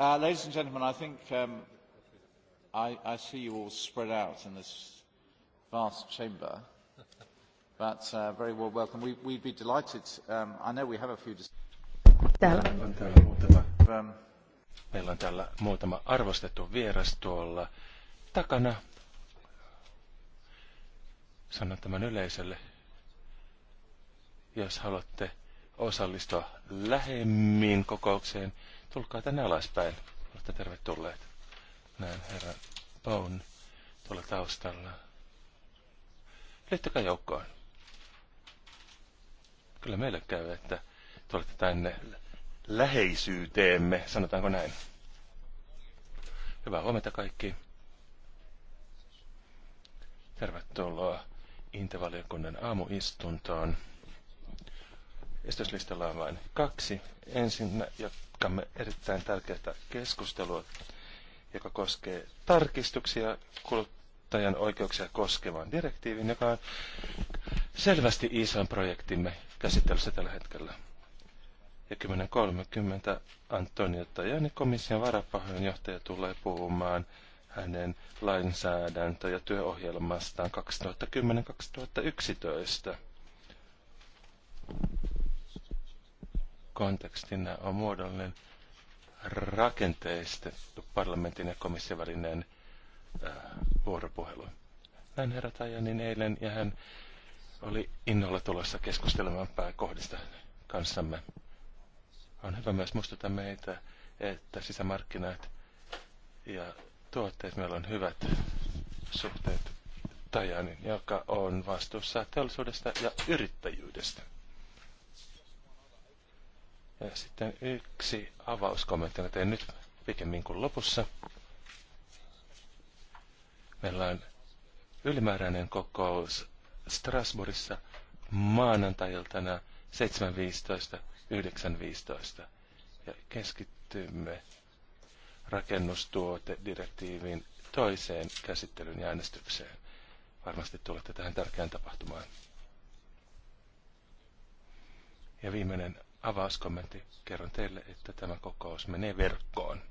Uh, ladies and gentlemen, I think um, I, see you all spread out in this vast chamber, but uh, very well welcome. We, we'd be delighted. Um, I know we have a few. Täällä um, Meillä on täällä muutama arvostettu vieras tuolla takana. Sanon tämän yleisölle. Jos haluatte osallistua lähemmin kokoukseen, Tulkaa tänne alaspäin. Olette tervetulleet. Näin herra Paun tuolla taustalla. Liittykää joukkoon. Kyllä meille käy, että tulette tänne läheisyyteemme, sanotaanko näin. Hyvää huomenta kaikki. Tervetuloa Intervaliokunnan aamuistuntoon. Esityslistalla on vain kaksi. Ensin ja jatkamme erittäin tärkeää keskustelua, joka koskee tarkistuksia kuluttajan oikeuksia koskevaan direktiivin, joka on selvästi isoin projektimme käsittelyssä tällä hetkellä. Ja 10.30 Antonio Tajani, komission varapahoinjohtaja, tulee puhumaan hänen lainsäädäntö- ja työohjelmastaan 2010-2011 kontekstina on muodollinen rakenteistettu parlamentin ja komission välinen äh, vuoropuhelu. Näin herra Tajanin eilen ja hän oli innolla tulossa keskustelemaan pääkohdista kanssamme. On hyvä myös muistuttaa meitä, että sisämarkkinat ja tuotteet meillä on hyvät suhteet Tajanin, joka on vastuussa teollisuudesta ja yrittäjyydestä. Ja sitten yksi avauskommentti, jota teen nyt pikemmin kuin lopussa. Meillä on ylimääräinen kokous Strasbourgissa maanantailtana 7.15.9.15 ja keskittymme rakennustuotedirektiivin toiseen käsittelyn ja äänestykseen. Varmasti tulette tähän tärkeään tapahtumaan. Ja viimeinen avauskommentti. Kerron teille, että tämä kokous menee verkkoon.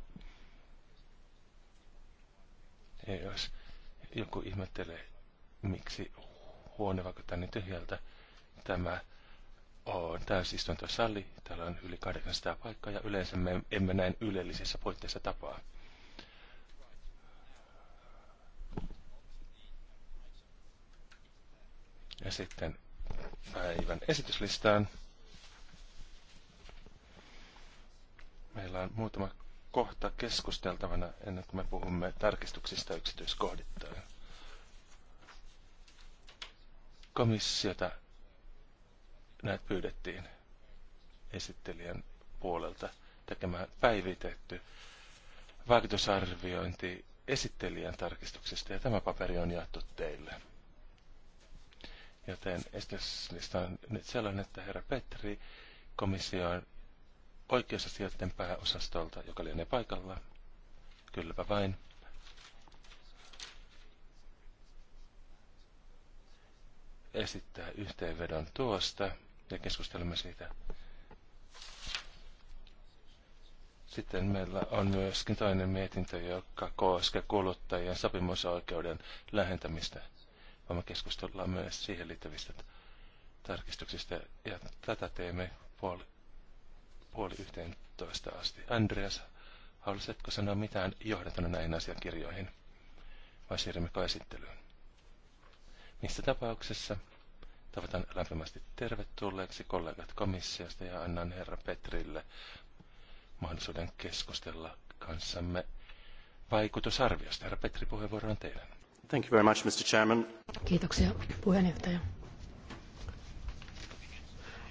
Ja jos joku ihmettelee, miksi huone vaikuttaa niin tyhjältä, tämä on täysistuntosali. Täällä on yli 800 paikkaa ja yleensä me emme näin ylellisessä puitteissa tapaa. Ja sitten päivän esityslistaan. Meillä on muutama kohta keskusteltavana ennen kuin me puhumme tarkistuksista yksityiskohdittain. Komissiota näitä pyydettiin esittelijän puolelta tekemään päivitetty vaikutusarviointi esittelijän tarkistuksista ja tämä paperi on jaettu teille. Joten esityslista on nyt sellainen, että herra Petri komission oikeusasioiden pääosastolta, joka lienee paikalla. Kylläpä vain. Esittää yhteenvedon tuosta ja keskustelemme siitä. Sitten meillä on myöskin toinen mietintö, joka koskee kuluttajien sopimusoikeuden lähentämistä. Voimme keskustella myös siihen liittyvistä tarkistuksista ja tätä teemme puolella puoli toista asti. Andreas, haluaisitko sanoa mitään johdatana näihin asiakirjoihin? Vai siirrymmekö esittelyyn? Missä tapauksessa tavataan lämpimästi tervetulleeksi kollegat komissiosta ja annan herra Petrille mahdollisuuden keskustella kanssamme vaikutusarviosta. Herra Petri, puheenvuoro on teidän. Thank you very much, Mr. Chairman. Kiitoksia puheenjohtaja.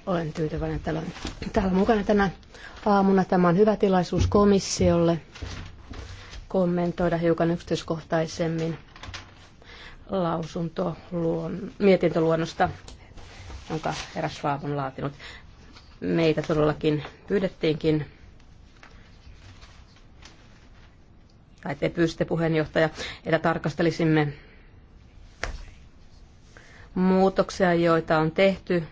Olen tyytyväinen, että olen täällä mukana tänä aamuna. Tämä on hyvä tilaisuus komissiolle kommentoida hiukan yksityiskohtaisemmin lausunto, luon, mietintöluonnosta, jonka herra Schwab on laatinut. Meitä todellakin pyydettiinkin, tai te pyysitte puheenjohtaja, että tarkastelisimme muutoksia, joita on tehty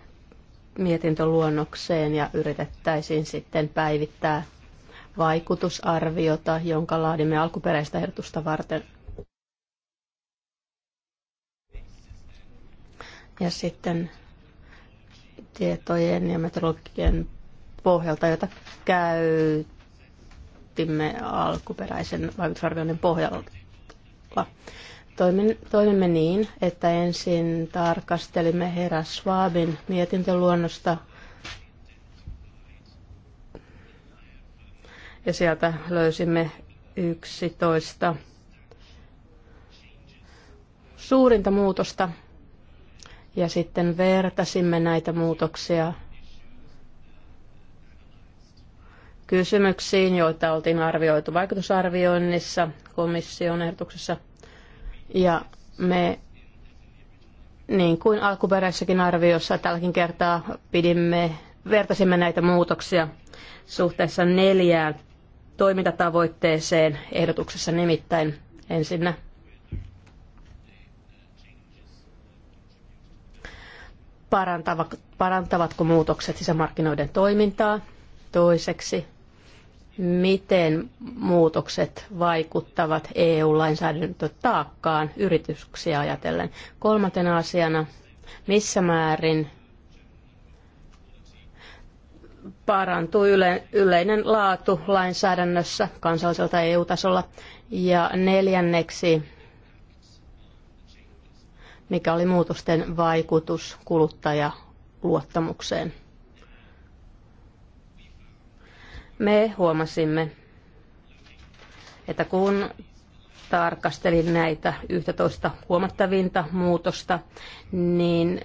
mietintöluonnokseen ja yritettäisiin sitten päivittää vaikutusarviota, jonka laadimme alkuperäistä ehdotusta varten. Ja sitten tietojen ja metodologian pohjalta, jota käytimme alkuperäisen vaikutusarvioinnin pohjalta toimimme niin, että ensin tarkastelimme herra Schwabin mietintöluonnosta ja sieltä löysimme 11 suurinta muutosta ja sitten vertasimme näitä muutoksia kysymyksiin, joita oltiin arvioitu vaikutusarvioinnissa komission ehdotuksessa – ja me, niin kuin alkuperäisessäkin arviossa, tälläkin kertaa pidimme, vertasimme näitä muutoksia suhteessa neljään toimintatavoitteeseen ehdotuksessa nimittäin ensinnä parantavatko muutokset sisämarkkinoiden toimintaa, toiseksi miten muutokset vaikuttavat EU-lainsäädäntötaakkaan yrityksiä ajatellen. Kolmantena asiana, missä määrin parantuu yle, yleinen laatu lainsäädännössä kansalliselta EU-tasolla. Ja neljänneksi, mikä oli muutosten vaikutus kuluttajaluottamukseen. Me huomasimme, että kun tarkastelin näitä 11 huomattavinta muutosta, niin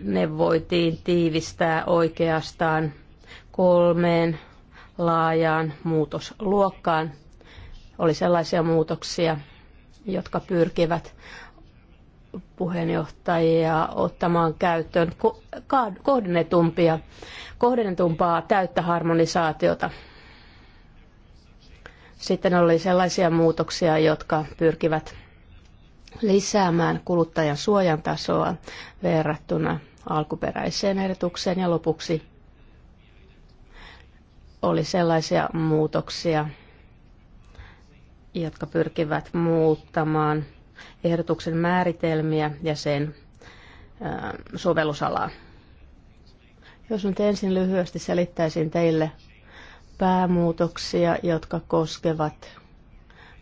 ne voitiin tiivistää oikeastaan kolmeen laajaan muutosluokkaan. Oli sellaisia muutoksia, jotka pyrkivät puheenjohtajia ottamaan käyttöön kohdennetumpia, kohdennetumpaa täyttä harmonisaatiota. Sitten oli sellaisia muutoksia, jotka pyrkivät lisäämään kuluttajan suojan tasoa verrattuna alkuperäiseen ehdotukseen ja lopuksi oli sellaisia muutoksia, jotka pyrkivät muuttamaan ehdotuksen määritelmiä ja sen sovellusalaa. Jos nyt ensin lyhyesti selittäisin teille päämuutoksia, jotka koskevat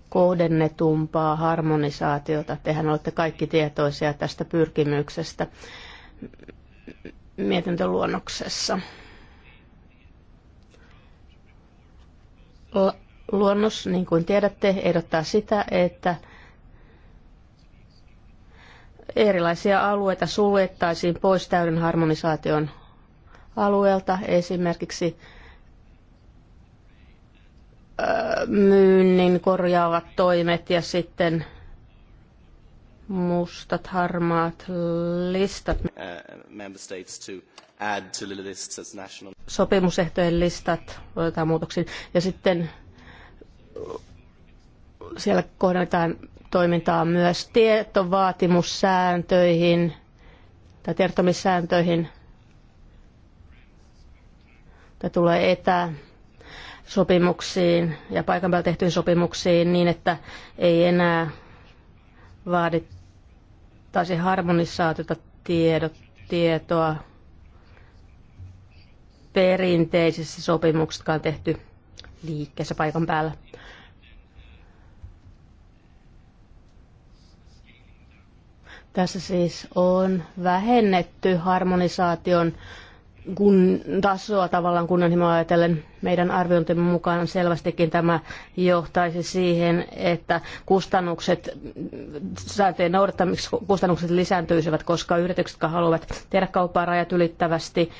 kohdennetumpaa harmonisaatiota. Tehän olette kaikki tietoisia tästä pyrkimyksestä mietintöluonnoksessa. Luonnos, niin kuin tiedätte, ehdottaa sitä, että erilaisia alueita suljettaisiin pois täyden harmonisaation alueelta, esimerkiksi myynnin korjaavat toimet ja sitten mustat, harmaat listat. Uh, Sopimusehtojen listat otetaan muutoksiin. Ja sitten siellä kohdataan toimintaa myös tietovaatimussääntöihin tai tietomissääntöihin Tämä tulee etä sopimuksiin ja paikan päällä tehtyihin sopimuksiin niin, että ei enää vaadittaisi harmonisaatiota tiedot, tietoa perinteisissä sopimuksissa on tehty liikkeessä paikan päällä. Tässä siis on vähennetty harmonisaation kun tasoa tavallaan kunnanhimoa ajatellen meidän arviointimme mukaan selvästikin tämä johtaisi siihen, että kustannukset, sääntöjen noudattamiksi kustannukset lisääntyisivät, koska yritykset, jotka haluavat tehdä kauppaa rajat ylittävästi,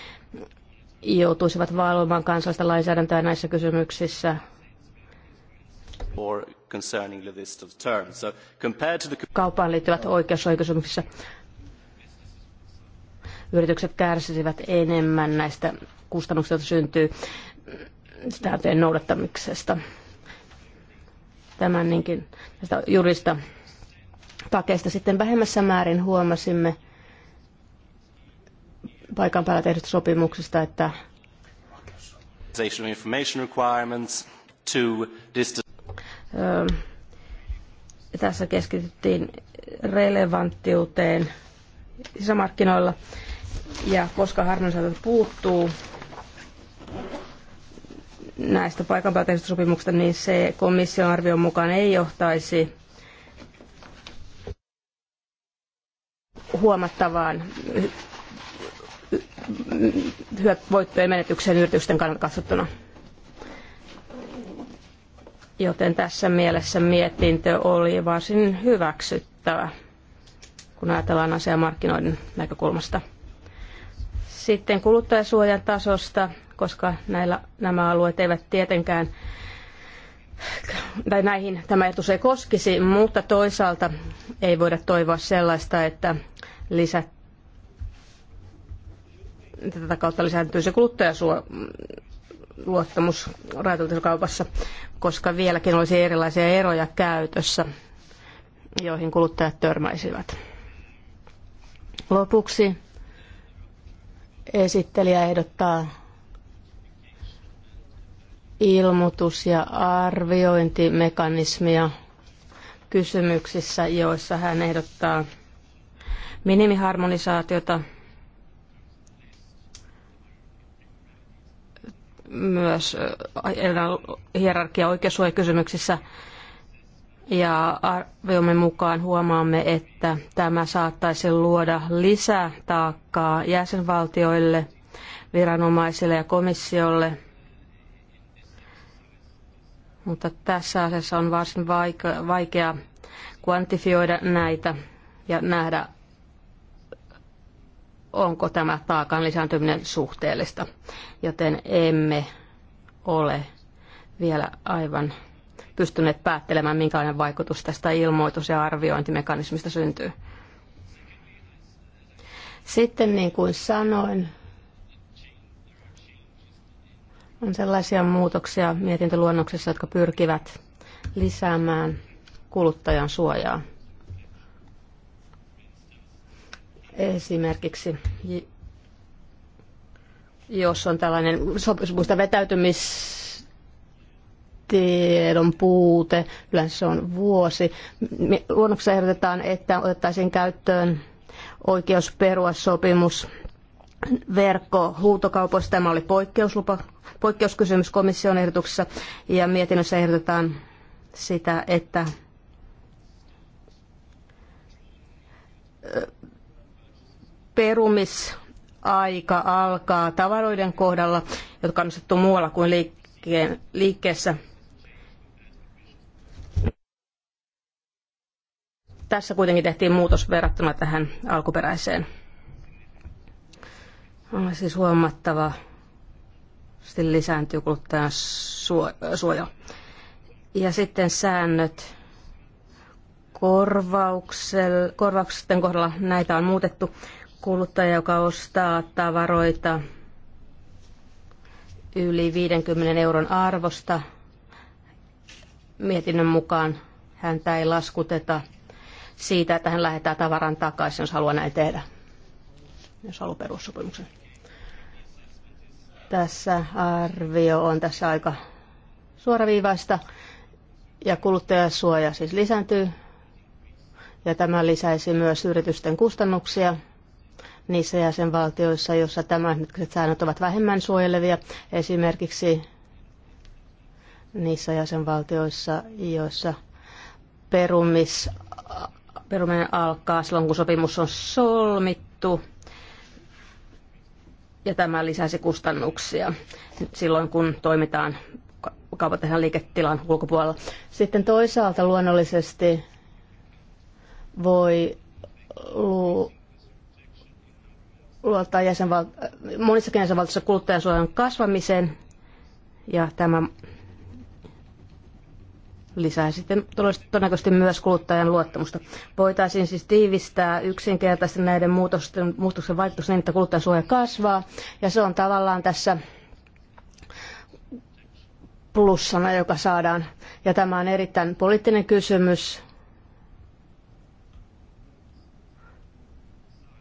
joutuisivat valvomaan kansallista lainsäädäntöä näissä kysymyksissä. Or concerning the list of terms. So compared to the... liittyvät oikeusoikeusomissa yritykset kärsisivät enemmän näistä kustannuksista, joita syntyy sääntöjen noudattamisesta. Tämän niinkin tästä jurista takeista sitten vähemmässä määrin huomasimme paikan päällä tehdystä sopimuksista, että tässä keskityttiin relevanttiuteen sisämarkkinoilla ja koska harmonisaatio puuttuu näistä paikan päältä sopimuksista, niin se komission arvion mukaan ei johtaisi huomattavaan voittojen menetykseen yritysten kannalta katsottuna joten tässä mielessä mietintö oli varsin hyväksyttävä, kun ajatellaan asiaa markkinoiden näkökulmasta. Sitten kuluttajasuojan tasosta, koska näillä, nämä alueet eivät tietenkään tai näihin tämä etus ei koskisi, mutta toisaalta ei voida toivoa sellaista, että lisät, tätä kautta se kuluttajasuoja luottamus rajoitetussa koska vieläkin olisi erilaisia eroja käytössä, joihin kuluttajat törmäisivät. Lopuksi esittelijä ehdottaa ilmoitus- ja arviointimekanismia kysymyksissä, joissa hän ehdottaa minimiharmonisaatiota – myös hierarkia oikeusuojakysymyksissä. Ja arviomme mukaan huomaamme, että tämä saattaisi luoda lisätaakkaa jäsenvaltioille, viranomaisille ja komissiolle. Mutta tässä asiassa on varsin vaikea kvantifioida näitä ja nähdä onko tämä taakan lisääntyminen suhteellista, joten emme ole vielä aivan pystyneet päättelemään, minkälainen vaikutus tästä ilmoitus- ja arviointimekanismista syntyy. Sitten niin kuin sanoin, on sellaisia muutoksia mietintöluonnoksessa, jotka pyrkivät lisäämään kuluttajan suojaa Esimerkiksi jos on tällainen sopimusta vetäytymistiedon puute, yleensä se on vuosi. Luonnoksessa ehdotetaan, että otettaisiin käyttöön oikeus perua sopimus huutokaupoista. Tämä oli poikkeuslupa, poikkeuskysymys komission ehdotuksessa ja mietinnössä ehdotetaan sitä, että perumisaika alkaa tavaroiden kohdalla, jotka on ostettu muualla kuin liikkeen, liikkeessä. Tässä kuitenkin tehtiin muutos verrattuna tähän alkuperäiseen. On siis huomattava sitten lisääntyy kuluttajan suoja. Ja sitten säännöt korvauksel, korvauksisten kohdalla näitä on muutettu kuluttaja, joka ostaa tavaroita yli 50 euron arvosta, mietinnön mukaan häntä ei laskuteta siitä, että hän lähettää tavaran takaisin, jos haluaa näin tehdä, jos haluaa perussopimuksen. Tässä arvio on tässä aika suoraviivaista ja kuluttajasuoja siis lisääntyy ja tämä lisäisi myös yritysten kustannuksia – niissä jäsenvaltioissa, joissa tämänhetkiset säännöt ovat vähemmän suojelevia, esimerkiksi niissä jäsenvaltioissa, joissa perumis, peruminen alkaa silloin, kun sopimus on solmittu, ja tämä lisäsi kustannuksia silloin, kun toimitaan kaupatehän liiketilan ulkopuolella. Sitten toisaalta luonnollisesti voi luottaa jäsenval- monissakin jäsenvaltioissa kuluttajansuojan kasvamiseen ja tämä lisää sitten todennäköisesti myös kuluttajan luottamusta. Voitaisiin siis tiivistää yksinkertaisesti näiden muutosten, muutoksen vaikutus niin, että kuluttajansuoja kasvaa ja se on tavallaan tässä plussana, joka saadaan. Ja tämä on erittäin poliittinen kysymys,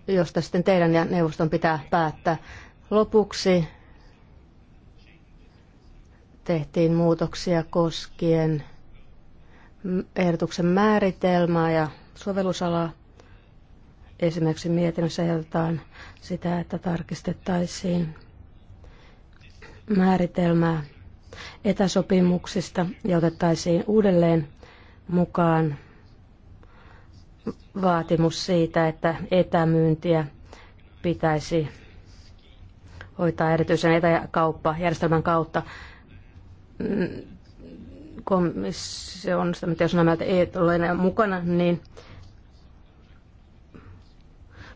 josta sitten teidän ja neuvoston pitää päättää. Lopuksi tehtiin muutoksia koskien ehdotuksen määritelmää ja sovellusalaa. Esimerkiksi mietinnössä ehdotetaan sitä, että tarkistettaisiin määritelmää etäsopimuksista ja otettaisiin uudelleen mukaan vaatimus siitä, että etämyyntiä pitäisi hoitaa erityisen etäkauppajärjestelmän kautta. Mm, komissio on sitä, että jos nämä ei ole enää mukana, niin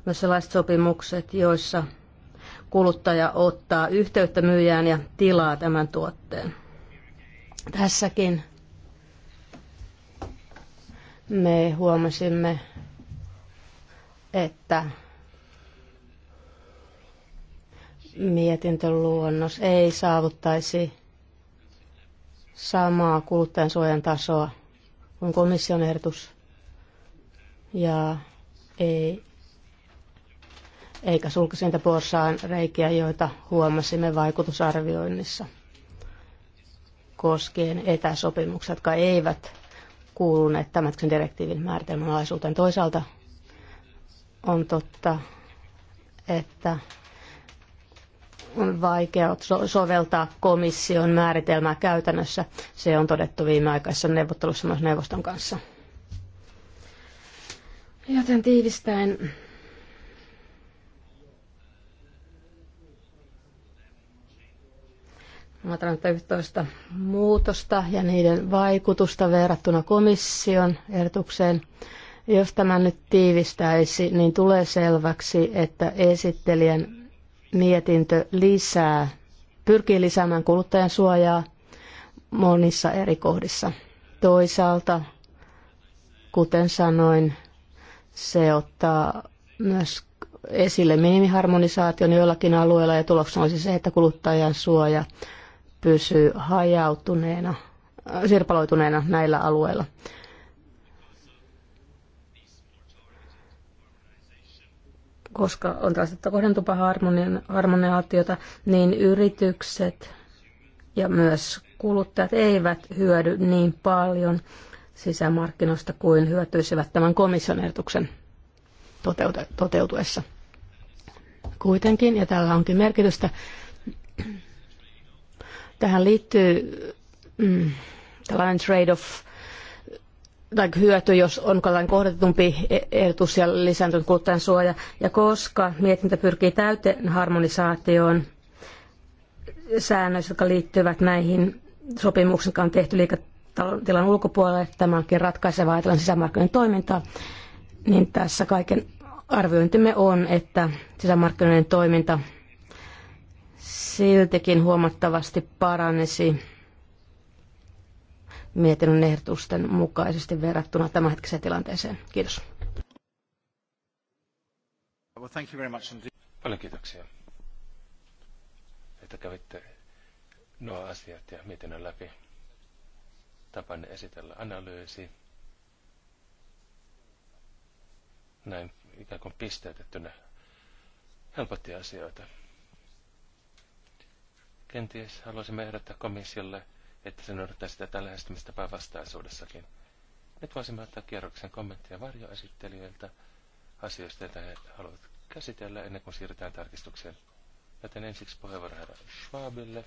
myös sellaiset sopimukset, joissa kuluttaja ottaa yhteyttä myyjään ja tilaa tämän tuotteen. Tässäkin me huomasimme, että mietintöluonnos ei saavuttaisi samaa kuluttajansuojan tasoa kuin komission ehdotus. Ja ei, eikä sulkisi niitä porsaan reikiä, joita huomasimme vaikutusarvioinnissa koskien etäsopimuksia, jotka eivät kuuluneet tämän direktiivin määritelmän alaisuuteen. Toisaalta on totta, että on vaikea soveltaa komission määritelmää käytännössä. Se on todettu viimeaikaisessa neuvottelussa myös neuvoston kanssa. Joten tiivistäen Matranta 11 muutosta ja niiden vaikutusta verrattuna komission ehdotukseen. Jos tämä nyt tiivistäisi, niin tulee selväksi, että esittelijän mietintö lisää, pyrkii lisäämään kuluttajan suojaa monissa eri kohdissa. Toisaalta, kuten sanoin, se ottaa myös esille minimiharmonisaation joillakin alueilla ja tuloksena olisi se, että kuluttajan suoja pysyy hajautuneena, sirpaloituneena näillä alueilla. Koska on tällaista kohdentupaharmoniaatiota, niin yritykset ja myös kuluttajat eivät hyödy niin paljon sisämarkkinoista kuin hyötyisivät tämän komission ehdotuksen toteutuessa. Kuitenkin, ja tällä onkin merkitystä, Tähän liittyy mm, tällainen trade-off tai hyöty, jos on tällainen kohdatetumpi e- ehdotus ja lisääntynyt kuluttajan suoja. Ja koska mietintä pyrkii täyteen harmonisaatioon säännöissä, jotka liittyvät näihin sopimuksiin, jotka on tehty liiketilan ulkopuolelle, tämä onkin ratkaiseva ajatellen sisämarkkinoiden toimintaa, niin tässä kaiken arviointimme on, että sisämarkkinoiden toiminta siltikin huomattavasti paranesi mietinnön ehdotusten mukaisesti verrattuna tämänhetkiseen tilanteeseen. Kiitos. Well, thank you very much Paljon kiitoksia, että kävitte nuo asiat ja mietinnön läpi. Tapanne esitellä analyysi. Näin ikään kuin pisteytettynä helpotti asioita. Kenties haluaisimme ehdottaa komissiolle, että se noudattaa sitä tällä lähestymistapaa vastaisuudessakin. Nyt voisimme ottaa kierroksen kommentteja varjoesittelijöiltä asioista, joita he haluavat käsitellä ennen kuin siirrytään tarkistukseen. Joten ensiksi puheenvuoro herra Schwabille,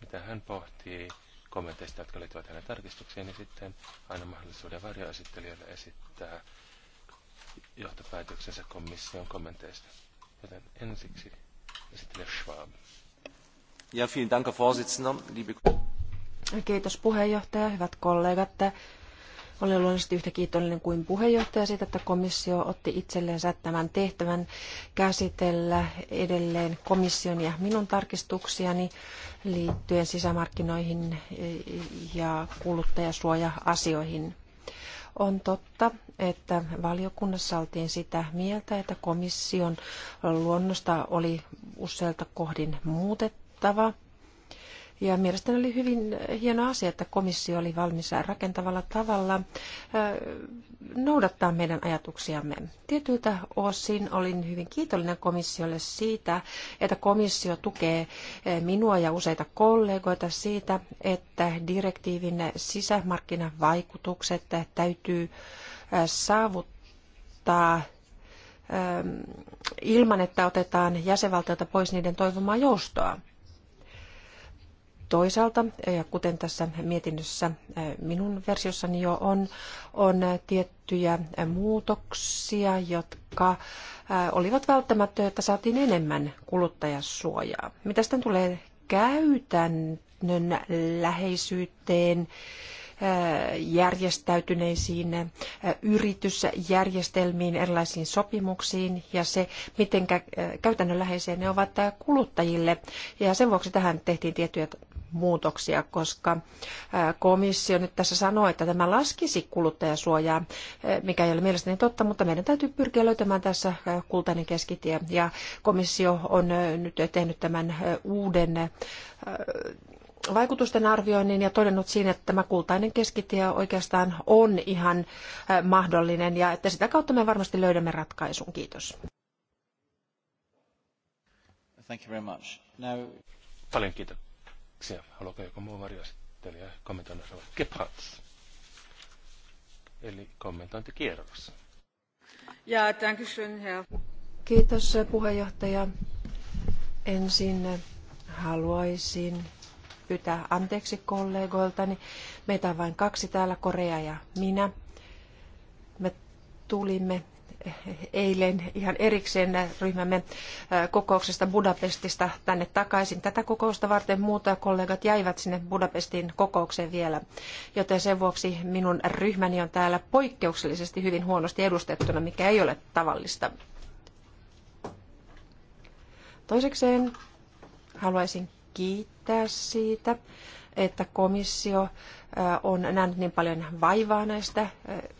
mitä hän pohtii kommenteista, jotka liittyvät hänen tarkistukseen, ja niin sitten aina mahdollisuuden varjoesittelijöille esittää johtopäätöksensä komission kommenteista. Joten ensiksi Kiitos puheenjohtaja, hyvät kollegat. Olen luonnollisesti yhtä kiitollinen kuin puheenjohtaja siitä, että komissio otti itsellensä tämän tehtävän käsitellä edelleen komission ja minun tarkistuksiani liittyen sisämarkkinoihin ja kuluttajasuoja-asioihin. On totta, että valiokunnassa oltiin sitä mieltä, että komission luonnosta oli useilta kohdin muutettava – ja mielestäni oli hyvin hieno asia, että komissio oli valmis rakentavalla tavalla noudattaa meidän ajatuksiamme. Tietyiltä osin olin hyvin kiitollinen komissiolle siitä, että komissio tukee minua ja useita kollegoita siitä, että direktiivin sisämarkkinavaikutukset täytyy saavuttaa ilman, että otetaan jäsenvaltiolta pois niiden toivomaa joustoa. Toisaalta, ja kuten tässä mietinnössä minun versiossani jo on, on tiettyjä muutoksia, jotka olivat välttämättömiä, että saatiin enemmän kuluttajasuojaa. Mitä sitten tulee käytännön läheisyyteen, järjestäytyneisiin yritysjärjestelmiin, erilaisiin sopimuksiin ja se, miten käytännönläheisiä ne ovat kuluttajille. Ja sen vuoksi tähän tehtiin tiettyjä muutoksia, koska komissio nyt tässä sanoo, että tämä laskisi kuluttajasuojaa, mikä ei ole mielestäni totta, mutta meidän täytyy pyrkiä löytämään tässä kultainen keskitie. Ja komissio on nyt tehnyt tämän uuden vaikutusten arvioinnin ja todennut siinä, että tämä kultainen keskitie oikeastaan on ihan mahdollinen ja että sitä kautta me varmasti löydämme ratkaisun. Kiitos. Thank you very much. Now... Paljon kiitoksia. Kiitoksia. haluatko joku muu varjoesittelijä kommentoida seuraava? Gebhards. Eli kommentointikierros. Ja, dankeschön, Herr. Kiitos puheenjohtaja. Ensin haluaisin pyytää anteeksi kollegoiltani. Meitä on vain kaksi täällä, Korea ja minä. Me tulimme eilen ihan erikseen ryhmämme kokouksesta Budapestista tänne takaisin. Tätä kokousta varten muut kollegat jäivät sinne Budapestin kokoukseen vielä, joten sen vuoksi minun ryhmäni on täällä poikkeuksellisesti hyvin huonosti edustettuna, mikä ei ole tavallista. Toisekseen haluaisin kiittää siitä, että komissio on nähnyt niin paljon vaivaa näistä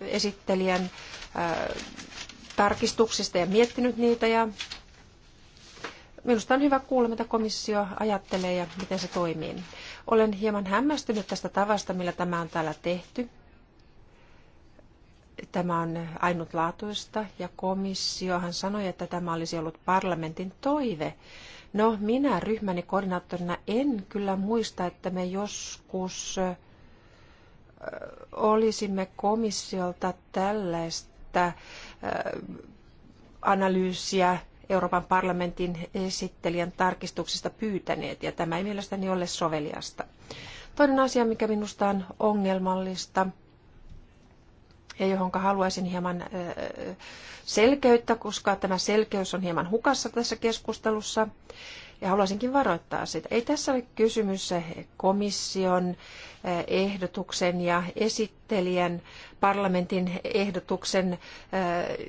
esittelijän tarkistuksista ja miettinyt niitä ja minusta on hyvä kuulla, mitä komissio ajattelee ja miten se toimii. Olen hieman hämmästynyt tästä tavasta, millä tämä on täällä tehty. Tämä on ainutlaatuista ja komissiohan sanoi, että tämä olisi ollut parlamentin toive. No, minä ryhmäni koordinaattorina en kyllä muista, että me joskus olisimme komissiolta tällaista Äh, analyysiä Euroopan parlamentin esittelijän tarkistuksista pyytäneet, ja tämä ei mielestäni ole soveliasta. Toinen asia, mikä minusta on ongelmallista, ja johon haluaisin hieman äh, selkeyttä, koska tämä selkeys on hieman hukassa tässä keskustelussa, ja haluaisinkin varoittaa sitä. Ei tässä ole kysymys eh, komission eh, ehdotuksen ja esittelijän parlamentin ehdotuksen eh,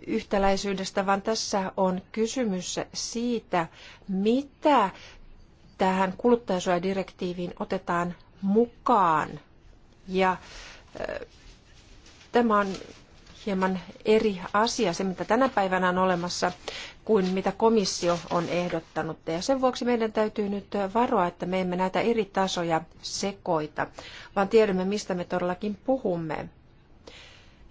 yhtäläisyydestä, vaan tässä on kysymys siitä, mitä tähän kuluttajasuojadirektiiviin otetaan mukaan. Ja tämä on hieman eri asia, se mitä tänä päivänä on olemassa, kuin mitä komissio on ehdottanut. Ja sen vuoksi meidän täytyy nyt varoa, että me emme näitä eri tasoja sekoita, vaan tiedämme, mistä me todellakin puhumme.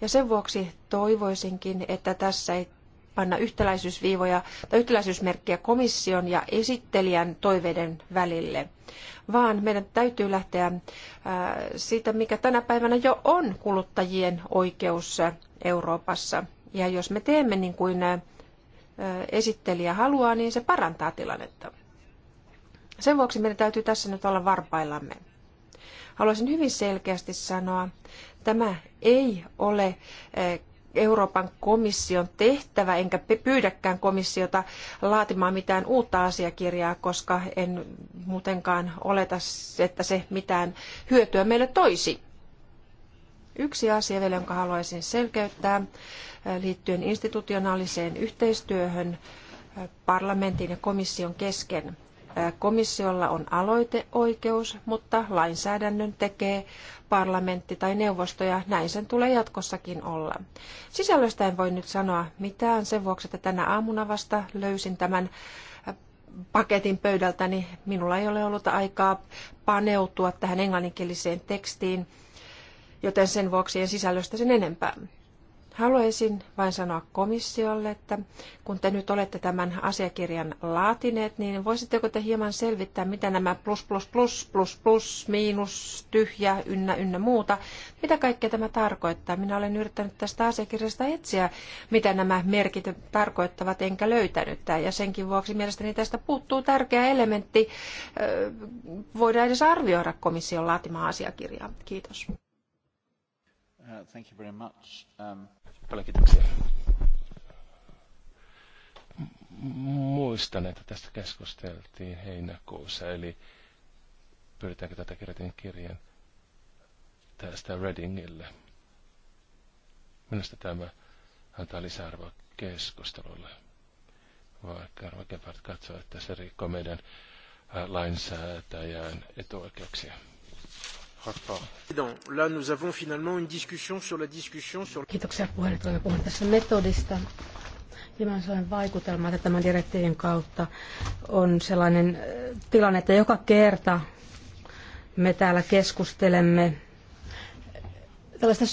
Ja sen vuoksi toivoisinkin, että tässä ei panna yhtäläisyysviivoja tai yhtäläisyysmerkkiä komission ja esittelijän toiveiden välille, vaan meidän täytyy lähteä äh, siitä, mikä tänä päivänä jo on kuluttajien oikeus Euroopassa. Ja jos me teemme niin kuin esittelijä haluaa, niin se parantaa tilannetta. Sen vuoksi meidän täytyy tässä nyt olla varpaillamme. Haluaisin hyvin selkeästi sanoa, tämä ei ole Euroopan komission tehtävä, enkä pyydäkään komissiota laatimaan mitään uutta asiakirjaa, koska en muutenkaan oleta, että se mitään hyötyä meille toisi. Yksi asia vielä, jonka haluaisin selkeyttää äh, liittyen institutionaaliseen yhteistyöhön äh, parlamentin ja komission kesken. Äh, komissiolla on aloiteoikeus, mutta lainsäädännön tekee parlamentti tai neuvosto ja näin sen tulee jatkossakin olla. Sisällöstä en voi nyt sanoa mitään sen vuoksi, että tänä aamuna vasta löysin tämän paketin pöydältäni. minulla ei ole ollut aikaa paneutua tähän englanninkieliseen tekstiin joten sen vuoksi en sisällöstä sen enempää. Haluaisin vain sanoa komissiolle, että kun te nyt olette tämän asiakirjan laatineet, niin voisitteko te hieman selvittää, mitä nämä plus, plus, plus, plus, plus, miinus, tyhjä, ynnä, ynnä muuta, mitä kaikkea tämä tarkoittaa? Minä olen yrittänyt tästä asiakirjasta etsiä, mitä nämä merkit tarkoittavat, enkä löytänyt. Ja senkin vuoksi mielestäni tästä puuttuu tärkeä elementti. Voidaan edes arvioida komission laatimaa asiakirjaa. Kiitos. Uh, thank you very much. Um... Paljon kiitoksia. Muistan, että tästä keskusteltiin heinäkuussa, eli pyritäänkö tätä kirjoitin kirjan tästä Readingille. Minusta tämä antaa lisäarvoa keskustelulle, vaikka Rokefart katsoo, että se rikkoo meidän lainsäätäjän etuoikeuksia. Kiitoksia puheenjohtajalle puhun tässä metodista. Ja mä vaikutelma, että tämän direktiivin kautta on sellainen äh, tilanne, että joka kerta me täällä keskustelemme tällaista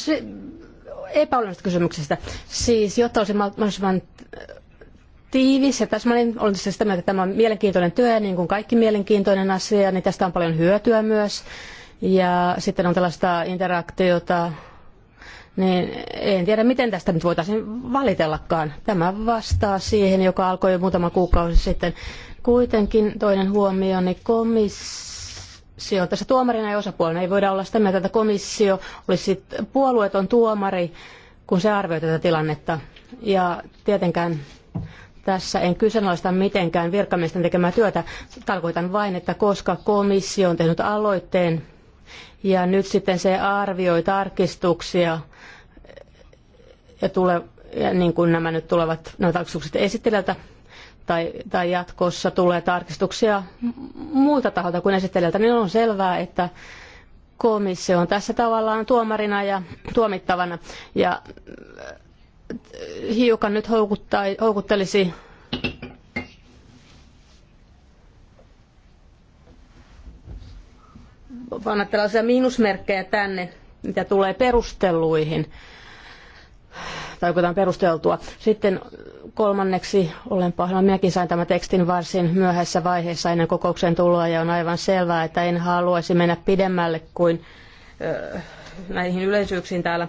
epäolennasta kysymyksestä. Siis, jotta olisi mahdollisimman tiivis ja täsmällinen. Olen siis sitä mieltä, että tämä on mielenkiintoinen työ ja niin kuin kaikki mielenkiintoinen asia, niin tästä on paljon hyötyä myös ja sitten on tällaista interaktiota, niin en tiedä, miten tästä nyt voitaisiin valitellakaan. Tämä vastaa siihen, joka alkoi jo muutama kuukausi sitten. Kuitenkin toinen huomio, niin komissio, tässä tuomarina ja osapuolena ei voida olla sitä mieltä, että komissio olisi puolueeton tuomari, kun se arvioi tätä tilannetta. Ja tietenkään tässä en kyseenalaista mitenkään virkamiesten tekemää työtä. Tarkoitan vain, että koska komissio on tehnyt aloitteen ja nyt sitten se arvioi tarkistuksia ja, tule, ja niin kuin nämä nyt tulevat, nämä tarkistukset esittelijältä tai, tai jatkossa tulee tarkistuksia muilta taholta kuin esittelijältä, niin on selvää, että komissio on tässä tavallaan tuomarina ja tuomittavana. Ja hiukan nyt houkuttelisi panna tällaisia miinusmerkkejä tänne, mitä tulee perusteluihin tai on perusteltua. Sitten kolmanneksi olen pahoillani, minäkin sain tämän tekstin varsin myöhäisessä vaiheessa ennen kokouksen tuloa ja on aivan selvää, että en haluaisi mennä pidemmälle kuin ö, näihin yleisyyksiin täällä.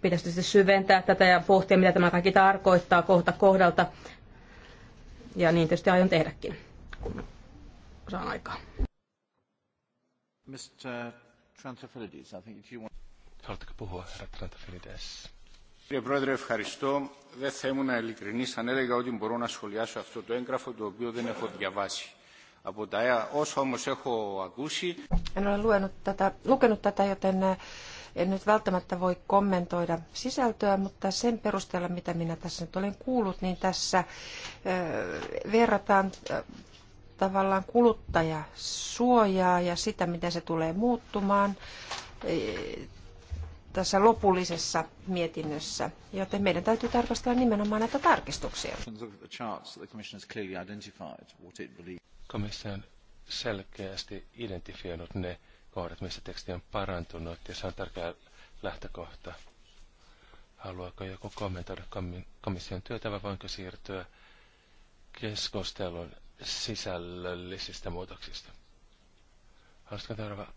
Pitäisi sitten syventää tätä ja pohtia, mitä tämä kaikki tarkoittaa kohta kohdalta. Ja niin tietysti aion tehdäkin, kun saan aikaa. Mr. Trantafilides, I think you want... Haluatteko puhua, herra Trantafilides? Κύριε Πρόεδρε, ευχαριστώ. Δεν θα ήμουν ειλικρινή αν έλεγα ότι μπορώ να σχολιάσω αυτό το έγγραφο το οποίο δεν έχω διαβάσει. Από τα όσα όμω έχω ακούσει... En ole luenut tätä, lukenut tätä, joten en nyt välttämättä voi kommentoida sisältöä, mutta sen perusteella, mitä minä tässä nyt olen kuullut, niin tässä verrataan tavallaan kuluttajasuojaa ja sitä, miten se tulee muuttumaan e, tässä lopullisessa mietinnössä, joten meidän täytyy tarkastella nimenomaan näitä tarkistuksia. Komissio on selkeästi identifioinut ne kohdat, missä teksti on parantunut, ja se on tärkeä lähtökohta. Haluaako joku kommentoida komission työtä vai voinko siirtyä keskustelun sisällöllisistä muutoksista. Haluaisitko seuraava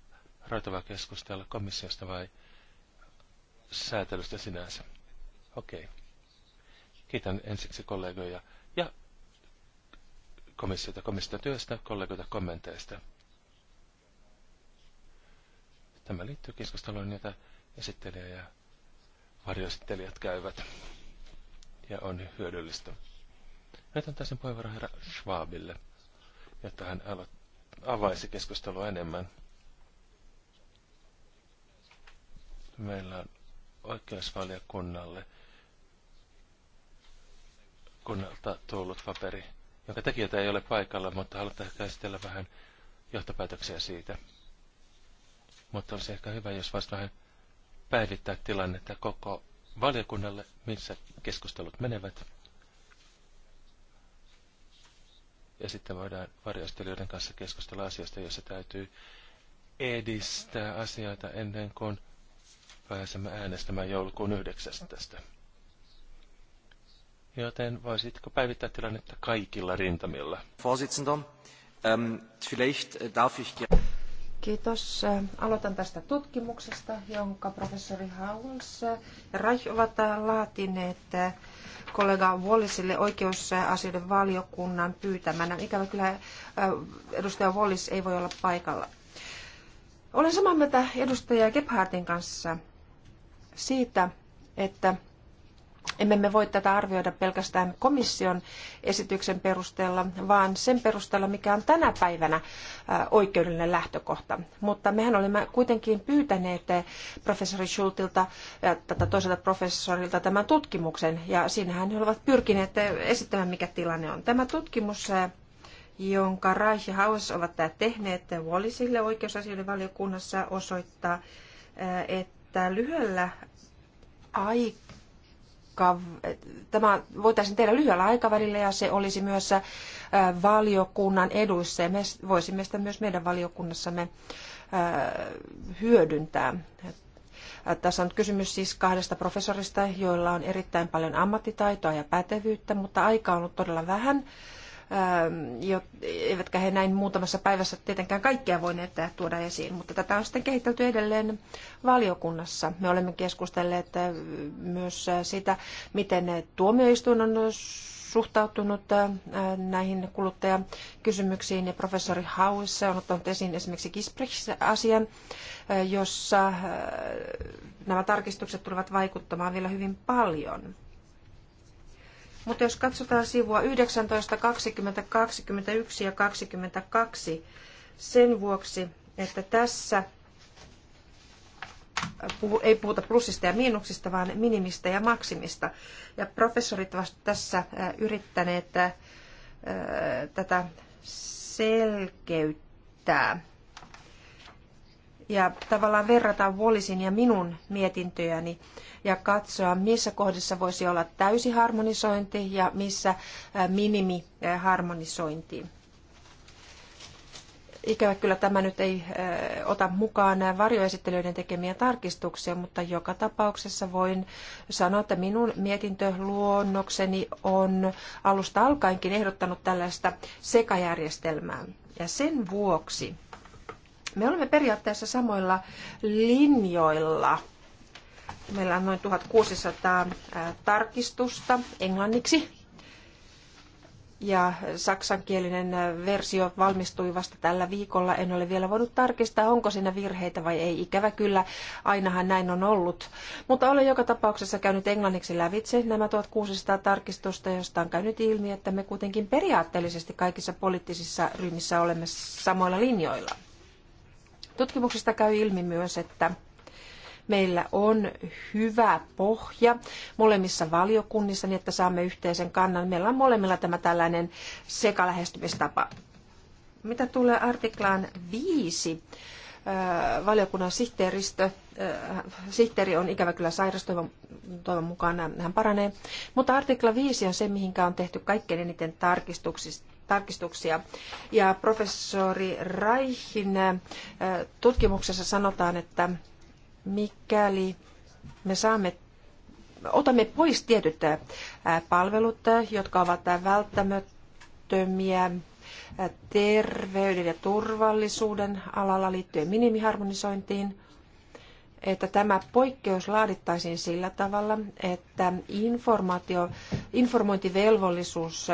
raitavaa keskustella komissiosta vai säätelystä sinänsä? Okei. Okay. Kiitän ensiksi kollegoja ja komissiota komissiota työstä, kollegoita kommenteista. Tämä liittyy keskusteluun, jota esittelijä ja varjoesittelijät käyvät ja on hyödyllistä. Jätän on tässä puheenvuoron herra Schwabille, jotta hän avaisi keskustelua enemmän. Meillä on oikeusvaliokunnalle kunnalta tullut paperi, jonka tekijöitä ei ole paikalla, mutta haluatte käsitellä vähän johtopäätöksiä siitä. Mutta olisi ehkä hyvä, jos voisi vähän päivittää tilannetta koko valiokunnalle, missä keskustelut menevät. Ja sitten voidaan varjostelijoiden kanssa keskustella asiasta, jossa täytyy edistää asioita ennen kuin pääsemme äänestämään joulukuun 9. tästä. Joten voisitko päivittää tilannetta kaikilla rintamilla? Vorsitzender, ähm, vielleicht äh, darf ich... Kiitos. Aloitan tästä tutkimuksesta, jonka professori Hauls ja Reich ovat laatineet kollega Wallisille oikeusasioiden valiokunnan pyytämänä. Ikävä kyllä äh, edustaja Wallis ei voi olla paikalla. Olen samaa mieltä edustaja Gebhardin kanssa siitä, että emme me voi tätä arvioida pelkästään komission esityksen perusteella, vaan sen perusteella, mikä on tänä päivänä äh, oikeudellinen lähtökohta. Mutta mehän olemme kuitenkin pyytäneet äh, professori Schultilta ja äh, tätä toiselta professorilta tämän tutkimuksen, ja siinähän he ovat pyrkineet esittämään, mikä tilanne on. Tämä tutkimus jonka Reich ja Haus ovat tehneet Wallisille oikeusasioiden valiokunnassa, osoittaa, että lyhyellä aikaa tämä voitaisiin tehdä lyhyellä aikavälillä ja se olisi myös äh, valiokunnan eduissa ja me voisimme sitä myös meidän valiokunnassamme äh, hyödyntää. Äh, tässä on kysymys siis kahdesta professorista, joilla on erittäin paljon ammattitaitoa ja pätevyyttä, mutta aikaa on ollut todella vähän Ähm, eivätkä he näin muutamassa päivässä tietenkään kaikkea voineet tuoda esiin, mutta tätä on sitten kehitelty edelleen valiokunnassa. Me olemme keskustelleet äh, myös sitä, miten tuomioistuin on suhtautunut äh, näihin kuluttajakysymyksiin ja professori Hauissa on ottanut esiin esimerkiksi Gisbrich-asian, äh, jossa nämä tarkistukset tulevat vaikuttamaan vielä hyvin paljon. Mutta jos katsotaan sivua 19, 20, 21 ja 22 sen vuoksi, että tässä ei puhuta plussista ja miinuksista, vaan minimistä ja maksimista. Ja professorit ovat tässä äh, yrittäneet äh, tätä selkeyttää ja tavallaan verrata Wallisin ja minun mietintöjäni ja katsoa, missä kohdissa voisi olla täysi harmonisointi ja missä minimiharmonisointi. Ikävä kyllä tämä nyt ei ota mukaan varjoesittelyiden tekemiä tarkistuksia, mutta joka tapauksessa voin sanoa, että minun mietintöluonnokseni on alusta alkaenkin ehdottanut tällaista sekajärjestelmää. Ja sen vuoksi me olemme periaatteessa samoilla linjoilla. Meillä on noin 1600 tarkistusta englanniksi ja saksankielinen versio valmistui vasta tällä viikolla. En ole vielä voinut tarkistaa, onko siinä virheitä vai ei. Ikävä kyllä, ainahan näin on ollut. Mutta olen joka tapauksessa käynyt englanniksi lävitse nämä 1600 tarkistusta, josta on käynyt ilmi, että me kuitenkin periaatteellisesti kaikissa poliittisissa ryhmissä olemme samoilla linjoilla. Tutkimuksesta käy ilmi myös, että meillä on hyvä pohja molemmissa valiokunnissa niin, että saamme yhteisen kannan. Meillä on molemmilla tämä tällainen sekalähestymistapa. Mitä tulee artiklaan 5, äh, valiokunnan sihteeristö, äh, sihteeri on ikävä kyllä sairas, toivon mukaan hän paranee. Mutta artikla 5 on se, mihinkä on tehty kaikkein eniten tarkistuksista tarkistuksia. Ja professori Raihin äh, tutkimuksessa sanotaan, että mikäli me saamme otamme pois tietyt äh, palvelut, äh, jotka ovat välttämättömiä terveyden ja turvallisuuden alalla liittyen minimiharmonisointiin, että tämä poikkeus laadittaisiin sillä tavalla, että informaatio, informointivelvollisuus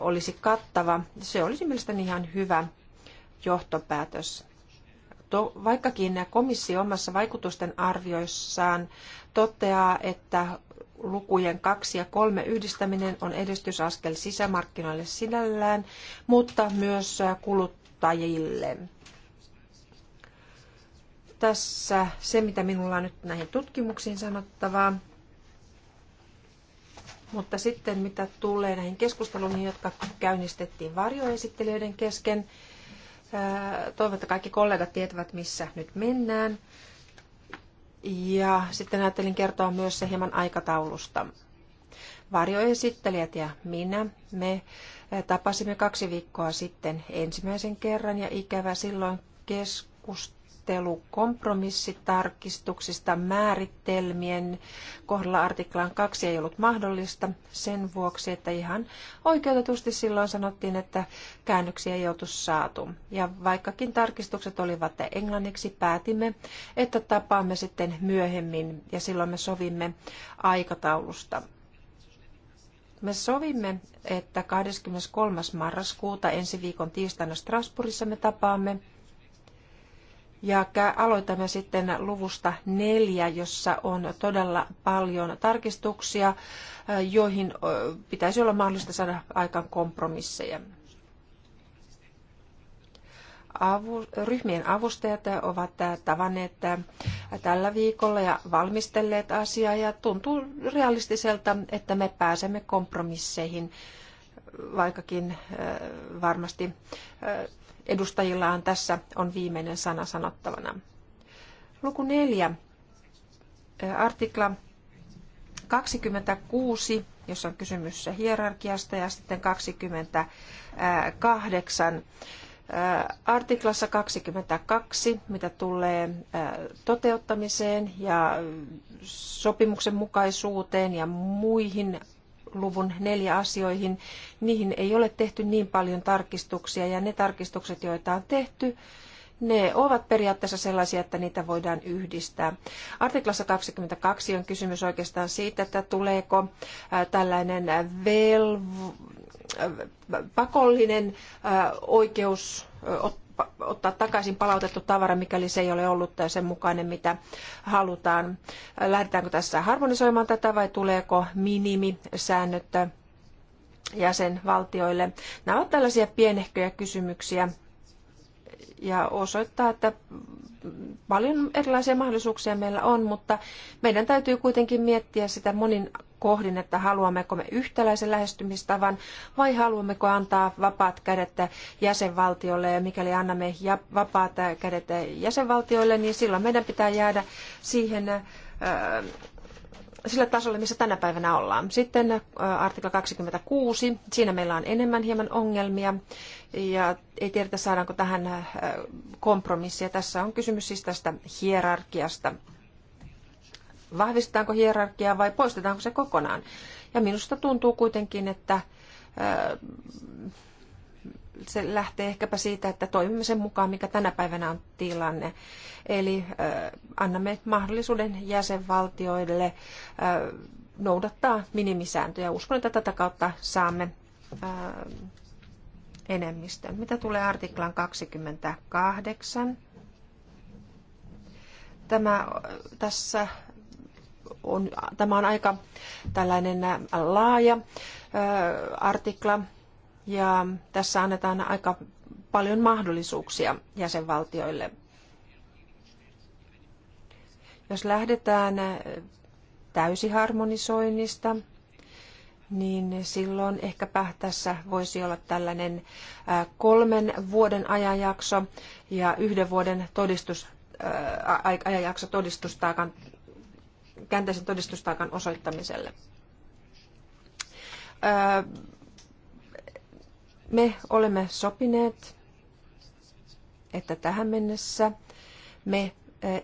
olisi kattava. Se olisi mielestäni ihan hyvä johtopäätös. vaikkakin komissio omassa vaikutusten arvioissaan toteaa, että lukujen kaksi ja kolme yhdistäminen on edistysaskel sisämarkkinoille sinällään, mutta myös kuluttajille tässä se, mitä minulla on nyt näihin tutkimuksiin sanottavaa. Mutta sitten mitä tulee näihin keskusteluihin, jotka käynnistettiin varjoesittelijöiden kesken, toivon, että kaikki kollegat tietävät, missä nyt mennään. Ja sitten ajattelin kertoa myös se hieman aikataulusta. Varjoesittelijät ja minä, me tapasimme kaksi viikkoa sitten ensimmäisen kerran ja ikävä silloin keskustelua keskustelu kompromissitarkistuksista määritelmien kohdalla artiklaan 2 ei ollut mahdollista sen vuoksi, että ihan oikeutetusti silloin sanottiin, että käännöksiä ei oltu saatu. Ja vaikkakin tarkistukset olivat englanniksi, päätimme, että tapaamme sitten myöhemmin ja silloin me sovimme aikataulusta. Me sovimme, että 23. marraskuuta ensi viikon tiistaina Strasbourgissa me tapaamme ja aloitamme sitten luvusta neljä, jossa on todella paljon tarkistuksia, joihin pitäisi olla mahdollista saada aikaan kompromisseja. Avu, ryhmien avustajat ovat tavanneet tällä viikolla ja valmistelleet asiaa ja tuntuu realistiselta, että me pääsemme kompromisseihin, vaikkakin varmasti edustajillaan tässä on viimeinen sana sanottavana. Luku neljä, artikla 26, jossa on kysymys hierarkiasta, ja sitten 28. Artiklassa 22, mitä tulee toteuttamiseen ja sopimuksen mukaisuuteen ja muihin luvun neljä asioihin, niihin ei ole tehty niin paljon tarkistuksia ja ne tarkistukset, joita on tehty, ne ovat periaatteessa sellaisia, että niitä voidaan yhdistää. Artiklassa 22 on kysymys oikeastaan siitä, että tuleeko tällainen velvo, pakollinen oikeus ottaa takaisin palautettu tavara, mikäli se ei ole ollut sen mukainen, mitä halutaan. Lähdetäänkö tässä harmonisoimaan tätä vai tuleeko minimisäännöt jäsenvaltioille? Nämä ovat tällaisia pienehköjä kysymyksiä ja osoittaa, että paljon erilaisia mahdollisuuksia meillä on, mutta meidän täytyy kuitenkin miettiä sitä monin kohdin, että haluammeko me yhtäläisen lähestymistavan vai haluammeko antaa vapaat kädet jäsenvaltiolle ja mikäli annamme vapaat kädet jäsenvaltioille, niin silloin meidän pitää jäädä siihen äh, sillä tasolla, missä tänä päivänä ollaan. Sitten äh, artikla 26, siinä meillä on enemmän hieman ongelmia ja ei tiedetä saadaanko tähän äh, kompromissia. Tässä on kysymys siis tästä hierarkiasta Vahvistetaanko hierarkiaa vai poistetaanko se kokonaan? Ja minusta tuntuu kuitenkin, että äh, se lähtee ehkäpä siitä, että toimimme sen mukaan, mikä tänä päivänä on tilanne. Eli äh, annamme mahdollisuuden jäsenvaltioille äh, noudattaa minimisääntöjä. Uskon, että tätä kautta saamme enemmistön. Mitä tulee artiklan 28? Tämä, tässä on, tämä on aika tällainen äh, laaja äh, artikla ja tässä annetaan aika paljon mahdollisuuksia jäsenvaltioille. Jos lähdetään äh, täysiharmonisoinnista, niin silloin ehkäpä tässä voisi olla tällainen kolmen vuoden ajanjakso ja yhden vuoden todistus, ajanjakso todistustaakan käänteisen todistustaakan osoittamiselle. Me olemme sopineet, että tähän mennessä me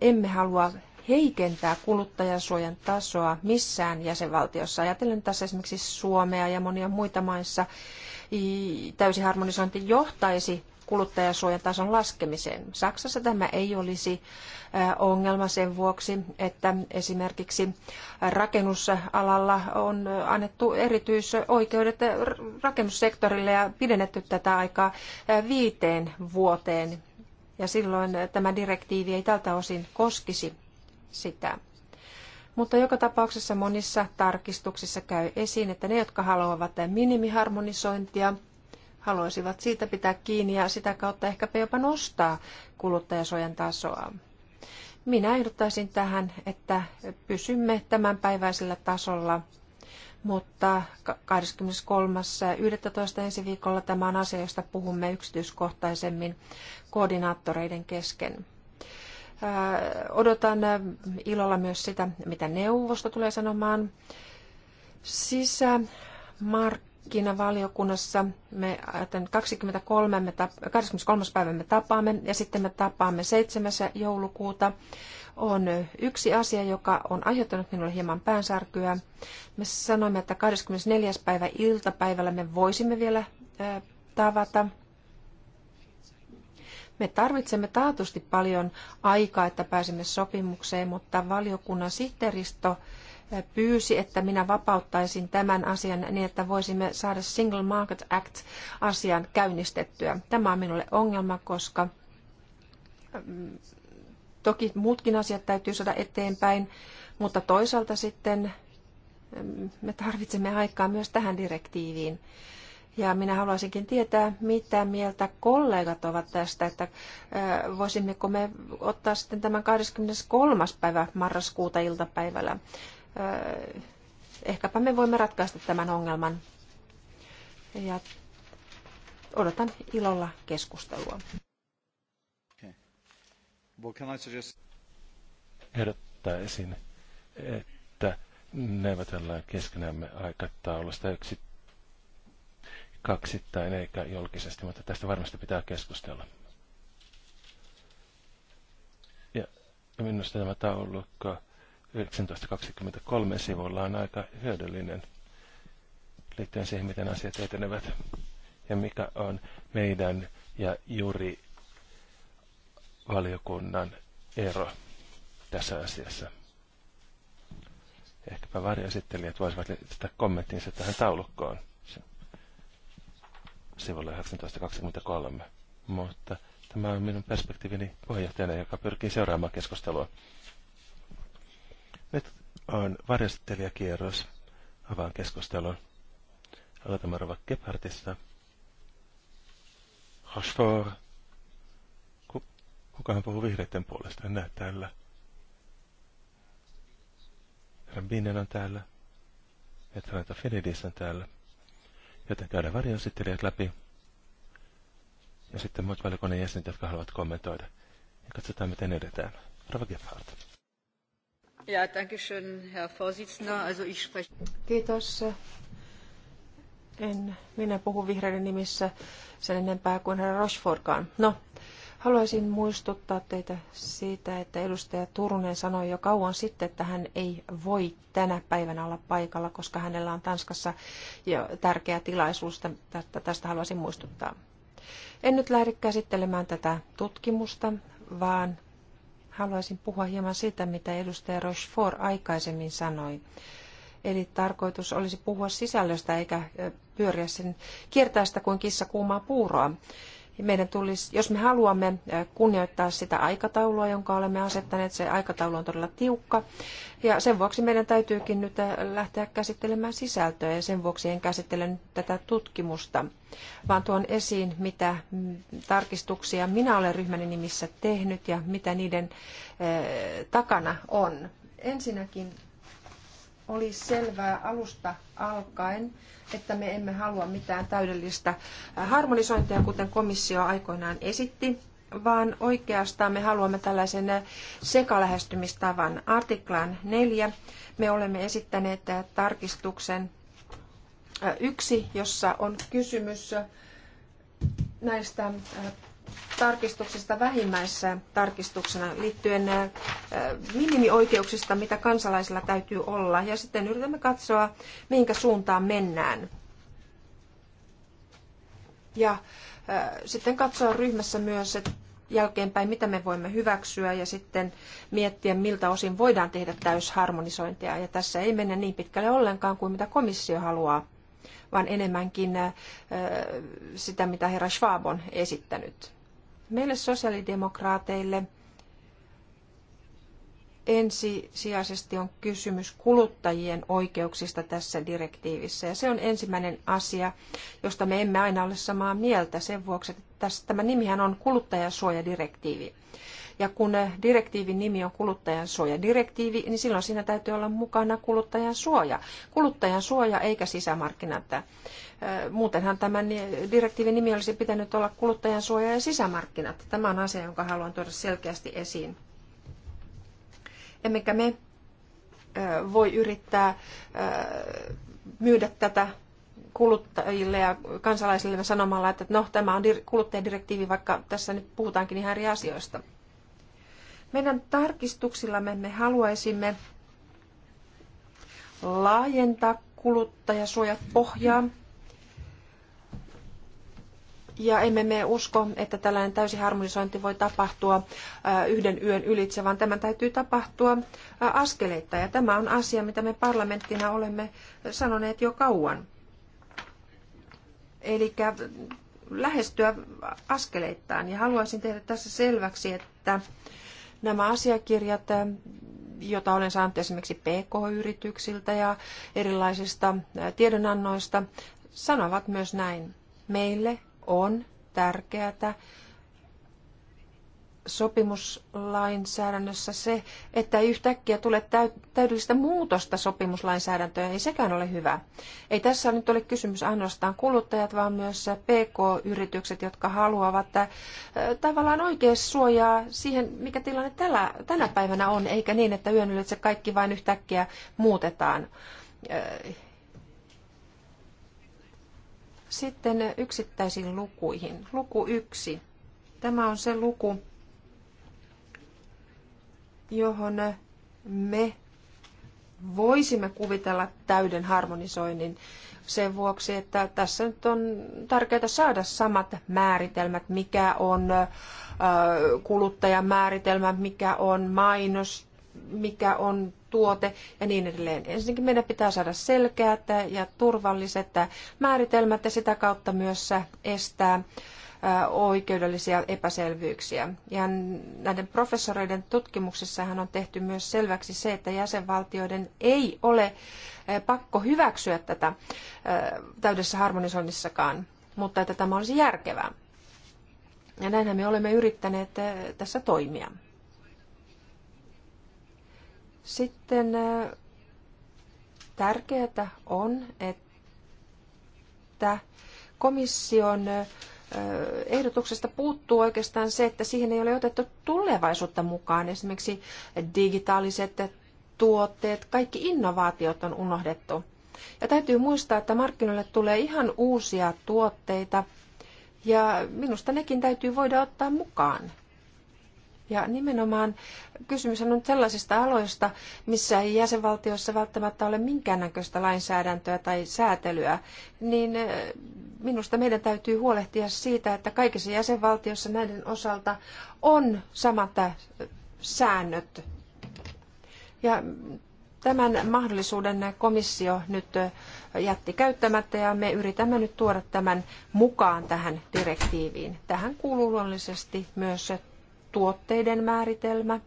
emme halua heikentää kuluttajansuojan tasoa missään jäsenvaltiossa. Ajatellen tässä esimerkiksi Suomea ja monia muita maissa täysi harmonisointi johtaisi kuluttajasuojan tason laskemiseen. Saksassa tämä ei olisi ongelma sen vuoksi, että esimerkiksi rakennusalalla on annettu erityisoikeudet rakennussektorille ja pidennetty tätä aikaa viiteen vuoteen. Ja silloin tämä direktiivi ei tältä osin koskisi sitä mutta joka tapauksessa monissa tarkistuksissa käy esiin, että ne, jotka haluavat minimiharmonisointia, haluaisivat siitä pitää kiinni ja sitä kautta ehkäpä jopa nostaa kuluttajasuojan tasoa. Minä ehdottaisin tähän, että pysymme tämänpäiväisellä tasolla, mutta 23.11. ensi viikolla tämä on asia, josta puhumme yksityiskohtaisemmin koordinaattoreiden kesken. Öö, odotan ilolla myös sitä, mitä neuvosto tulee sanomaan. Sisämark Kiina-valiokunnassa me 23, me 23. päivä me tapaamme ja sitten me tapaamme 7. joulukuuta. On yksi asia, joka on aiheuttanut minulle hieman päänsärkyä. Me sanoimme, että 24. päivä iltapäivällä me voisimme vielä tavata. Me tarvitsemme taatusti paljon aikaa, että pääsemme sopimukseen, mutta valiokunnan sihteeristö pyysi, että minä vapauttaisin tämän asian niin, että voisimme saada Single Market Act-asian käynnistettyä. Tämä on minulle ongelma, koska mm, toki muutkin asiat täytyy saada eteenpäin, mutta toisaalta sitten mm, me tarvitsemme aikaa myös tähän direktiiviin. Ja minä haluaisinkin tietää, mitä mieltä kollegat ovat tästä, että voisimmeko me ottaa sitten tämän 23. päivä marraskuuta iltapäivällä ehkäpä me voimme ratkaista tämän ongelman. Ja odotan ilolla keskustelua. Ehdottaisin, että neuvotellaan keskenämme aikataulusta yksi kaksittain eikä julkisesti, mutta tästä varmasti pitää keskustella. Ja minusta tämä taulukko 1923 sivulla on aika hyödyllinen liittyen siihen, miten asiat etenevät ja mikä on meidän ja juuri valiokunnan ero tässä asiassa. Ehkäpä varjoesittelijät voisivat liittää kommenttinsa tähän taulukkoon sivulla 1923. Mutta tämä on minun perspektiivini puheenjohtajana, joka pyrkii seuraamaan keskustelua. Nyt on varjostelijakierros. Avaan keskustelun. Aloitamme Rova Gebhardista. Hashfor. Kukahan puhuu vihreiden puolesta? En näe täällä. Rabinen on täällä. Etranta Fenidis on täällä. Joten käydään varjonsittelijat läpi. Ja sitten muut valiokunnan jäsenet, jotka haluavat kommentoida. Ja katsotaan, miten edetään. Rova Gebhardt. Ja, danke schön, Herr Vorsitzender. Also ich spreche... Kiitos. En minä puhu vihreiden nimissä sen enempää kuin herra Rochefortkaan. No, haluaisin muistuttaa teitä siitä, että edustaja Turunen sanoi jo kauan sitten, että hän ei voi tänä päivänä olla paikalla, koska hänellä on Tanskassa jo tärkeä tilaisuus. Tästä, tästä haluaisin muistuttaa. En nyt lähde käsittelemään tätä tutkimusta, vaan haluaisin puhua hieman siitä, mitä edustaja Rochefort aikaisemmin sanoi. Eli tarkoitus olisi puhua sisällöstä eikä pyöriä sen kiertää sitä kuin kissa kuumaa puuroa meidän tulisi, jos me haluamme äh, kunnioittaa sitä aikataulua, jonka olemme asettaneet, se aikataulu on todella tiukka. Ja sen vuoksi meidän täytyykin nyt äh, lähteä käsittelemään sisältöä ja sen vuoksi en käsittele nyt tätä tutkimusta, vaan tuon esiin, mitä mm, tarkistuksia minä olen ryhmäni nimissä tehnyt ja mitä niiden äh, takana on. Ensinnäkin oli selvää alusta alkaen, että me emme halua mitään täydellistä äh, harmonisointia, kuten komissio aikoinaan esitti, vaan oikeastaan me haluamme tällaisen äh, sekalähestymistavan. Artiklaan 4 me olemme esittäneet äh, tarkistuksen yksi, jossa on kysymys näistä tarkistuksesta vähimmäisessä tarkistuksena liittyen äh, minimioikeuksista, mitä kansalaisilla täytyy olla. Ja sitten yritämme katsoa, minkä suuntaan mennään. Ja äh, sitten katsoa ryhmässä myös että jälkeenpäin, mitä me voimme hyväksyä ja sitten miettiä, miltä osin voidaan tehdä täysharmonisointia. Ja tässä ei mennä niin pitkälle ollenkaan kuin mitä komissio haluaa vaan enemmänkin äh, sitä, mitä herra Schwab on esittänyt. Meille sosiaalidemokraateille ensisijaisesti on kysymys kuluttajien oikeuksista tässä direktiivissä. Ja se on ensimmäinen asia, josta me emme aina ole samaa mieltä sen vuoksi, että tässä, tämä nimihän on kuluttajasuojadirektiivi. Ja kun direktiivin nimi on kuluttajan niin silloin siinä täytyy olla mukana kuluttajan suoja. Kuluttajan suoja eikä sisämarkkinat. Muutenhan tämän direktiivin nimi olisi pitänyt olla kuluttajan suoja ja sisämarkkinat. Tämä on asia, jonka haluan tuoda selkeästi esiin. Emmekä me voi yrittää myydä tätä kuluttajille ja kansalaisille sanomalla, että no tämä on kuluttajadirektiivi, vaikka tässä nyt puhutaankin ihan eri asioista. Meidän tarkistuksillamme me haluaisimme laajentaa kuluttajasuojat pohjaa. Ja emme me usko, että tällainen täysi harmonisointi voi tapahtua äh, yhden yön ylitse, vaan tämän täytyy tapahtua äh, askeleittain. Ja tämä on asia, mitä me parlamenttina olemme äh, sanoneet jo kauan. Eli lähestyä askeleittain. Ja haluaisin tehdä tässä selväksi, että Nämä asiakirjat, eh, joita olen saanut esimerkiksi PK-yrityksiltä ja erilaisista eh, tiedonannoista, sanovat myös näin. Meille on tärkeää sopimuslainsäädännössä se, että ei yhtäkkiä tule täydellistä muutosta sopimuslainsäädäntöön, ei sekään ole hyvä. Ei tässä nyt ole kysymys ainoastaan kuluttajat, vaan myös PK-yritykset, jotka haluavat äh, tavallaan oikea suojaa siihen, mikä tilanne tällä, tänä päivänä on, eikä niin, että yön ylitse kaikki vain yhtäkkiä muutetaan. Sitten yksittäisiin lukuihin. Luku yksi. Tämä on se luku, johon me voisimme kuvitella täyden harmonisoinnin sen vuoksi, että tässä nyt on tärkeää saada samat määritelmät, mikä on kuluttajan määritelmä, mikä on mainos, mikä on tuote ja niin edelleen. Ensinnäkin meidän pitää saada selkeät ja turvalliset määritelmät ja sitä kautta myös estää oikeudellisia epäselvyyksiä. Ja näiden professoreiden hän on tehty myös selväksi se, että jäsenvaltioiden ei ole pakko hyväksyä tätä täydessä harmonisoinnissakaan, mutta että tämä olisi järkevää. Ja näinhän me olemme yrittäneet tässä toimia. Sitten tärkeää on, että komission ehdotuksesta puuttuu oikeastaan se, että siihen ei ole otettu tulevaisuutta mukaan. Esimerkiksi digitaaliset tuotteet, kaikki innovaatiot on unohdettu. Ja täytyy muistaa, että markkinoille tulee ihan uusia tuotteita ja minusta nekin täytyy voida ottaa mukaan. Ja nimenomaan kysymys on nyt sellaisista aloista, missä ei jäsenvaltiossa välttämättä ole minkäännäköistä lainsäädäntöä tai säätelyä, niin eh, minusta meidän täytyy huolehtia siitä, että kaikissa jäsenvaltioissa näiden osalta on samat eh, säännöt. Ja tämän mahdollisuuden komissio nyt eh, jätti käyttämättä ja me yritämme nyt tuoda tämän mukaan tähän direktiiviin. Tähän kuuluu luonnollisesti myös tuotteiden määritelmä.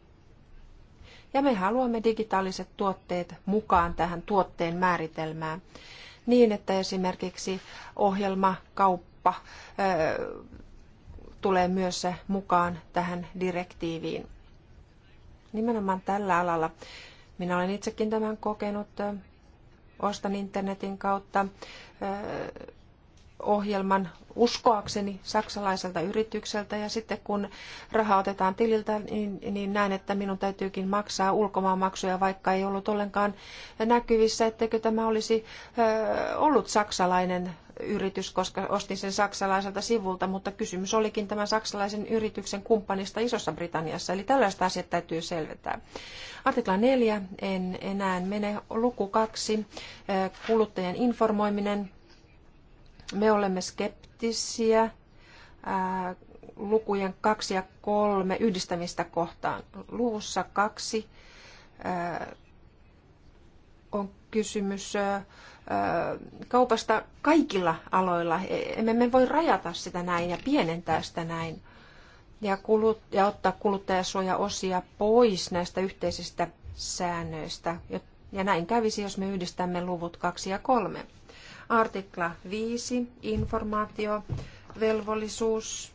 Ja me haluamme digitaaliset tuotteet mukaan tähän tuotteen määritelmään niin, että esimerkiksi ohjelmakauppa ö, tulee myös mukaan tähän direktiiviin. Nimenomaan tällä alalla. Minä olen itsekin tämän kokenut. Ostan internetin kautta ohjelman uskoakseni saksalaiselta yritykseltä ja sitten kun raha otetaan tililtä, niin, niin näen, että minun täytyykin maksaa ulkomaanmaksuja, vaikka ei ollut ollenkaan näkyvissä, etteikö tämä olisi ö, ollut saksalainen yritys, koska ostin sen saksalaiselta sivulta, mutta kysymys olikin tämän saksalaisen yrityksen kumppanista Isossa Britanniassa. Eli tällaista asiat täytyy selventää. Artikla 4, en enää mene. Luku 2, kuluttajien informoiminen. Me olemme skeptisiä äh, lukujen kaksi ja kolme yhdistämistä kohtaan. Luvussa kaksi äh, on kysymys äh, kaupasta kaikilla aloilla. Emme me voi rajata sitä näin ja pienentää sitä näin ja, kulut, ja ottaa kuluttajasuojaosia pois näistä yhteisistä säännöistä. Ja näin kävisi, jos me yhdistämme luvut kaksi ja kolme. Artikla 5, informaatio, velvollisuus.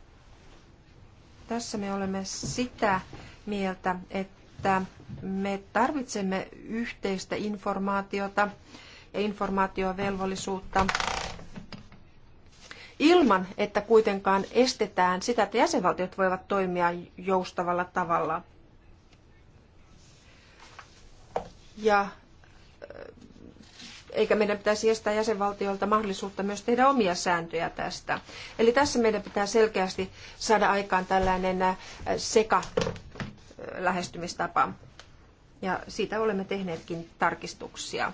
Tässä me olemme sitä mieltä, että me tarvitsemme yhteistä informaatiota ja informaatiovelvollisuutta ilman, että kuitenkaan estetään sitä, että jäsenvaltiot voivat toimia joustavalla tavalla. Ja eikä meidän pitäisi estää jäsenvaltioilta mahdollisuutta myös tehdä omia sääntöjä tästä. Eli tässä meidän pitää selkeästi saada aikaan tällainen äh, seka äh, lähestymistapa. Ja siitä olemme tehneetkin tarkistuksia.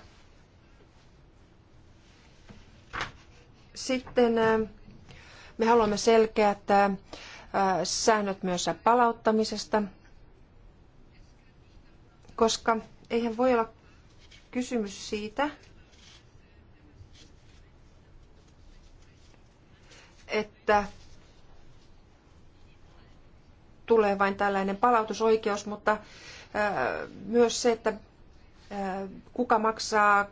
Sitten äh, me haluamme selkeät säännöt myös palauttamisesta, koska eihän voi olla kysymys siitä, että tulee vain tällainen palautusoikeus, mutta myös se, että kuka maksaa,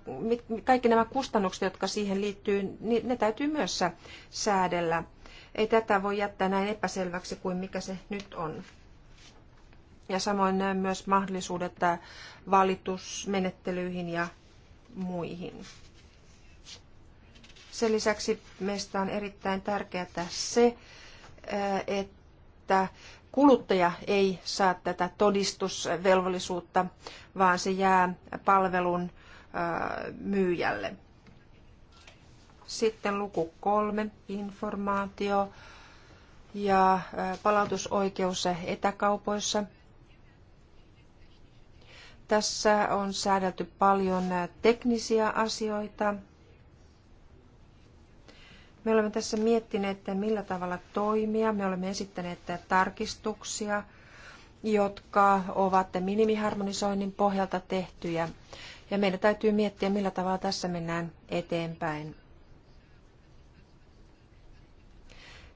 kaikki nämä kustannukset, jotka siihen liittyy, niin ne täytyy myös säädellä. Ei tätä voi jättää näin epäselväksi kuin mikä se nyt on. Ja samoin myös mahdollisuudet valitusmenettelyihin ja muihin. Sen lisäksi meistä on erittäin tärkeää se, että kuluttaja ei saa tätä todistusvelvollisuutta, vaan se jää palvelun myyjälle. Sitten luku kolme, informaatio ja palautusoikeus etäkaupoissa. Tässä on säädelty paljon teknisiä asioita me olemme tässä miettineet, että millä tavalla toimia. Me olemme esittäneet tarkistuksia, jotka ovat minimiharmonisoinnin pohjalta tehtyjä. Ja meidän täytyy miettiä, millä tavalla tässä mennään eteenpäin.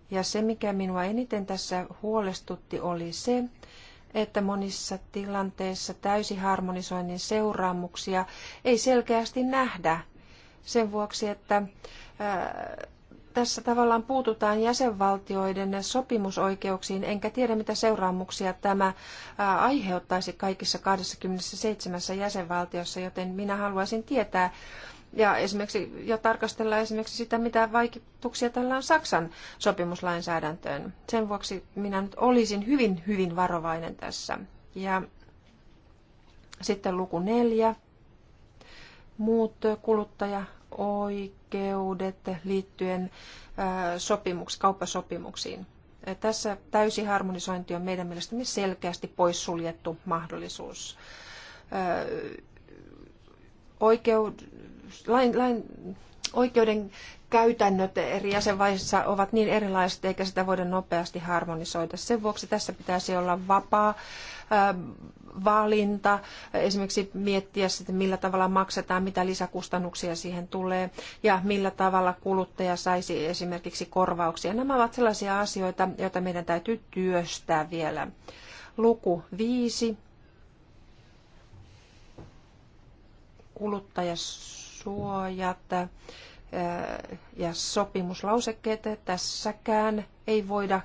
Ja se, mikä minua eniten tässä huolestutti, oli se, että monissa tilanteissa täysiharmonisoinnin seuraamuksia ei selkeästi nähdä sen vuoksi, että tässä tavallaan puututaan jäsenvaltioiden sopimusoikeuksiin, enkä tiedä mitä seuraamuksia tämä aiheuttaisi kaikissa 27 jäsenvaltiossa, joten minä haluaisin tietää ja, esimerkiksi, jo tarkastella esimerkiksi sitä, mitä vaikutuksia tällä on Saksan sopimuslainsäädäntöön. Sen vuoksi minä nyt olisin hyvin, hyvin varovainen tässä. Ja sitten luku neljä, muut kuluttaja oikeudet liittyen sopimuks, kauppasopimuksiin. Tässä täysi harmonisointi on meidän mielestämme selkeästi poissuljettu mahdollisuus. Oikeud, lain, lain, oikeuden käytännöt eri jäsenvaiheissa ovat niin erilaiset, eikä sitä voida nopeasti harmonisoida. Sen vuoksi tässä pitäisi olla vapaa valinta, esimerkiksi miettiä sitten millä tavalla maksetaan, mitä lisäkustannuksia siihen tulee ja millä tavalla kuluttaja saisi esimerkiksi korvauksia. Nämä ovat sellaisia asioita, joita meidän täytyy työstää vielä. Luku viisi. Kuluttajasuojat ja sopimuslausekkeet. Tässäkään ei voida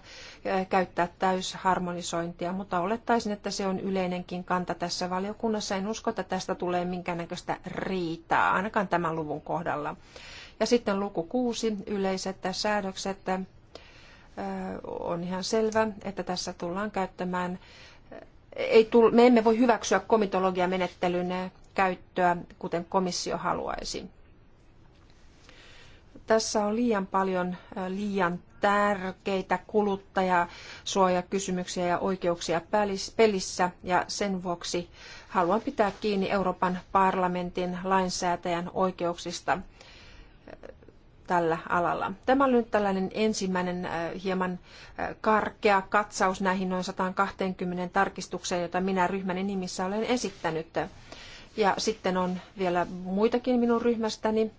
käyttää täysharmonisointia, mutta olettaisin, että se on yleinenkin kanta tässä valiokunnassa. En usko, että tästä tulee minkäännäköistä riitaa, ainakaan tämän luvun kohdalla. Ja sitten luku kuusi, yleiset säädökset. On ihan selvä, että tässä tullaan käyttämään ei tull, me emme voi hyväksyä komitologiamenettelyn käyttöä, kuten komissio haluaisi tässä on liian paljon liian tärkeitä kuluttajasuojakysymyksiä ja oikeuksia pelissä ja sen vuoksi haluan pitää kiinni Euroopan parlamentin lainsäätäjän oikeuksista tällä alalla. Tämä oli nyt tällainen ensimmäinen hieman karkea katsaus näihin noin 120 tarkistukseen, jota minä ryhmäni nimissä olen esittänyt. Ja sitten on vielä muitakin minun ryhmästäni,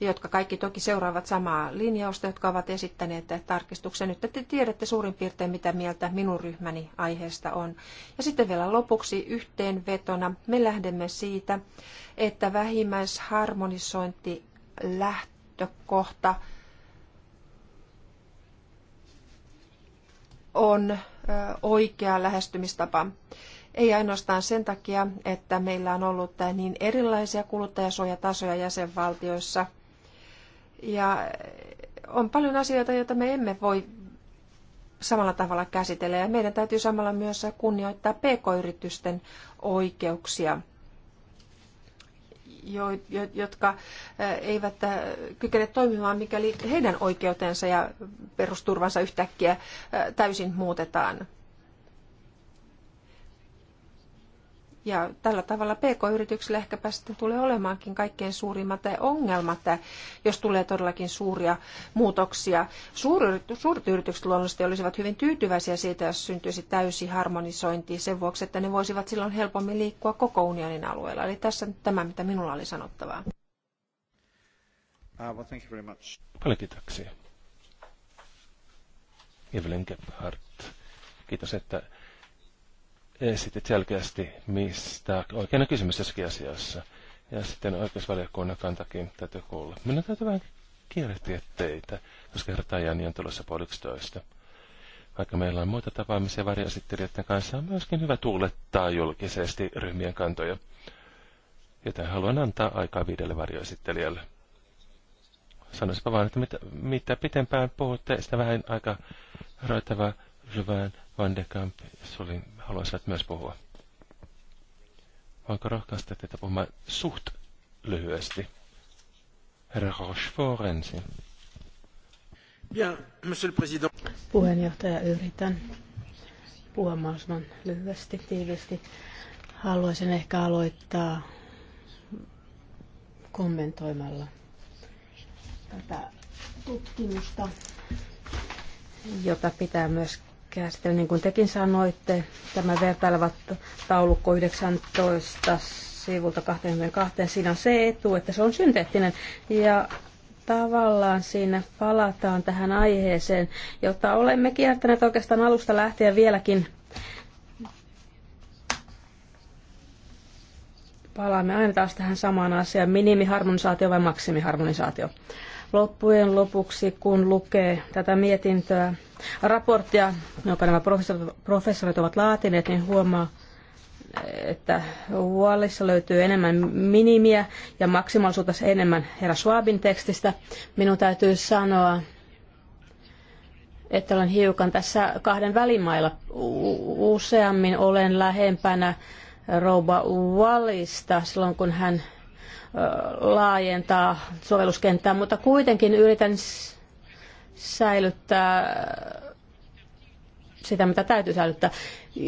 jotka kaikki toki seuraavat samaa linjausta, jotka ovat esittäneet tarkistuksen. Nyt te tiedätte suurin piirtein, mitä mieltä minun ryhmäni aiheesta on. Ja sitten vielä lopuksi yhteenvetona. Me lähdemme siitä, että vähimmäisharmonisointi lähtökohta on oikea lähestymistapa. Ei ainoastaan sen takia, että meillä on ollut niin erilaisia kuluttajasuojatasoja jäsenvaltioissa, ja on paljon asioita, joita me emme voi samalla tavalla käsitellä. Ja meidän täytyy samalla myös kunnioittaa pk-yritysten oikeuksia, jotka eh, eivät eh, kykene toimimaan, mikäli heidän oikeutensa ja perusturvansa yhtäkkiä eh, täysin muutetaan. Ja tällä tavalla PK-yrityksillä ehkäpä sitten tulee olemaankin kaikkein suurimmat ongelmat, jos tulee todellakin suuria muutoksia. Suuret yritykset luonnollisesti olisivat hyvin tyytyväisiä siitä, jos syntyisi täysi harmonisointi sen vuoksi, että ne voisivat silloin helpommin liikkua koko unionin alueella. Eli tässä nyt tämä, mitä minulla oli sanottavaa. Uh, well, thank you very much. Paljon kiitoksia. Evelyn Gebhardt, kiitos, että esitit selkeästi, mistä oikein on kysymys jossakin asiassa. Ja sitten oikeusvaliokunnan kantakin täytyy kuulla. Minun täytyy vähän kiirehtiä teitä, koska herra Tajani on tulossa puoli Vaikka meillä on muita tapaamisia varjoesittelijöiden kanssa, on myöskin hyvä tuulettaa julkisesti ryhmien kantoja. Joten haluan antaa aikaa viidelle varjoesittelijälle. Sanoisipa vaan, että mitä, mitä pitempään puhutte, sitä vähän aika roitavaa Syvään, Van de Kamp ja Sulin haluaisivat myös puhua. Voinko rohkaista teitä puhumaan suht lyhyesti? Herra Rochefort ensin. Bien, monsieur le président. Puheenjohtaja, yritän puhua mahdollisimman lyhyesti, tiiviisti. Haluaisin ehkä aloittaa kommentoimalla tätä tutkimusta, jota pitää myös käsitellä, niin kuin tekin sanoitte, tämä vertaileva taulukko 19 sivulta 22. Siinä on se etu, että se on synteettinen ja tavallaan siinä palataan tähän aiheeseen, jota olemme kiertäneet oikeastaan alusta lähtien vieläkin. Palaamme aina taas tähän samaan asiaan, minimiharmonisaatio vai maksimiharmonisaatio. Loppujen lopuksi, kun lukee tätä mietintöä, raporttia, jonka nämä professorit, professorit ovat laatineet, niin huomaa, että Wallissa löytyy enemmän minimiä ja maksimaalisuutta enemmän herra Schwabin tekstistä. Minun täytyy sanoa, että olen hiukan tässä kahden välimailla. Useammin olen lähempänä Rouba Wallista silloin, kun hän laajentaa sovelluskenttää, mutta kuitenkin yritän säilyttää sitä, mitä täytyy säilyttää.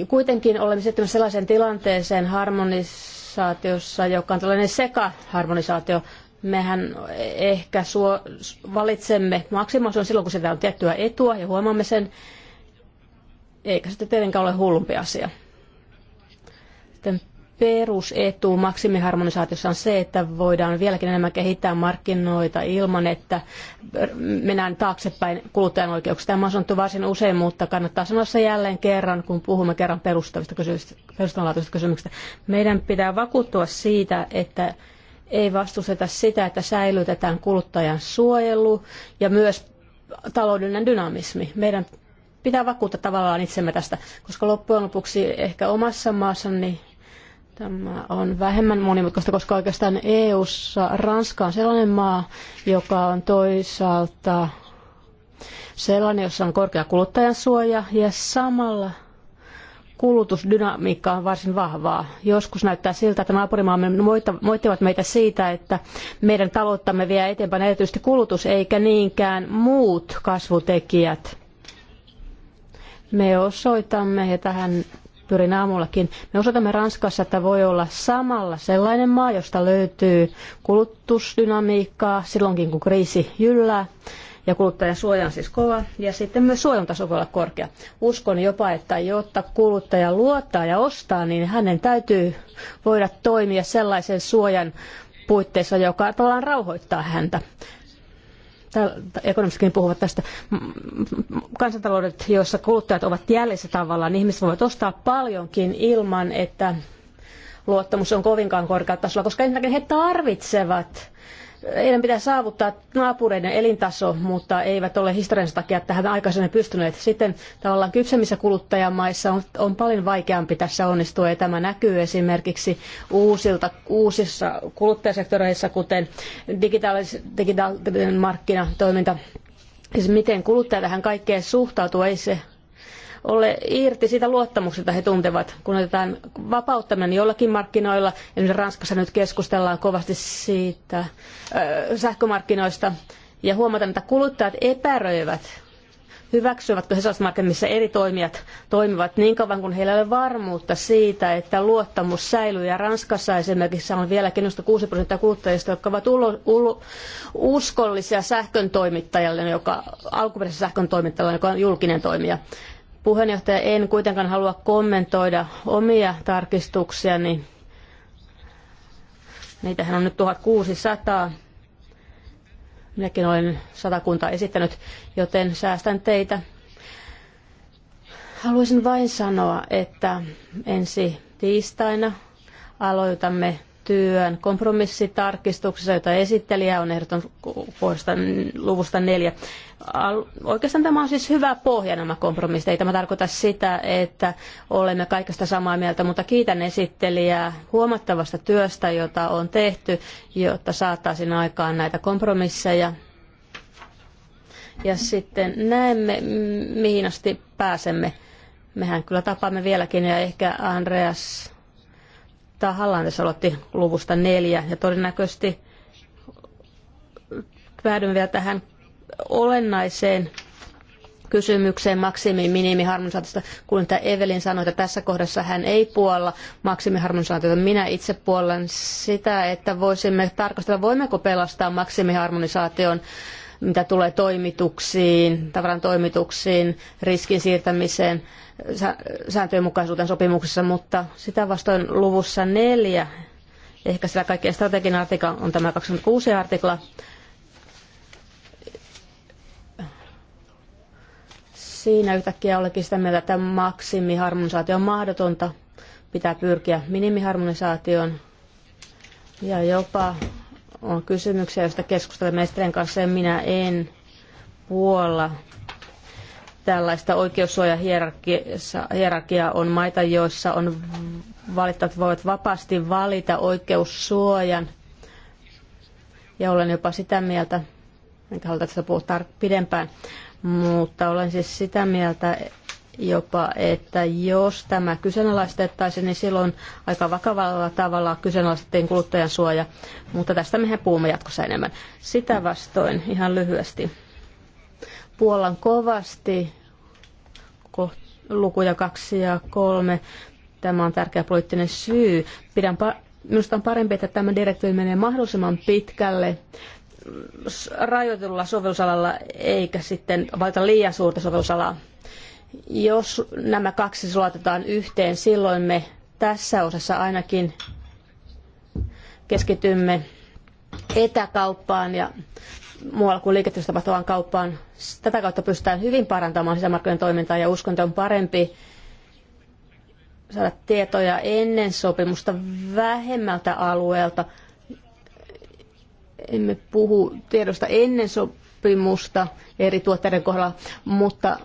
Kuitenkin olemme sitten sellaisen tilanteeseen harmonisaatiossa, joka on tällainen sekaharmonisaatio. Mehän ehkä suo, valitsemme on silloin, kun sitä on tiettyä etua ja huomaamme sen, eikä se tietenkään ole hullumpi asia perusetu maksimiharmonisaatiossa on se, että voidaan vieläkin enemmän kehittää markkinoita ilman, että mennään taaksepäin kuluttajan oikeuksia. Tämä on sanottu varsin usein, mutta kannattaa sanoa se jälleen kerran, kun puhumme kerran perustavista perustavanlaatuisista kysymyksistä. Meidän pitää vakuuttua siitä, että ei vastusteta sitä, että säilytetään kuluttajan suojelu ja myös taloudellinen dynamismi. Meidän pitää vakuuttaa tavallaan itsemme tästä, koska loppujen lopuksi ehkä omassa maassani Tämä on vähemmän monimutkaista, koska oikeastaan EU-ssa Ranska on sellainen maa, joka on toisaalta sellainen, jossa on korkea kuluttajan suoja ja samalla kulutusdynamiikka on varsin vahvaa. Joskus näyttää siltä, että naapurimaamme moittivat meitä siitä, että meidän talouttamme vie eteenpäin erityisesti kulutus eikä niinkään muut kasvutekijät. Me osoitamme, ja tähän pyrin aamullakin. Me osoitamme Ranskassa, että voi olla samalla sellainen maa, josta löytyy kulutusdynamiikkaa silloinkin, kun kriisi jyllää. Ja kuluttajasuoja on siis kova ja sitten myös suojan taso voi olla korkea. Uskon jopa, että jotta kuluttaja luottaa ja ostaa, niin hänen täytyy voida toimia sellaisen suojan puitteissa, joka tavallaan rauhoittaa häntä ekonomistikin puhuvat tästä, kansantaloudet, joissa kuluttajat ovat jäljessä tavallaan, niin ihmiset voivat ostaa paljonkin ilman, että luottamus on kovinkaan korkealla tasolla, koska ensinnäkin he tarvitsevat heidän pitää saavuttaa naapureiden elintaso, mutta eivät ole historiansa takia tähän aikaisemmin pystyneet. Sitten tavallaan kypsemmissä kuluttajamaissa on, on paljon vaikeampi tässä onnistua ja tämä näkyy esimerkiksi uusilta, uusissa kuluttajasektoreissa, kuten digitaalis, digitaalinen markkinatoiminta. Siis miten kuluttaja tähän kaikkeen suhtautuu, ei se ole irti siitä luottamuksesta he tuntevat, kun otetaan vapauttaminen niin jollakin markkinoilla. Esimerkiksi Ranskassa nyt keskustellaan kovasti siitä äh, sähkömarkkinoista ja huomataan, että kuluttajat epäröivät hyväksyvätkö he sellaiset markkinat, missä eri toimijat toimivat niin kauan kuin heillä ei ole varmuutta siitä, että luottamus säilyy. Ja Ranskassa esimerkiksi on vieläkin noista 6 prosenttia kuluttajista, jotka ovat ulo, ulo, uskollisia sähkön toimittajalle, joka alkuperäisen sähkön toimittajalle, joka on julkinen toimija. Puheenjohtaja, en kuitenkaan halua kommentoida omia tarkistuksiani. Niitähän on nyt 1600. Minäkin olen satakunta esittänyt, joten säästän teitä. Haluaisin vain sanoa, että ensi tiistaina aloitamme työn kompromissitarkistuksessa, jota esittelijä on ehdottanut kohdasta, luvusta neljä. Oikeastaan tämä on siis hyvä pohja nämä kompromissit. Ei tämä tarkoita sitä, että olemme kaikesta samaa mieltä, mutta kiitän esittelijää huomattavasta työstä, jota on tehty, jotta saataisiin aikaan näitä kompromisseja. Ja sitten näemme, mihin asti pääsemme. Mehän kyllä tapaamme vieläkin ja ehkä Andreas tämä Hallandes aloitti luvusta neljä ja todennäköisesti päädyn vielä tähän olennaiseen kysymykseen maksimi minimi harmonisaatiosta, kun tämä Evelin sanoi, että tässä kohdassa hän ei puolla maksimiharmonisaatiota. Minä itse puolen sitä, että voisimme tarkastella, voimmeko pelastaa maksimiharmonisaation mitä tulee toimituksiin, tavaran toimituksiin, riskin siirtämiseen, sääntöjen mukaisuuteen sopimuksessa, mutta sitä vastoin luvussa neljä, ehkä sillä kaikkein strateginen artikla on tämä 26 artikla, siinä yhtäkkiä olekin sitä mieltä, että maksimiharmonisaatio on mahdotonta. Pitää pyrkiä minimiharmonisaatioon ja jopa on kysymyksiä, joista keskustelen Estren kanssa, ja minä en puolla tällaista oikeussuojahierarkiaa on maita, joissa on valittajat voivat vapaasti valita oikeussuojan. Ja olen jopa sitä mieltä, enkä haluta tästä puhua tar- pidempään, mutta olen siis sitä mieltä, jopa, että jos tämä kyseenalaistettaisiin, niin silloin aika vakavalla tavalla kyseenalaistettiin kuluttajan suoja, mutta tästä mehän puhumme jatkossa enemmän. Sitä vastoin ihan lyhyesti. Puolan kovasti lukuja kaksi ja kolme. Tämä on tärkeä poliittinen syy. Pidän Minusta on parempi, että tämä direktiivi menee mahdollisimman pitkälle rajoitetulla sovellusalalla, eikä sitten valita liian suurta sovellusalaa jos nämä kaksi sulatetaan yhteen, silloin me tässä osassa ainakin keskitymme etäkauppaan ja muualla kuin liiketieteessä tapahtuvaan kauppaan. Tätä kautta pystytään hyvin parantamaan sisämarkkinoiden toimintaa ja uskon, että on parempi saada tietoja ennen sopimusta vähemmältä alueelta. Emme puhu tiedosta ennen sopimusta eri tuotteiden kohdalla, mutta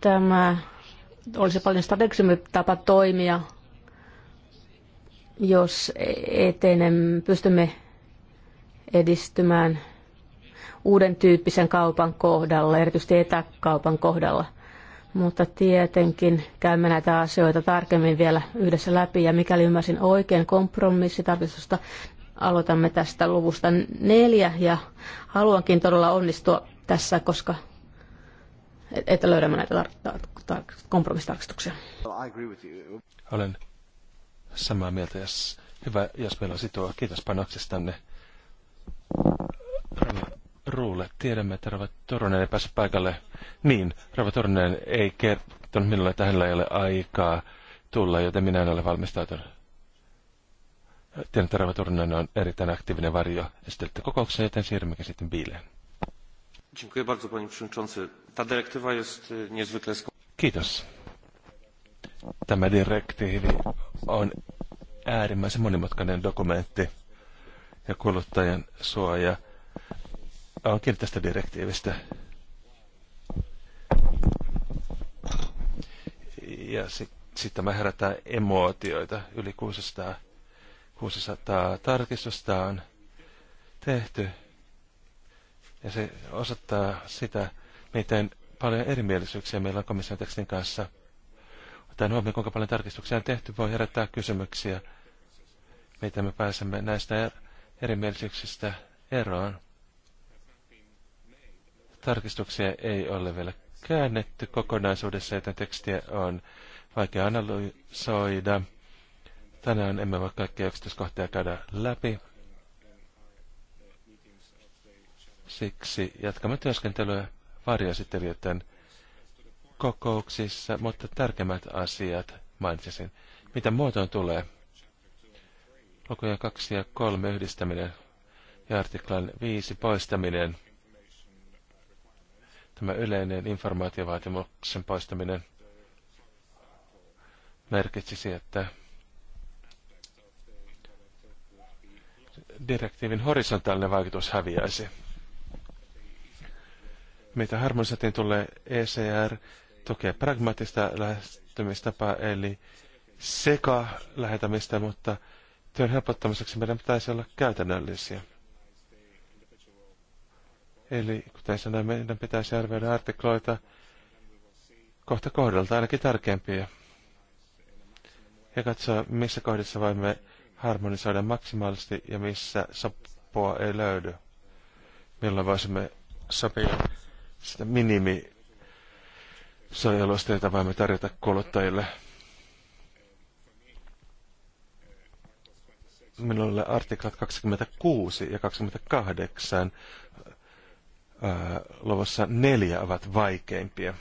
Tämä olisi paljon strategisempi tapa toimia, jos etenem pystymme edistymään uuden tyyppisen kaupan kohdalla, erityisesti etäkaupan kohdalla. Mutta tietenkin käymme näitä asioita tarkemmin vielä yhdessä läpi. Ja mikäli ymmärsin oikein kompromissitarkistusta, aloitamme tästä luvusta neljä. Ja haluankin todella onnistua tässä, koska että löydämme näitä tar- tar- kompromissitarkistuksia. Olen samaa mieltä. Jos, hyvä, jos meillä on sitoa. Kiitos panoksistanne. Ruule, tiedämme, että Rava Toronen ei pääse paikalle. Niin, Rava Toronen ei kertonut minulle, että hänellä ei ole aikaa tulla, joten minä en ole valmistautunut. Tiedän, että Rava Toronen on erittäin aktiivinen varjo. Esittelitte kokouksen, joten siirrymmekin sitten biileen. Dziękuję panie przewodniczący. Ta dyrektywa jest niezwykle Kiitos. Tämä direktiivi on äärimmäisen monimutkainen dokumentti ja kuluttajan suoja onkin tästä direktiivistä. Ja sitten sit tämä herättää emootioita. Yli 600, 600 tarkistusta on tehty. Ja se osoittaa sitä, miten paljon erimielisyyksiä meillä on komission tekstin kanssa. Ottaen huomioon, kuinka paljon tarkistuksia on tehty, voi herättää kysymyksiä, miten me pääsemme näistä er-, erimielisyyksistä eroon. Tarkistuksia ei ole vielä käännetty kokonaisuudessa, joten tekstiä on vaikea analysoida. Tänään emme voi kaikkia yksityiskohtia käydä läpi. Siksi jatkamme työskentelyä varjoesittelijöiden kokouksissa, mutta tärkeimmät asiat mainitsisin. Mitä muotoon tulee? Lukuja 2 ja 3 yhdistäminen ja artiklan 5 poistaminen. Tämä yleinen informaatiovaatimuksen poistaminen merkitsisi, että direktiivin horisontaalinen vaikutus häviäisi. Mitä harmonisaatiin tulee, ECR tukee pragmaattista lähestymistapaa, eli seka lähetämistä, mutta työn helpottamiseksi meidän pitäisi olla käytännöllisiä. Eli kuten sanoin, meidän pitäisi arvioida artikloita kohta kohdalta, ainakin tärkeimpiä. Ja katsoa, missä kohdissa voimme harmonisoida maksimaalisesti ja missä sopua ei löydy. Milloin voisimme sopia sitä minimi suojelusta, jota voimme tarjota kuluttajille. Minulle artiklat 26 ja 28 ää, luvussa neljä ovat vaikeimpia.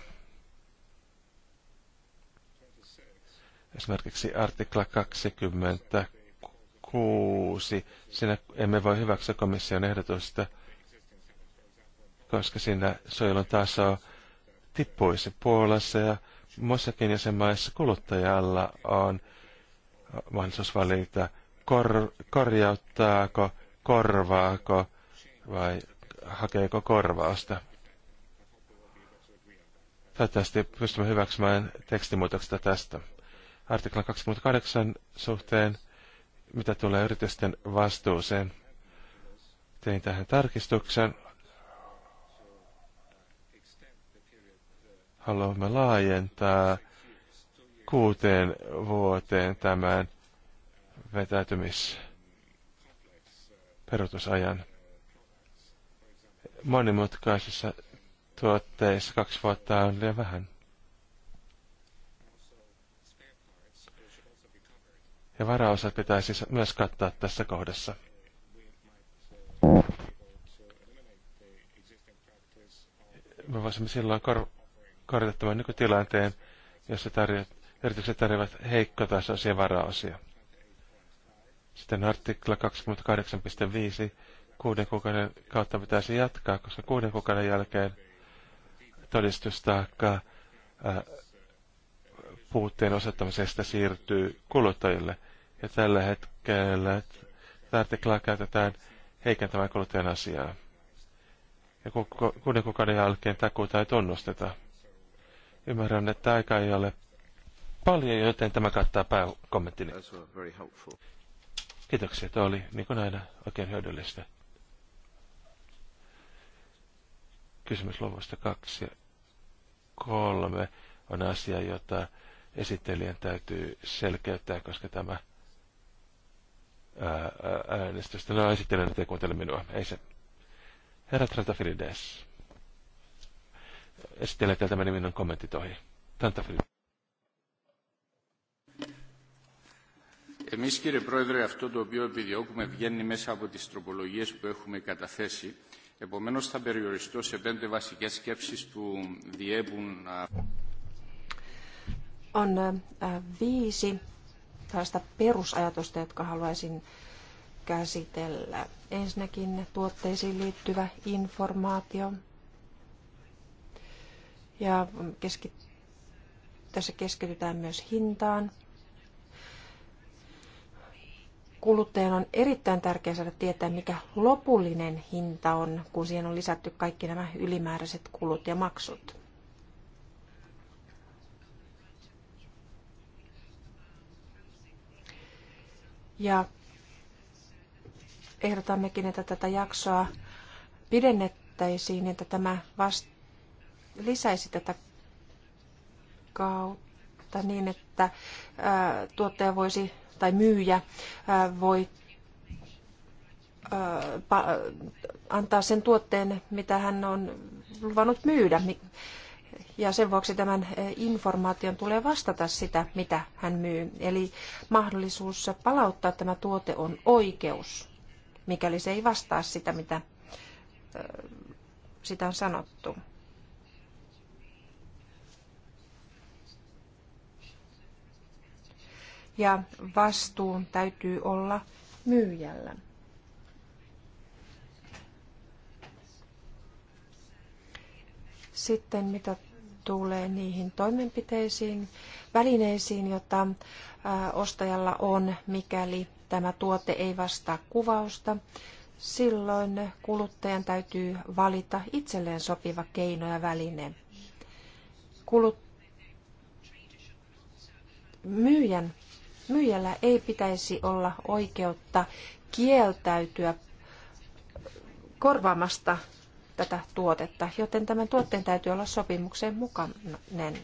Esimerkiksi artikla 26. Siinä emme voi hyväksyä komission ehdotusta – koska siinä suojelun taso tippuisi Puolassa ja muissakin jäsenmaissa kuluttajalla on mahdollisuus valita, kor, korjauttaako, korvaako vai hakeeko korvausta. Toivottavasti pystymme hyväksymään tekstimuutoksesta tästä. Artiklan 28 suhteen, mitä tulee yritysten vastuuseen. Tein tähän tarkistuksen. Haluamme laajentaa kuuteen vuoteen tämän vetäytymisperutusajan. Monimutkaisissa tuotteissa kaksi vuotta on liian vähän. Ja varaosat pitäisi myös kattaa tässä kohdassa. Me voisimme silloin korjata tämän nykytilanteen, jossa tarjot, yritykset tarjoavat heikkotasoisia varaosia. Sitten artikla 28.5 kuuden kuukauden kautta pitäisi jatkaa, koska kuuden kuukauden jälkeen todistustaakka puutteen osoittamisesta siirtyy kuluttajille. Ja tällä hetkellä artiklaa käytetään heikentämään kuluttajan asiaa. Ja kuuden kuukauden jälkeen takuuta ei tunnusteta. Ymmärrän, että aika ei ole paljon, joten tämä kattaa pääkommenttini. Kiitoksia, tuo oli niin kuin aina oikein hyödyllistä. Kysymys luvusta kaksi ja kolme on asia, jota esittelijän täytyy selkeyttää, koska tämä äänestys... No esittelijän ei kuuntele minua, ei se. Herra Trantafilides esitellä tältä meni minun kommentit ohi. Tanta Tantafil. Εμείς κύριε Πρόεδρε αυτό το οποίο επιδιώκουμε βγαίνει μέσα από τις τροπολογίες που έχουμε καταθέσει. Επομένως θα περιοριστώ σε πέντε βασικές σκέψεις που διέπουν... On äh, viisi tällaista perusajatusta, jotka haluaisin käsitellä. Ensinnäkin tuotteisiin liittyvä informaatio, ja keski, tässä keskitytään myös hintaan. Kuluttajan on erittäin tärkeää saada tietää, mikä lopullinen hinta on, kun siihen on lisätty kaikki nämä ylimääräiset kulut ja maksut. Ja ehdotammekin, että tätä jaksoa pidennettäisiin, että tämä vastaa lisäisi tätä kautta niin, että tuottaja voisi tai myyjä voi antaa sen tuotteen, mitä hän on luvannut myydä. Ja sen vuoksi tämän informaation tulee vastata sitä, mitä hän myy. Eli mahdollisuus palauttaa tämä tuote on oikeus, mikäli se ei vastaa sitä, mitä sitä on sanottu. ja vastuun täytyy olla myyjällä. Sitten mitä tulee niihin toimenpiteisiin, välineisiin, joita ostajalla on, mikäli tämä tuote ei vastaa kuvausta, silloin kuluttajan täytyy valita itselleen sopiva keino ja väline. Kulut... Myyjän myyjällä ei pitäisi olla oikeutta kieltäytyä korvaamasta tätä tuotetta, joten tämän tuotteen täytyy olla sopimukseen mukainen.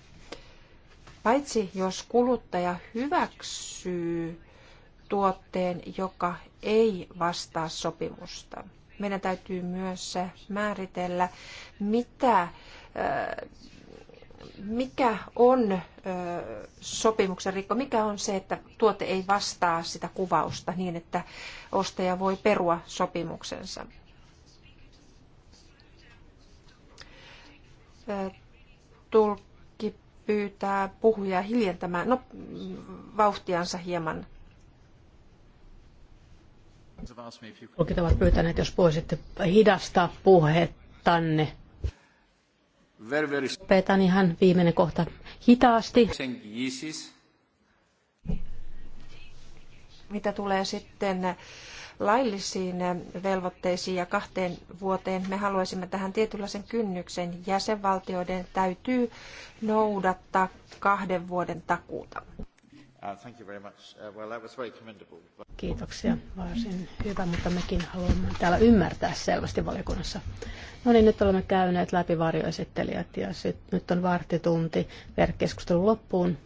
Paitsi jos kuluttaja hyväksyy tuotteen, joka ei vastaa sopimusta. Meidän täytyy myös määritellä, mitä mikä on sopimuksen rikko, mikä on se, että tuote ei vastaa sitä kuvausta niin, että ostaja voi perua sopimuksensa. Tulkki pyytää puhujaa hiljentämään no, vauhtiansa hieman. Tulkit ovat pyytäneet, jos voisitte hidastaa tänne Petan ihan viimeinen kohta hitaasti. Mitä tulee sitten laillisiin velvoitteisiin ja kahteen vuoteen, me haluaisimme tähän tietynlaisen kynnyksen. Jäsenvaltioiden täytyy noudattaa kahden vuoden takuuta. Kiitoksia. Varsin hyvä, mutta mekin haluamme täällä ymmärtää selvästi valiokunnassa. No niin, nyt olemme käyneet läpi varjoesittelijät ja sit, nyt on vartitunti verkkeskustelun loppuun,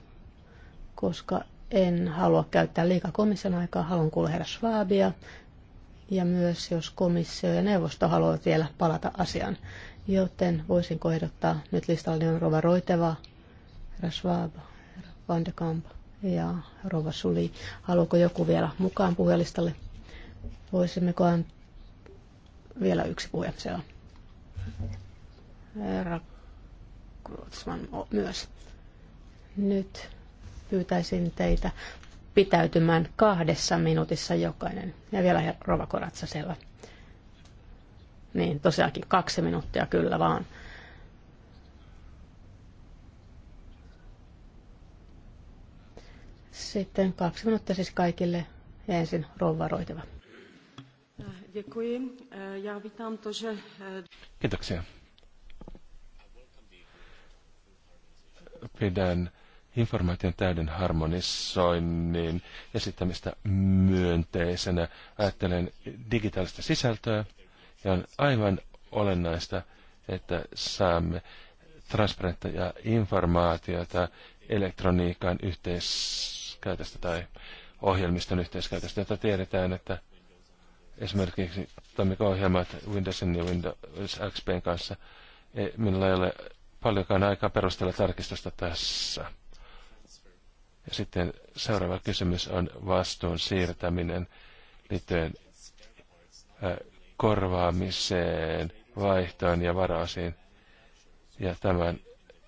koska en halua käyttää liikaa komission aikaa. Haluan kuulla herra Schwabia ja myös, jos komissio ja neuvosto haluavat vielä palata asiaan. Joten voisin kohdottaa nyt listalla on Rova Roiteva, herra Schwab, herra Van de Kampa ja Rova Suli. Haluaako joku vielä mukaan puhelistalle? Voisimmeko antaa vielä yksi se siellä? Herra Krutsman myös. Nyt pyytäisin teitä pitäytymään kahdessa minuutissa jokainen. Ja vielä Rova Koratsasella. Niin, tosiaankin kaksi minuuttia kyllä vaan. Sitten kaksi minuuttia siis kaikille. Ja ensin rouva Roiteva. Kiitoksia. Pidän informaation täyden harmonisoinnin esittämistä myönteisenä. Ajattelen digitaalista sisältöä ja on aivan olennaista, että saamme transparenttia informaatiota elektroniikan yhteis yhteiskäytöstä tai ohjelmiston yhteiskäytöstä, jota tiedetään, että esimerkiksi toimiko ohjelmat Windowsin ja Windows XPn kanssa. E, minulla ei ole paljonkaan aikaa perustella tarkistusta tässä. Ja sitten seuraava kysymys on vastuun siirtäminen liittyen korvaamiseen, vaihtoon ja varausiin. Ja tämän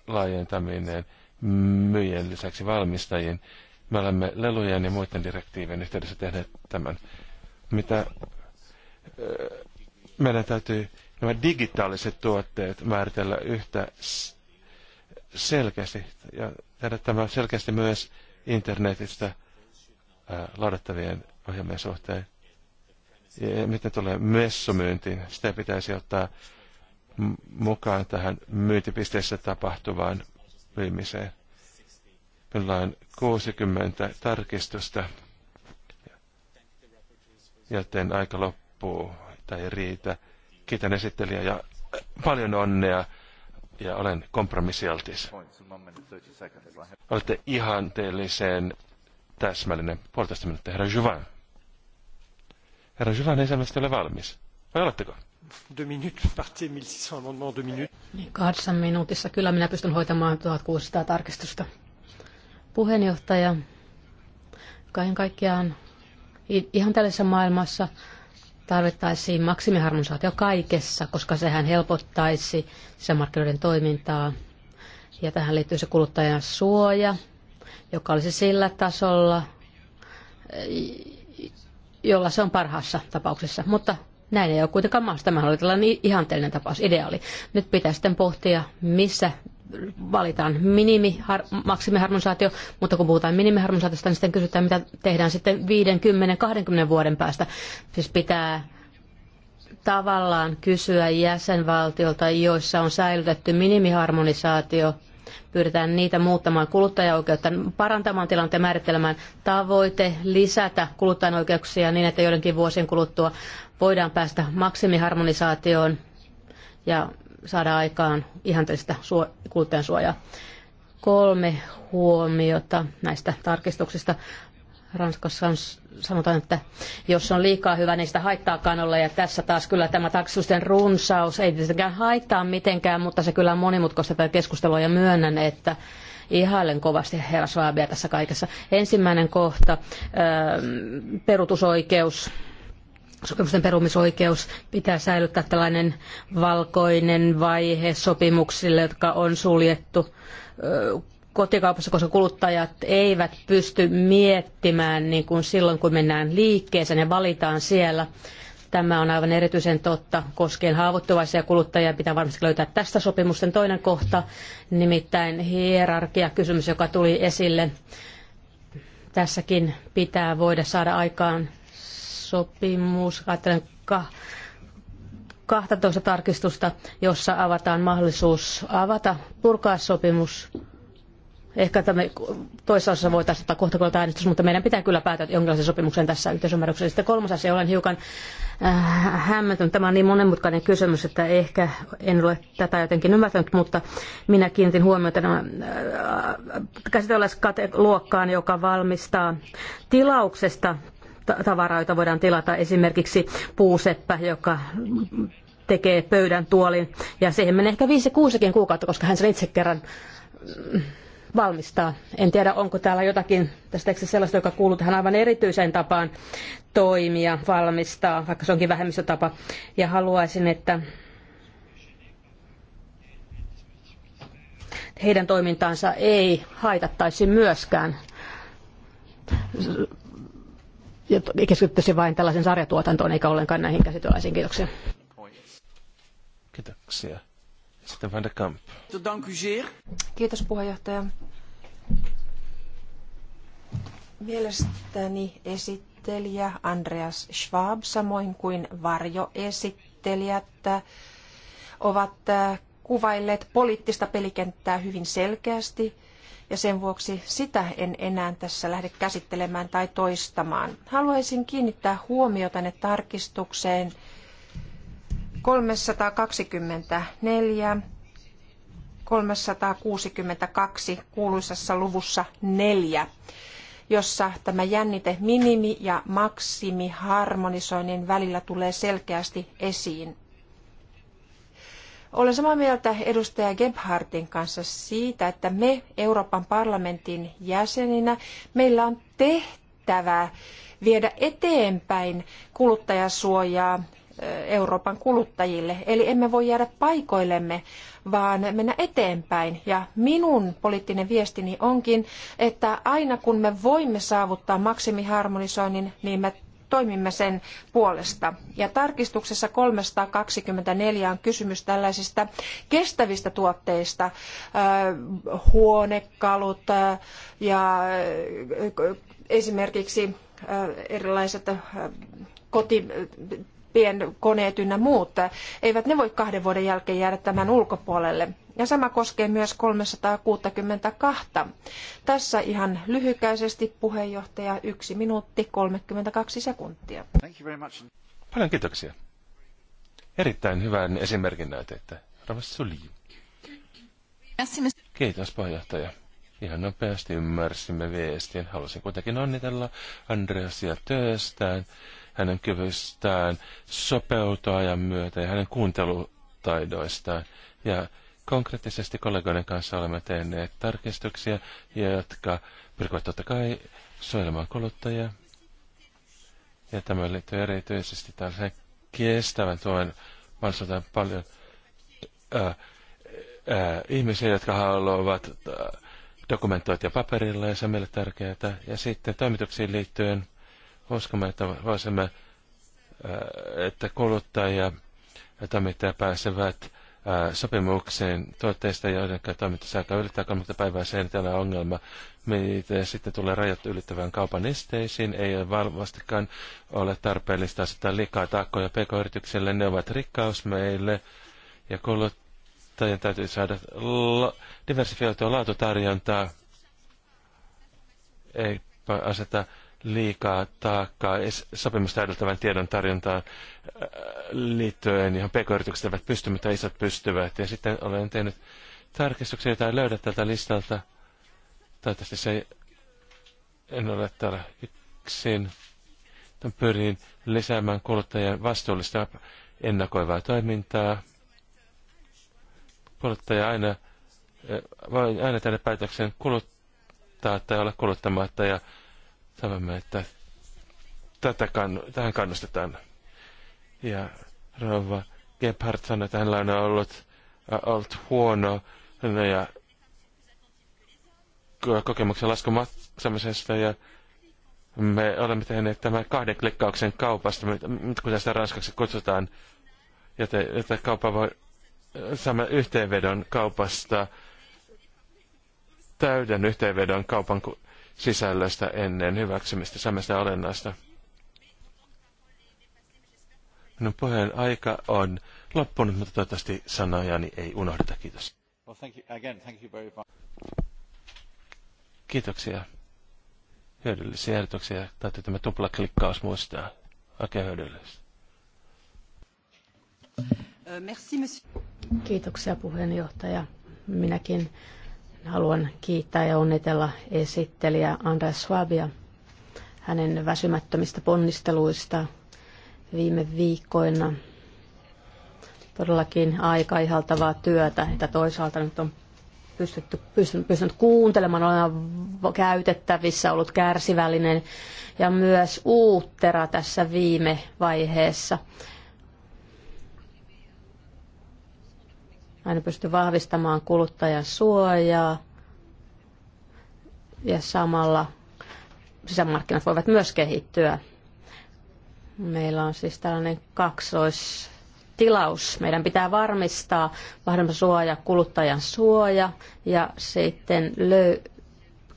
laajentaminen myyjien lisäksi valmistajien me olemme lelujen ja muiden direktiivien yhteydessä tehneet tämän. Mitä meidän täytyy nämä digitaaliset tuotteet määritellä yhtä selkeästi ja tehdä tämä selkeästi myös internetistä ladattavien ohjelmien suhteen. Ja miten tulee messumyyntiin? Sitä pitäisi ottaa mukaan tähän myyntipisteessä tapahtuvaan myymiseen. Meillä on 60 tarkistusta, joten aika loppuu tai riitä. Kiitän esittelijä ja paljon onnea ja olen kompromissialtis. Olette ihanteellisen täsmällinen. Puolitoista minuuttia, herra Juvan. Herra Juvan ei selvästi ole valmis. Vai oletteko? Niin, Kahdessa minuutissa kyllä minä pystyn hoitamaan 1600 tarkistusta puheenjohtaja. Kaiken kaikkiaan ihan tällaisessa maailmassa tarvittaisiin maksimiharmonisaatio kaikessa, koska sehän helpottaisi sisämarkkinoiden toimintaa. Ja tähän liittyy se kuluttajan suoja, joka olisi sillä tasolla, jolla se on parhaassa tapauksessa. Mutta näin ei ole kuitenkaan maassa. Tämä oli tällainen ihanteellinen tapaus, ideaali. Nyt pitää sitten pohtia, missä valitaan minimi, maksimiharmonisaatio, mutta kun puhutaan minimiharmonisaatiosta, niin sitten kysytään, mitä tehdään sitten 50-20 vuoden päästä. Siis pitää tavallaan kysyä jäsenvaltiolta, joissa on säilytetty minimiharmonisaatio, pyritään niitä muuttamaan kuluttajaoikeutta, parantamaan tilanteen määrittelemään tavoite, lisätä kuluttajan oikeuksia niin, että joidenkin vuosien kuluttua voidaan päästä maksimiharmonisaatioon ja saada aikaan ihan ihanteellista kuluttajansuojaa. Kolme huomiota näistä tarkistuksista. Ranskassa on, sanotaan, että jos on liikaa hyvä, niin sitä haittaa kanolla. Ja tässä taas kyllä tämä taksisusten runsaus ei tietenkään haittaa mitenkään, mutta se kyllä monimutkaista tätä keskustelua ja myönnän, että ihailen kovasti herra Schwabia tässä kaikessa. Ensimmäinen kohta, perutusoikeus, sopimusten perumisoikeus pitää säilyttää tällainen valkoinen vaihe sopimuksille, jotka on suljettu kotikaupassa, koska kuluttajat eivät pysty miettimään niin kuin silloin, kun mennään liikkeeseen ja valitaan siellä. Tämä on aivan erityisen totta koskien haavoittuvaisia kuluttajia. Pitää varmasti löytää tästä sopimusten toinen kohta, nimittäin hierarkiakysymys, joka tuli esille. Tässäkin pitää voida saada aikaan sopimus, ajattelen 12 tarkistusta, jossa avataan mahdollisuus avata, purkaa sopimus. Ehkä tämä toisessa osassa voitaisiin ottaa kohta äänestys, mutta meidän pitää kyllä päätä jonkinlaisen sopimuksen tässä yhteisymmärryksessä. Sitten kolmas asia, olen hiukan äh, hämmentynyt. Tämä on niin monenmutkainen kysymys, että ehkä en ole tätä jotenkin ymmärtänyt, mutta minä kiinnitin huomiota äh, luokkaan, joka valmistaa tilauksesta tavaraa, jota voidaan tilata esimerkiksi puuseppä, joka tekee pöydän tuolin. Ja siihen menee ehkä 5-6 kuukautta, koska hän sen itse kerran mm, valmistaa. En tiedä, onko täällä jotakin tässä tekstissä sellaista, joka kuuluu tähän aivan erityiseen tapaan toimia, valmistaa, vaikka se onkin vähemmistötapa. Ja haluaisin, että heidän toimintaansa ei haitattaisi myöskään ja keskittyisi vain tällaisen sarjatuotantoon eikä ollenkaan näihin käsityöläisiin. Kiitoksia. Kiitoksia. Sitten Van der Kamp. Kiitos puheenjohtaja. Mielestäni esittelijä Andreas Schwab samoin kuin varjoesittelijät ovat äh, kuvailleet poliittista pelikenttää hyvin selkeästi – ja sen vuoksi sitä en enää tässä lähde käsittelemään tai toistamaan. Haluaisin kiinnittää huomiota tarkistukseen 324 362 kuuluisassa luvussa 4 jossa tämä jännite minimi- ja maksimiharmonisoinnin välillä tulee selkeästi esiin. Olen samaa mieltä edustaja Gebhardin kanssa siitä, että me Euroopan parlamentin jäseninä, meillä on tehtävä viedä eteenpäin kuluttajasuojaa Euroopan kuluttajille. Eli emme voi jäädä paikoillemme, vaan mennä eteenpäin. Ja minun poliittinen viestini onkin, että aina kun me voimme saavuttaa maksimiharmonisoinnin, niin me toimimme sen puolesta. Ja tarkistuksessa 324 on kysymys tällaisista kestävistä tuotteista, äh, huonekalut äh, ja äh, esimerkiksi erilaiset koti pienkoneet ynnä muut, eivät ne voi kahden vuoden jälkeen jäädä tämän ulkopuolelle. Ja sama koskee myös 362. Tässä ihan lyhykäisesti puheenjohtaja yksi minuutti 32 sekuntia. Paljon kiitoksia. Erittäin hyvän esimerkin näytettä. Ravas Sulji. Kiitos puheenjohtaja. Ihan nopeasti ymmärsimme viestin. Haluaisin kuitenkin onnitella Andreasia työstään, hänen kyvystään sopeutua ajan myötä ja hänen kuuntelutaidoistaan. Ja Konkreettisesti kollegoiden kanssa olemme tehneet tarkistuksia, jotka pyrkivät totta kai suojelemaan kuluttajia. Ja tämä liittyy erityisesti tällaisen kestävän tuen mahdollisuuteen paljon ää, ää, ihmisiä, jotka haluavat ää, dokumentointia paperilla ja se on meille tärkeää. Ja sitten toimituksiin liittyen uskomme, että voisimme, ää, että kuluttajia ja toimittaja pääsevät Äh, sopimukseen tuotteista, joiden toimintasaika ylittää 30 päivää, sen tällä ongelma. Miten sitten tulee rajat ylittävän kaupan esteisiin, ei ole varmastikaan ole tarpeellista asettaa liikaa taakkoja pk-yritykselle, ne ovat rikkaus meille, ja kuluttajien täytyy saada la- diversifioitua laatutarjontaa, eipä aseta liikaa taakkaa sopimusta edeltävän tiedon tarjontaan äh, liittyen, johon pk-yritykset eivät pysty, mutta isot pystyvät. Ja sitten olen tehnyt tarkistuksia, joita en löydä tältä listalta. Toivottavasti se ei, en ole täällä yksin. Pyrin lisäämään kuluttajien vastuullista ennakoivaa toimintaa. Kuluttaja aina äh, voi aina tehdä päätöksen kuluttaa tai olla kuluttamatta ja sanomme, että tätä kann, tähän kannustetaan. Ja rouva Gebhardt sanoi, että hänellä on ollut, äh, ollut huono no ja kokemuksen laskun maksamisesta ja me olemme tehneet tämän kahden klikkauksen kaupasta, kun tästä ranskaksi kutsutaan, joten, joten kauppa voi saada yhteenvedon kaupasta, täyden yhteenvedon kaupan sisällöstä ennen hyväksymistä, samasta olennaista. Minun puheen aika on loppunut, mutta toivottavasti sanojani ei unohdeta. Kiitos. Well, thank you again, thank you very much. Kiitoksia. Hyödyllisiä ehdotuksia. Täytyy tämä tuplaklikkaus muistaa. Oikein hyödyllistä. Kiitoksia puheenjohtaja. Minäkin Haluan kiittää ja onnitella esittelijä Andreas Schwabia hänen väsymättömistä ponnisteluista viime viikkoina. Todellakin aika ihaltavaa työtä, että toisaalta nyt on pystytty, pystynyt, pystynyt kuuntelemaan, on käytettävissä, ollut kärsivällinen ja myös uuttera tässä viime vaiheessa. Aina pystyy vahvistamaan kuluttajan suojaa ja samalla sisämarkkinat voivat myös kehittyä. Meillä on siis tällainen kaksoistilaus. Meidän pitää varmistaa vahvemman suoja, kuluttajan suoja ja sitten löy-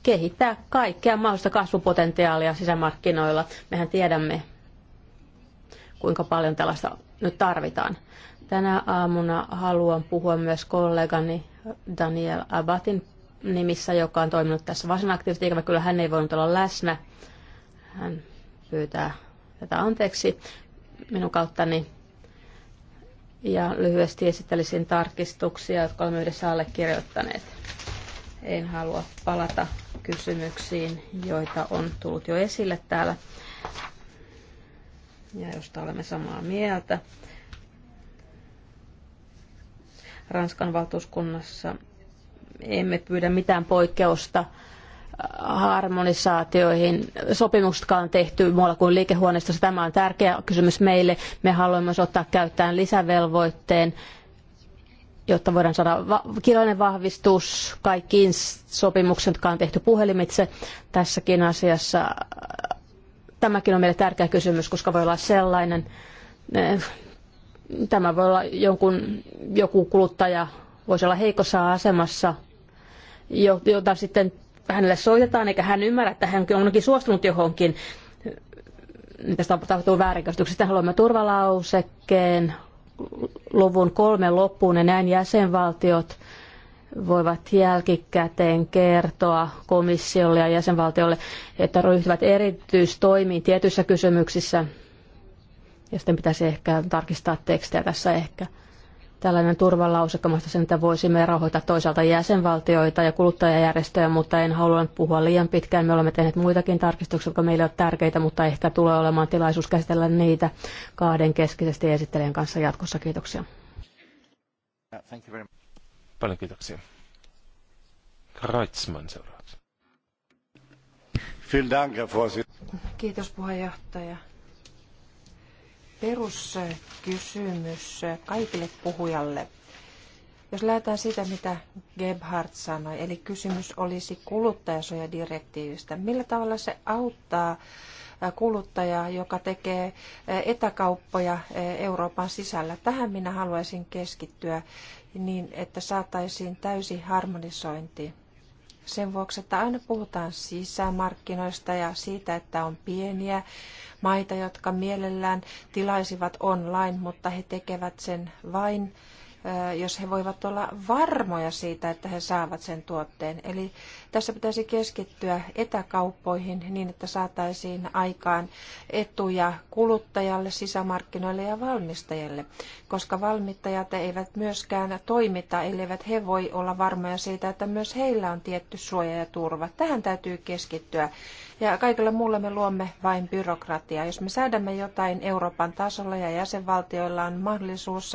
kehittää kaikkea mahdollista kasvupotentiaalia sisämarkkinoilla. Mehän tiedämme, kuinka paljon tällaista nyt tarvitaan. Tänä aamuna haluan puhua myös kollegani Daniel Abatin nimissä, joka on toiminut tässä varsin aktiivisesti, ikävä kyllä hän ei voinut olla läsnä. Hän pyytää tätä anteeksi minun kauttani. Ja lyhyesti esittelisin tarkistuksia, jotka olemme yhdessä allekirjoittaneet. En halua palata kysymyksiin, joita on tullut jo esille täällä ja josta olemme samaa mieltä. Ranskan valtuuskunnassa emme pyydä mitään poikkeusta harmonisaatioihin. Sopimustakaan on tehty muualla kuin liikehuoneistossa. Tämä on tärkeä kysymys meille. Me haluamme myös ottaa käyttöön lisävelvoitteen, jotta voidaan saada va- kirjallinen vahvistus kaikkiin sopimuksiin, jotka on tehty puhelimitse tässäkin asiassa. Äh, tämäkin on meille tärkeä kysymys, koska voi olla sellainen äh, Tämä voi olla jonkun, joku kuluttaja, voisi olla heikossa asemassa, jota sitten hänelle soitetaan, eikä hän ymmärrä, että hän onkin suostunut johonkin. Tästä tapahtuu väärinkäsityksestä. Sitten haluamme turvalausekkeen luvun kolme loppuun ja näin jäsenvaltiot voivat jälkikäteen kertoa komissiolle ja jäsenvaltiolle, että ryhtyvät erityistoimiin tietyissä kysymyksissä – ja sitten pitäisi ehkä tarkistaa tekstejä tässä ehkä. Tällainen turvalausekka, sen, että voisimme rahoittaa toisaalta jäsenvaltioita ja kuluttajajärjestöjä, mutta en halua puhua liian pitkään. Me olemme tehneet muitakin tarkistuksia, jotka meille ovat tärkeitä, mutta ehkä tulee olemaan tilaisuus käsitellä niitä kahden keskisesti esittelijän kanssa jatkossa. Kiitoksia. Paljon kiitoksia. Kreitzmann seuraavaksi. Kiitos puheenjohtaja peruskysymys kaikille puhujalle. Jos lähdetään siitä, mitä Gebhardt sanoi, eli kysymys olisi kuluttajasuojadirektiivistä. Millä tavalla se auttaa kuluttajaa, joka tekee etäkauppoja Euroopan sisällä? Tähän minä haluaisin keskittyä niin, että saataisiin täysi harmonisointi sen vuoksi, että aina puhutaan sisämarkkinoista ja siitä, että on pieniä maita, jotka mielellään tilaisivat online, mutta he tekevät sen vain jos he voivat olla varmoja siitä, että he saavat sen tuotteen. Eli tässä pitäisi keskittyä etäkauppoihin niin, että saataisiin aikaan etuja kuluttajalle, sisämarkkinoille ja valmistajille, koska valmistajat eivät myöskään toimita, elleivät he voi olla varmoja siitä, että myös heillä on tietty suoja ja turva. Tähän täytyy keskittyä ja kaikella muulla me luomme vain byrokratiaa. Jos me säädämme jotain Euroopan tasolla ja jäsenvaltioilla on mahdollisuus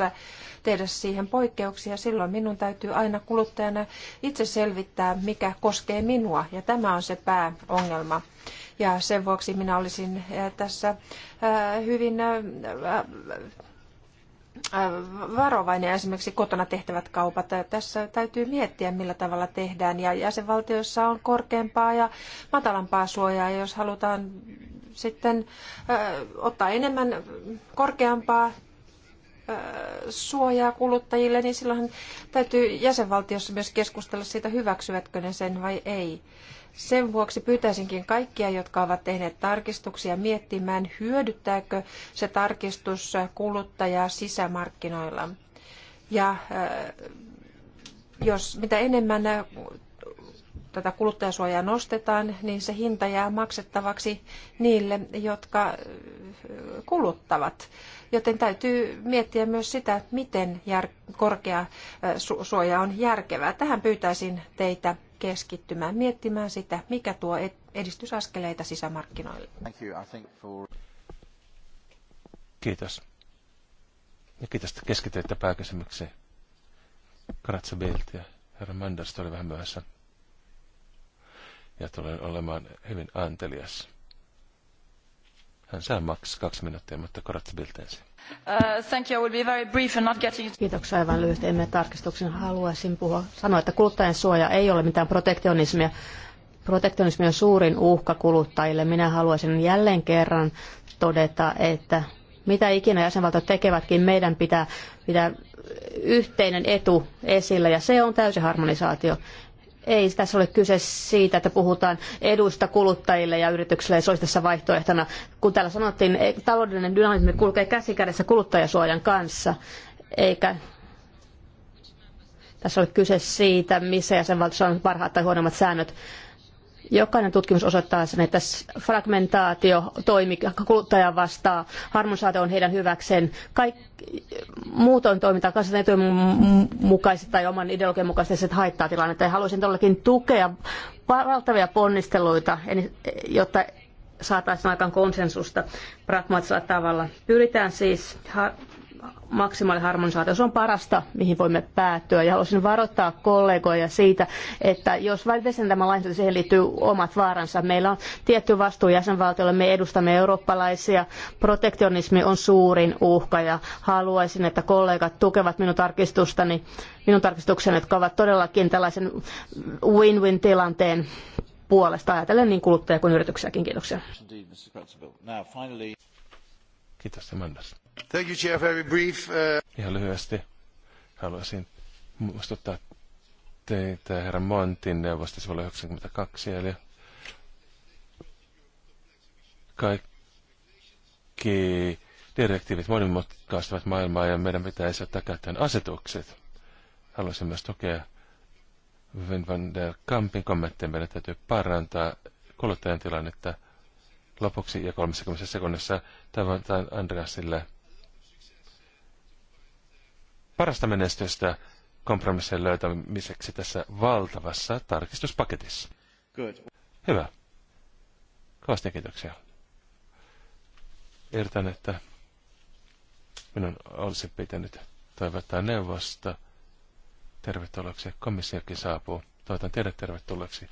tehdä siihen poikkeuksia, silloin minun täytyy aina kuluttajana itse selvittää, mikä koskee minua. Ja tämä on se pääongelma. Ja sen vuoksi minä olisin eh, tässä eh, hyvin eh, Äh, varovainen esimerkiksi kotona tehtävät kaupat. Tässä täytyy miettiä, millä tavalla tehdään. Ja jäsenvaltioissa on korkeampaa ja matalampaa suojaa. Ja jos halutaan sitten äh, ottaa enemmän korkeampaa äh, suojaa kuluttajille, niin silloin täytyy jäsenvaltiossa myös keskustella siitä, hyväksyvätkö ne sen vai ei. Sen vuoksi pyytäisinkin kaikkia, jotka ovat tehneet tarkistuksia, miettimään, hyödyttääkö se tarkistus kuluttajaa sisämarkkinoilla. Ja äh, jos mitä enemmän äh, tätä kuluttajasuojaa nostetaan, niin se hinta jää maksettavaksi niille, jotka äh, kuluttavat. Joten täytyy miettiä myös sitä, miten jär, korkea suoja on järkevää. Tähän pyytäisin teitä keskittymään miettimään sitä, mikä tuo edistysaskeleita sisämarkkinoille. Kiitos. Ja kiitos, että keskityitte pääkysymykseen. Karatsa ja herra Manders oli vähän myöhässä. Ja tulen olemaan hyvin antelias. Hän maks kaksi minuuttia, mutta korottaa bilteensä. Uh, thank you. I will be very brief and not getting... Kiitoksia aivan lyhyesti. Emme tarkistuksen haluaisin puhua. Sanoa, että kuluttajien suoja ei ole mitään protektionismia. Protektionismi on suurin uhka kuluttajille. Minä haluaisin jälleen kerran todeta, että mitä ikinä jäsenvaltiot tekevätkin, meidän pitää pitää yhteinen etu esillä ja se on täysi harmonisaatio. Ei tässä ole kyse siitä, että puhutaan eduista kuluttajille ja yrityksille, ja se olisi tässä vaihtoehtona. Kun täällä sanottiin, eh, taloudellinen dynamismi kulkee käsi kädessä kuluttajasuojan kanssa, eikä tässä ole kyse siitä, missä jäsenvaltiossa on parhaat tai huonommat säännöt. Jokainen tutkimus osoittaa sen, että fragmentaatio toimii kuluttajan vastaan, harmonisaatio on heidän hyväkseen. Kaikki, muutoin toimintaa kansallisen etujen mukaisesti tai oman ideologian mukaisesti se haittaa tilannetta. Ja haluaisin todellakin tukea valtavia ponnisteluita, jotta saataisiin aikaan konsensusta pragmaattisella tavalla. Pyritään siis harmonisaatio. Se on parasta, mihin voimme päätyä. Ja haluaisin varoittaa kollegoja siitä, että jos vältetään tämä lainsäädäntö, siihen liittyy omat vaaransa. Meillä on tietty vastuu jäsenvaltiolle, me edustamme eurooppalaisia. Protektionismi on suurin uhka ja haluaisin, että kollegat tukevat minun tarkistustani, minun tarkistukseni, jotka ovat todellakin tällaisen win-win tilanteen puolesta ajatellen niin kuluttaja kuin yrityksiäkin. Kiitoksia. Kiitos Amandas. Thank you, Chair. Very brief. Uh... Ihan lyhyesti haluaisin muistuttaa teitä herra Montin neuvosta vuonna 1992, eli kaikki direktiivit monimutkaistavat maailmaa ja meidän pitäisi ottaa käyttöön asetukset. Haluaisin myös tukea Wim van der Kampin kommentteja. Meidän täytyy parantaa kuluttajan tilannetta lopuksi ja 30 sekunnissa tavataan Andreasille parasta menestystä kompromissien löytämiseksi tässä valtavassa tarkistuspaketissa. Good. Hyvä. Kovasti kiitoksia. Irtan, että minun olisi pitänyt toivottaa neuvosta tervetulleeksi. Komissiokin saapuu. Toivotan teidät tervetulleeksi.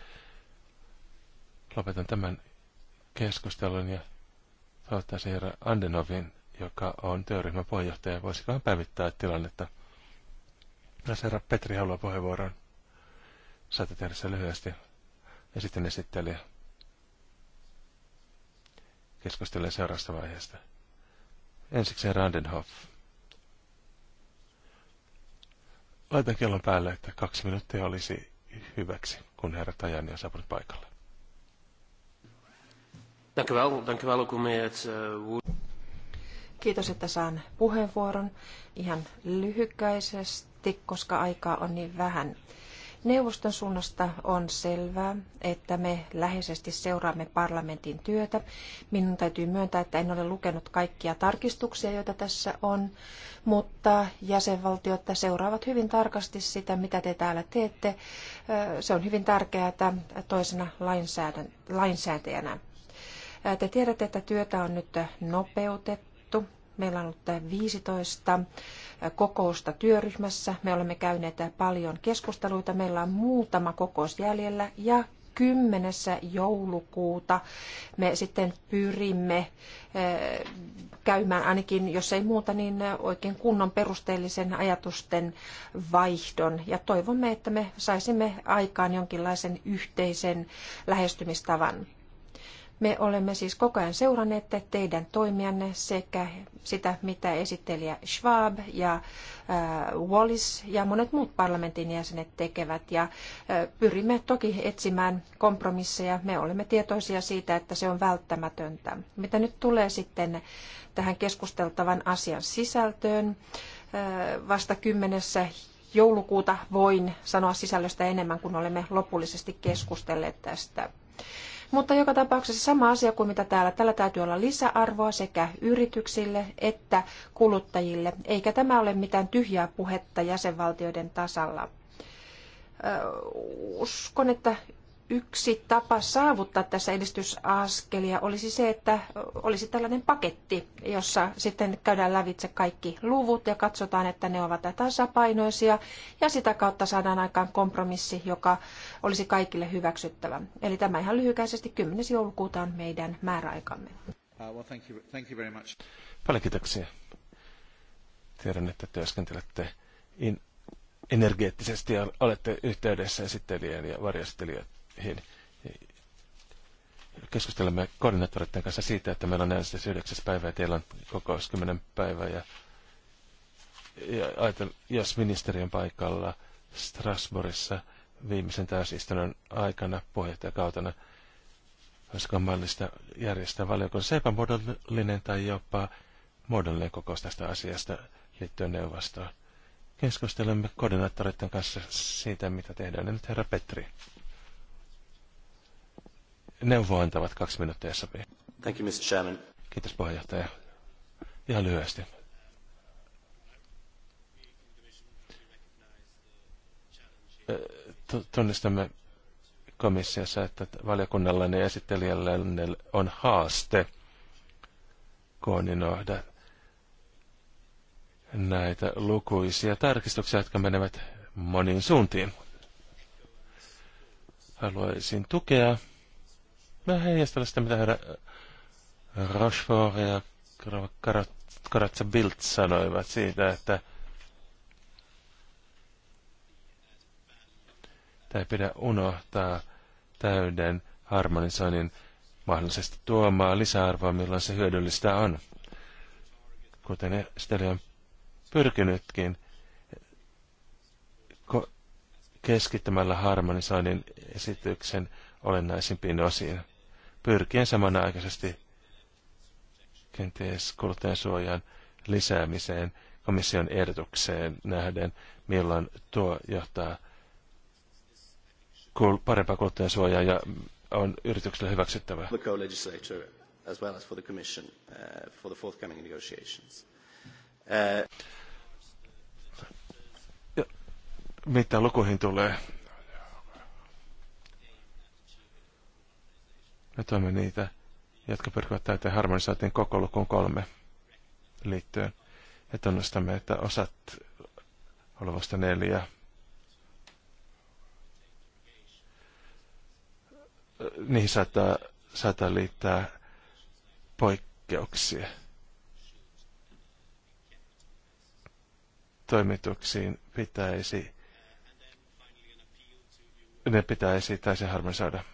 Lopetan tämän keskustelun ja toivottavasti herra Andenovin joka on työryhmän puheenjohtaja. voisi vähän päivittää tilannetta? No, herra Petri haluaa puheenvuoron. Saatte tehdä sen lyhyesti. Ja sitten esittelijä keskustelee seuraavasta vaiheesta. Ensiksi herra Andenhoff. Laitan kellon päälle, että kaksi minuuttia olisi hyväksi, kun herra Tajani on saapunut paikalle. Kiitos, että saan puheenvuoron ihan lyhykäisesti, koska aikaa on niin vähän. Neuvoston suunnasta on selvää, että me läheisesti seuraamme parlamentin työtä. Minun täytyy myöntää, että en ole lukenut kaikkia tarkistuksia, joita tässä on, mutta jäsenvaltiot seuraavat hyvin tarkasti sitä, mitä te täällä teette. Se on hyvin tärkeää toisena lainsäätäjänä. Te tiedätte, että työtä on nyt nopeutettu Meillä on ollut 15 kokousta työryhmässä. Me olemme käyneet paljon keskusteluita. Meillä on muutama kokous jäljellä ja 10. joulukuuta me sitten pyrimme eh, käymään ainakin, jos ei muuta, niin oikein kunnon perusteellisen ajatusten vaihdon. Ja toivomme, että me saisimme aikaan jonkinlaisen yhteisen lähestymistavan. Me olemme siis koko ajan seuranneet teidän toimianne sekä sitä, mitä esittelijä Schwab ja äh, Wallis ja monet muut parlamentin jäsenet tekevät. Ja äh, pyrimme toki etsimään kompromisseja. Me olemme tietoisia siitä, että se on välttämätöntä. Mitä nyt tulee sitten tähän keskusteltavan asian sisältöön, äh, vasta kymmenessä joulukuuta voin sanoa sisällöstä enemmän, kun olemme lopullisesti keskustelleet tästä. Mutta joka tapauksessa sama asia kuin mitä täällä. Tällä täytyy olla lisäarvoa sekä yrityksille että kuluttajille, eikä tämä ole mitään tyhjää puhetta jäsenvaltioiden tasalla. Uskon, että yksi tapa saavuttaa tässä edistysaskelia olisi se, että olisi tällainen paketti, jossa sitten käydään lävitse kaikki luvut ja katsotaan, että ne ovat tasapainoisia ja sitä kautta saadaan aikaan kompromissi, joka olisi kaikille hyväksyttävä. Eli tämä ihan lyhykäisesti 10. joulukuuta on meidän määräaikamme. Uh, well, thank you, thank you very much. Paljon kiitoksia. Tiedän, että työskentelette in- energeettisesti ja olette yhteydessä esittelijän ja varjostelijoiden Keskustelemme koordinaattoreiden kanssa siitä, että meillä on äänestys 9. päivä ja teillä on kokous 10 päivää. Ja, ja ajatel, jos ministeriön paikalla Strasbourgissa viimeisen täysistunnon aikana puheenjohtajakautena, olisiko mahdollista järjestää valiokunnassa epämuodollinen tai jopa muodollinen kokous tästä asiasta liittyen neuvostoon. Keskustelemme koordinaattoreiden kanssa siitä, mitä tehdään. Ja nyt herra Petri neuvoa antavat kaksi minuuttia sopii. Thank you, Mr. Chairman. Kiitos puheenjohtaja. Ihan lyhyesti. Tunnistamme komissiossa, että valiokunnallamme ja esittelijällänne on haaste koordinoida näitä lukuisia tarkistuksia, jotka menevät moniin suuntiin. Haluaisin tukea Mä heijastelen sitä, mitä herra äh, Rochefort ja Karatsa Bilt sanoivat siitä, että tämä ei pidä unohtaa täyden harmonisoinnin mahdollisesti tuomaa lisäarvoa, milloin se hyödyllistä on. Kuten Steli on pyrkinytkin keskittämällä harmonisoinnin esityksen olennaisimpiin osiin pyrkien samanaikaisesti kenties kuluttajansuojan lisäämiseen komission ehdotukseen nähden, milloin tuo johtaa parempaa kuluttajansuojaa ja on yrityksille hyväksyttävää. Uh, uh, mitä lukuihin tulee, Me tuemme niitä, jotka pyrkivät täyteen harmonisaatiin koko lukuun kolme liittyen. Ja tunnustamme, että osat olevasta neljä niihin saattaa, saattaa liittää poikkeuksia. Toimituksiin pitäisi, ne pitäisi täysin harmonisoida.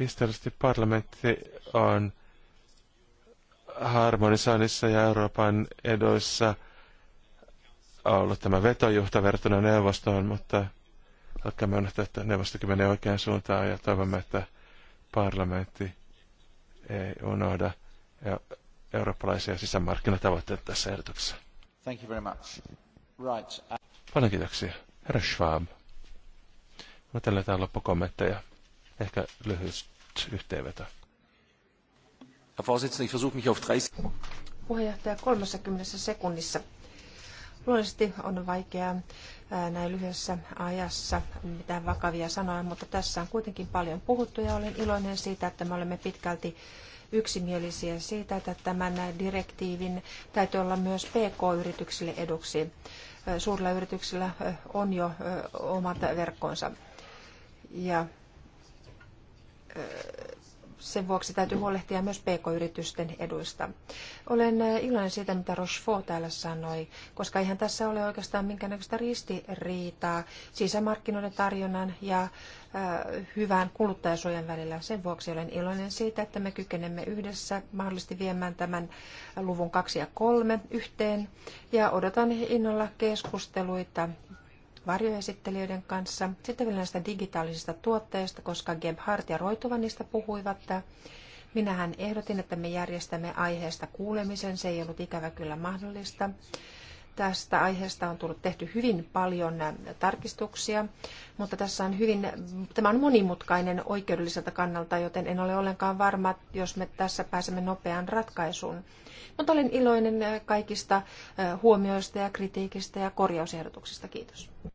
Historiallisesti parlamentti on harmonisoinnissa ja Euroopan edoissa ollut tämä vetojuhta verrattuna neuvostoon, mutta me unohtaa, että neuvostokin menee oikeaan suuntaan ja toivomme, että parlamentti ei unohda eurooppalaisia sisämarkkinatavoitteita tässä ehdotuksessa. Thank you very much. Right. Paljon kiitoksia. Herra Schwab. No, tällä on loppukommentteja. Ehkä lyhyt yhteenveto. Puheenjohtaja 30 sekunnissa. Luonnollisesti on vaikeaa näin lyhyessä ajassa mitään vakavia sanoja, mutta tässä on kuitenkin paljon puhuttu ja olen iloinen siitä, että me olemme pitkälti yksimielisiä siitä, että tämän direktiivin täytyy olla myös PK-yrityksille eduksi. Suurilla yrityksillä on jo omat verkkonsa. Ja sen vuoksi täytyy huolehtia myös pk-yritysten eduista. Olen iloinen siitä, mitä Rochefort täällä sanoi, koska eihän tässä ole oikeastaan minkäännäköistä ristiriitaa sisämarkkinoiden tarjonnan ja hyvän kuluttajasuojan välillä. Sen vuoksi olen iloinen siitä, että me kykenemme yhdessä mahdollisesti viemään tämän luvun kaksi ja kolme yhteen ja odotan innolla keskusteluita varjoesittelijöiden kanssa. Sitten vielä näistä digitaalisista tuotteista, koska Gebhardt ja Roituva niistä puhuivat. Minähän ehdotin, että me järjestämme aiheesta kuulemisen. Se ei ollut ikävä kyllä mahdollista. Tästä aiheesta on tullut tehty hyvin paljon tarkistuksia, mutta tässä on hyvin, tämä on monimutkainen oikeudelliselta kannalta, joten en ole ollenkaan varma, jos me tässä pääsemme nopeaan ratkaisuun. Mutta olen iloinen eh, kaikista eh, huomioista ja kritiikistä ja korjausehdotuksista. Kiitos. Uh,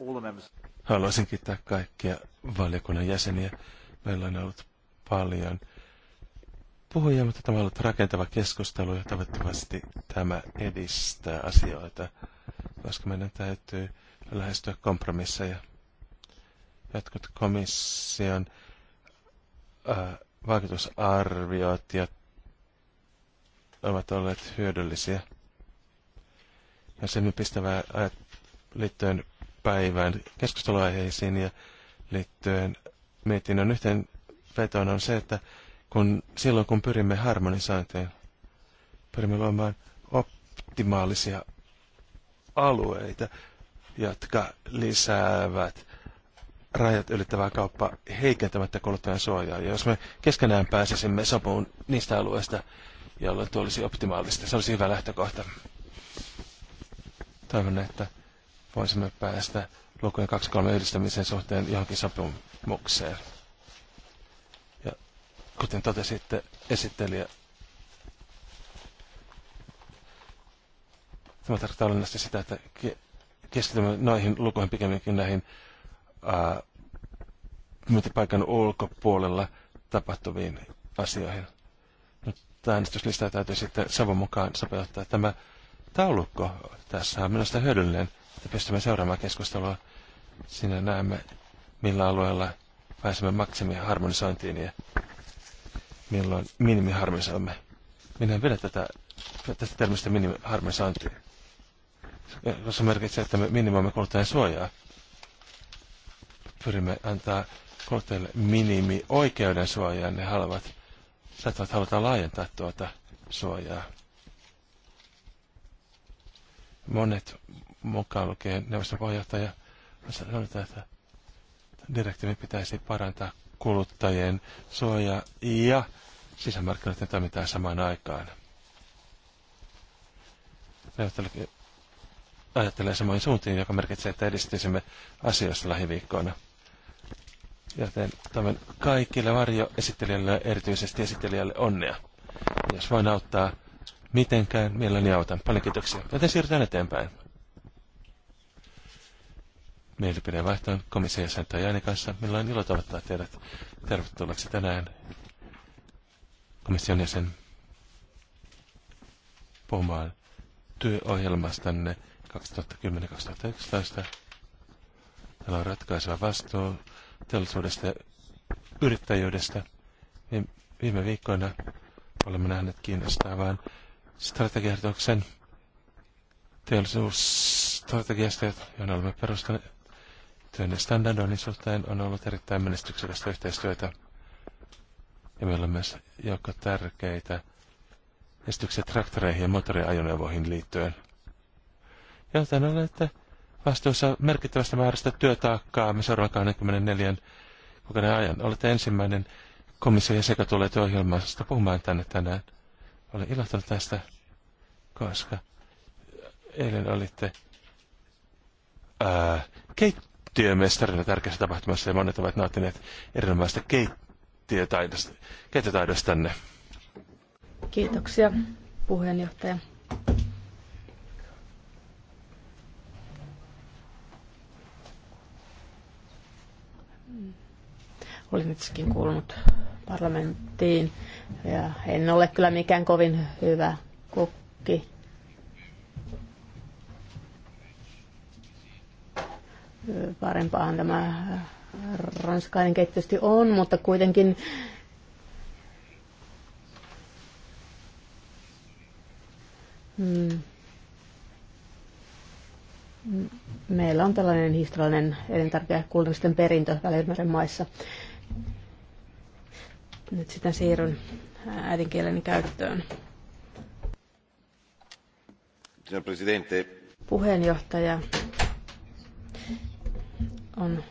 um, Haluaisin kiittää kaikkia valiokunnan jäseniä. Meillä on ollut paljon puhujia, mutta tämä on ollut rakentava keskustelu ja toivottavasti tämä edistää asioita, koska meidän täytyy lähestyä kompromisseja. Jotkut komission äh, vaikutusarviot ja ovat olleet hyödyllisiä. Ja se pistävää liittyen päivään keskusteluaiheisiin ja liittyen mietinnön yhteen vetoon on se, että kun, silloin kun pyrimme harmonisointiin, pyrimme luomaan optimaalisia alueita, jotka lisäävät rajat ylittävää kauppaa heikentämättä kuluttajan suojaa. Ja jos me keskenään pääsisimme sopuun niistä alueista, jolloin tuo olisi optimaalista, se olisi hyvä lähtökohta. Toivon, että voisimme päästä lukujen 2-3 yhdistämisen suhteen johonkin sopimukseen. Ja kuten totesitte, esittelijä Tämä tarkoittaa olennaisesti sitä, että keskitymme noihin lukuihin pikemminkin näihin myyntipaikan äh, ulkopuolella tapahtuviin asioihin. No, tämä äänestyslista täytyy sitten Savon mukaan sopeuttaa. Tämä taulukko tässä on minusta hyödyllinen, että pystymme seuraamaan keskustelua. Siinä näemme, millä alueella pääsemme maksimiharmonisointiin ja milloin minimiharmonisoimme. Minä en vedä tätä, tästä termistä minimiharmonisointiin. Se merkitsee, että me minimoimme kuluttajan suojaa pyrimme antaa kohteelle minimi oikeuden suojaan. Ne haluavat, saattavat haluta laajentaa tuota suojaa. Monet mukaan lukee neuvoston pohjohtaja, sanotaan, että direktiivi pitäisi parantaa kuluttajien suojaa ja sisämarkkinoiden toimintaa samaan aikaan. Neuvottelut ajattelee samoin suuntiin, joka merkitsee, että edistyisimme asioissa lähiviikkoina. Joten toivon kaikille varjoesittelijöille ja erityisesti esittelijälle onnea. Jos voin auttaa mitenkään, mielelläni autan. Paljon kiitoksia. Joten siirrytään eteenpäin. Mielipide vaihtoon komission jäsen Jani kanssa. Meillä on ilo toivottaa teidät tervetulleeksi tänään komission jäsen puhumaan työohjelmastanne 2010-2011. Täällä on ratkaiseva vastuu teollisuudesta ja yrittäjyydestä, niin viime viikkoina olemme nähneet kiinnostavan strategiahdotuksen teollisuusstrategiasta, johon olemme perustaneet työn ja standardoinnin suhteen, on ollut erittäin menestyksellistä yhteistyötä. Ja meillä on myös joukko tärkeitä esityksiä traktoreihin ja moottoriajoneuvoihin liittyen. Joten olette että vastuussa merkittävästä määrästä työtaakkaamme seuraavan 24 kuukauden ajan. Olette ensimmäinen komission jäsen, joka tulee työohjelmasta puhumaan tänne tänään. Olen ilahtunut tästä, koska eilen olitte ää, keittiömestarina tärkeässä tapahtumassa ja monet ovat nauttineet erinomaista keittiötaidosta, keittiötaidostanne. Kiitoksia puheenjohtaja. Olin itsekin kuulunut parlamenttiin ja en ole kyllä mikään kovin hyvä kokki. Parempaahan tämä ranskainen keittiösti on, mutta kuitenkin mm. mm, meillä on tällainen historiallinen elintärkeä kulttuuristen perintö Välimeren maissa. Nyt sitten siirryn äidinkieleni käyttöön. Puheenjohtaja, on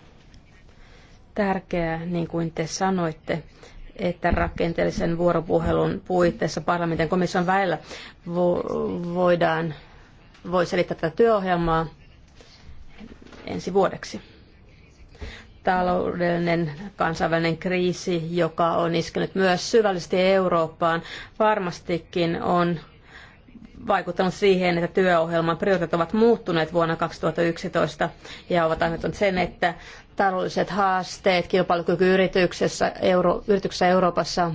tärkeää, niin kuin te sanoitte, että rakenteellisen vuoropuhelun puitteissa parlamentin komission vo- voidaan voi selittää tätä työohjelmaa ensi vuodeksi taloudellinen kansainvälinen kriisi, joka on iskenyt myös syvällisesti Eurooppaan, varmastikin on vaikuttanut siihen, että työohjelman prioriteetit ovat muuttuneet vuonna 2011 ja ovat aiheuttaneet sen, että taloudelliset haasteet kilpailukyky yrityksessä, Euro, yrityksessä Euroopassa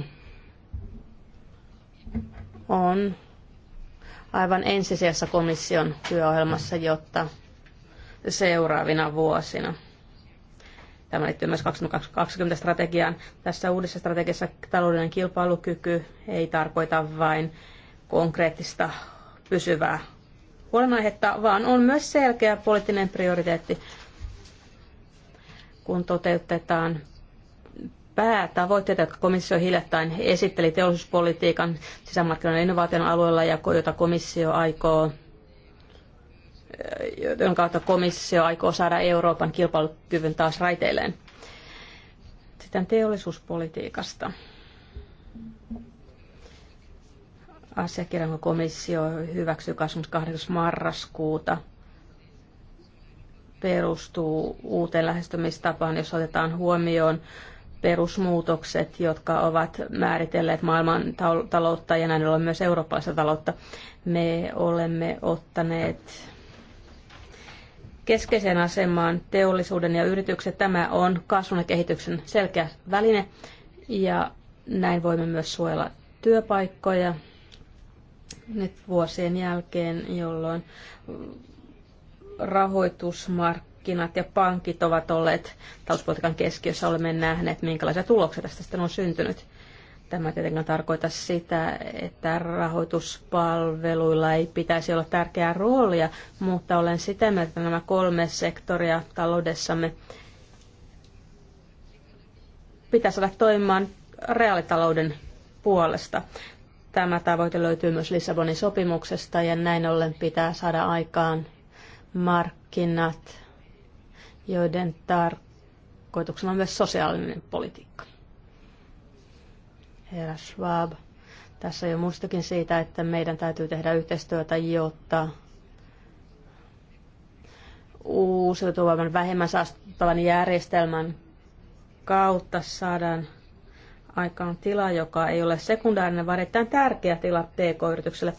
on aivan ensisijassa komission työohjelmassa, jotta seuraavina vuosina – Tämä liittyy myös 2020 strategiaan. Tässä uudessa strategiassa taloudellinen kilpailukyky ei tarkoita vain konkreettista pysyvää huolenaihetta, vaan on myös selkeä poliittinen prioriteetti, kun toteutetaan päätavoitteita, jotka komissio hiljattain esitteli teollisuuspolitiikan sisämarkkinoiden innovaation alueella ja jota komissio aikoo jonka kautta komissio aikoo saada Euroopan kilpailukyvyn taas raiteilleen. Sitten teollisuuspolitiikasta. Asiakirjan komissio hyväksyy 28. marraskuuta perustuu uuteen lähestymistapaan, jos otetaan huomioon perusmuutokset, jotka ovat määritelleet maailman taloutta ja näin ollen myös eurooppalaista taloutta. Me olemme ottaneet keskeiseen asemaan teollisuuden ja yritykset. Tämä on kasvun ja kehityksen selkeä väline ja näin voimme myös suojella työpaikkoja nyt vuosien jälkeen, jolloin rahoitusmarkkinat ja pankit ovat olleet talouspolitiikan keskiössä. Olemme nähneet, minkälaisia tuloksia tästä on syntynyt. Tämä tietenkään tarkoita sitä, että rahoituspalveluilla ei pitäisi olla tärkeää roolia, mutta olen sitä mieltä, että nämä kolme sektoria taloudessamme pitäisi saada toimimaan reaalitalouden puolesta. Tämä tavoite löytyy myös Lissabonin sopimuksesta ja näin ollen pitää saada aikaan markkinat, joiden tarkoituksena on myös sosiaalinen politiikka herra Schwab. Tässä jo muistakin siitä, että meidän täytyy tehdä yhteistyötä, jotta uusiutuvan vähemmän saastuttavan järjestelmän kautta saadaan aikaan tila, joka ei ole sekundaarinen, vaan erittäin tärkeä tila PK-yritykselle.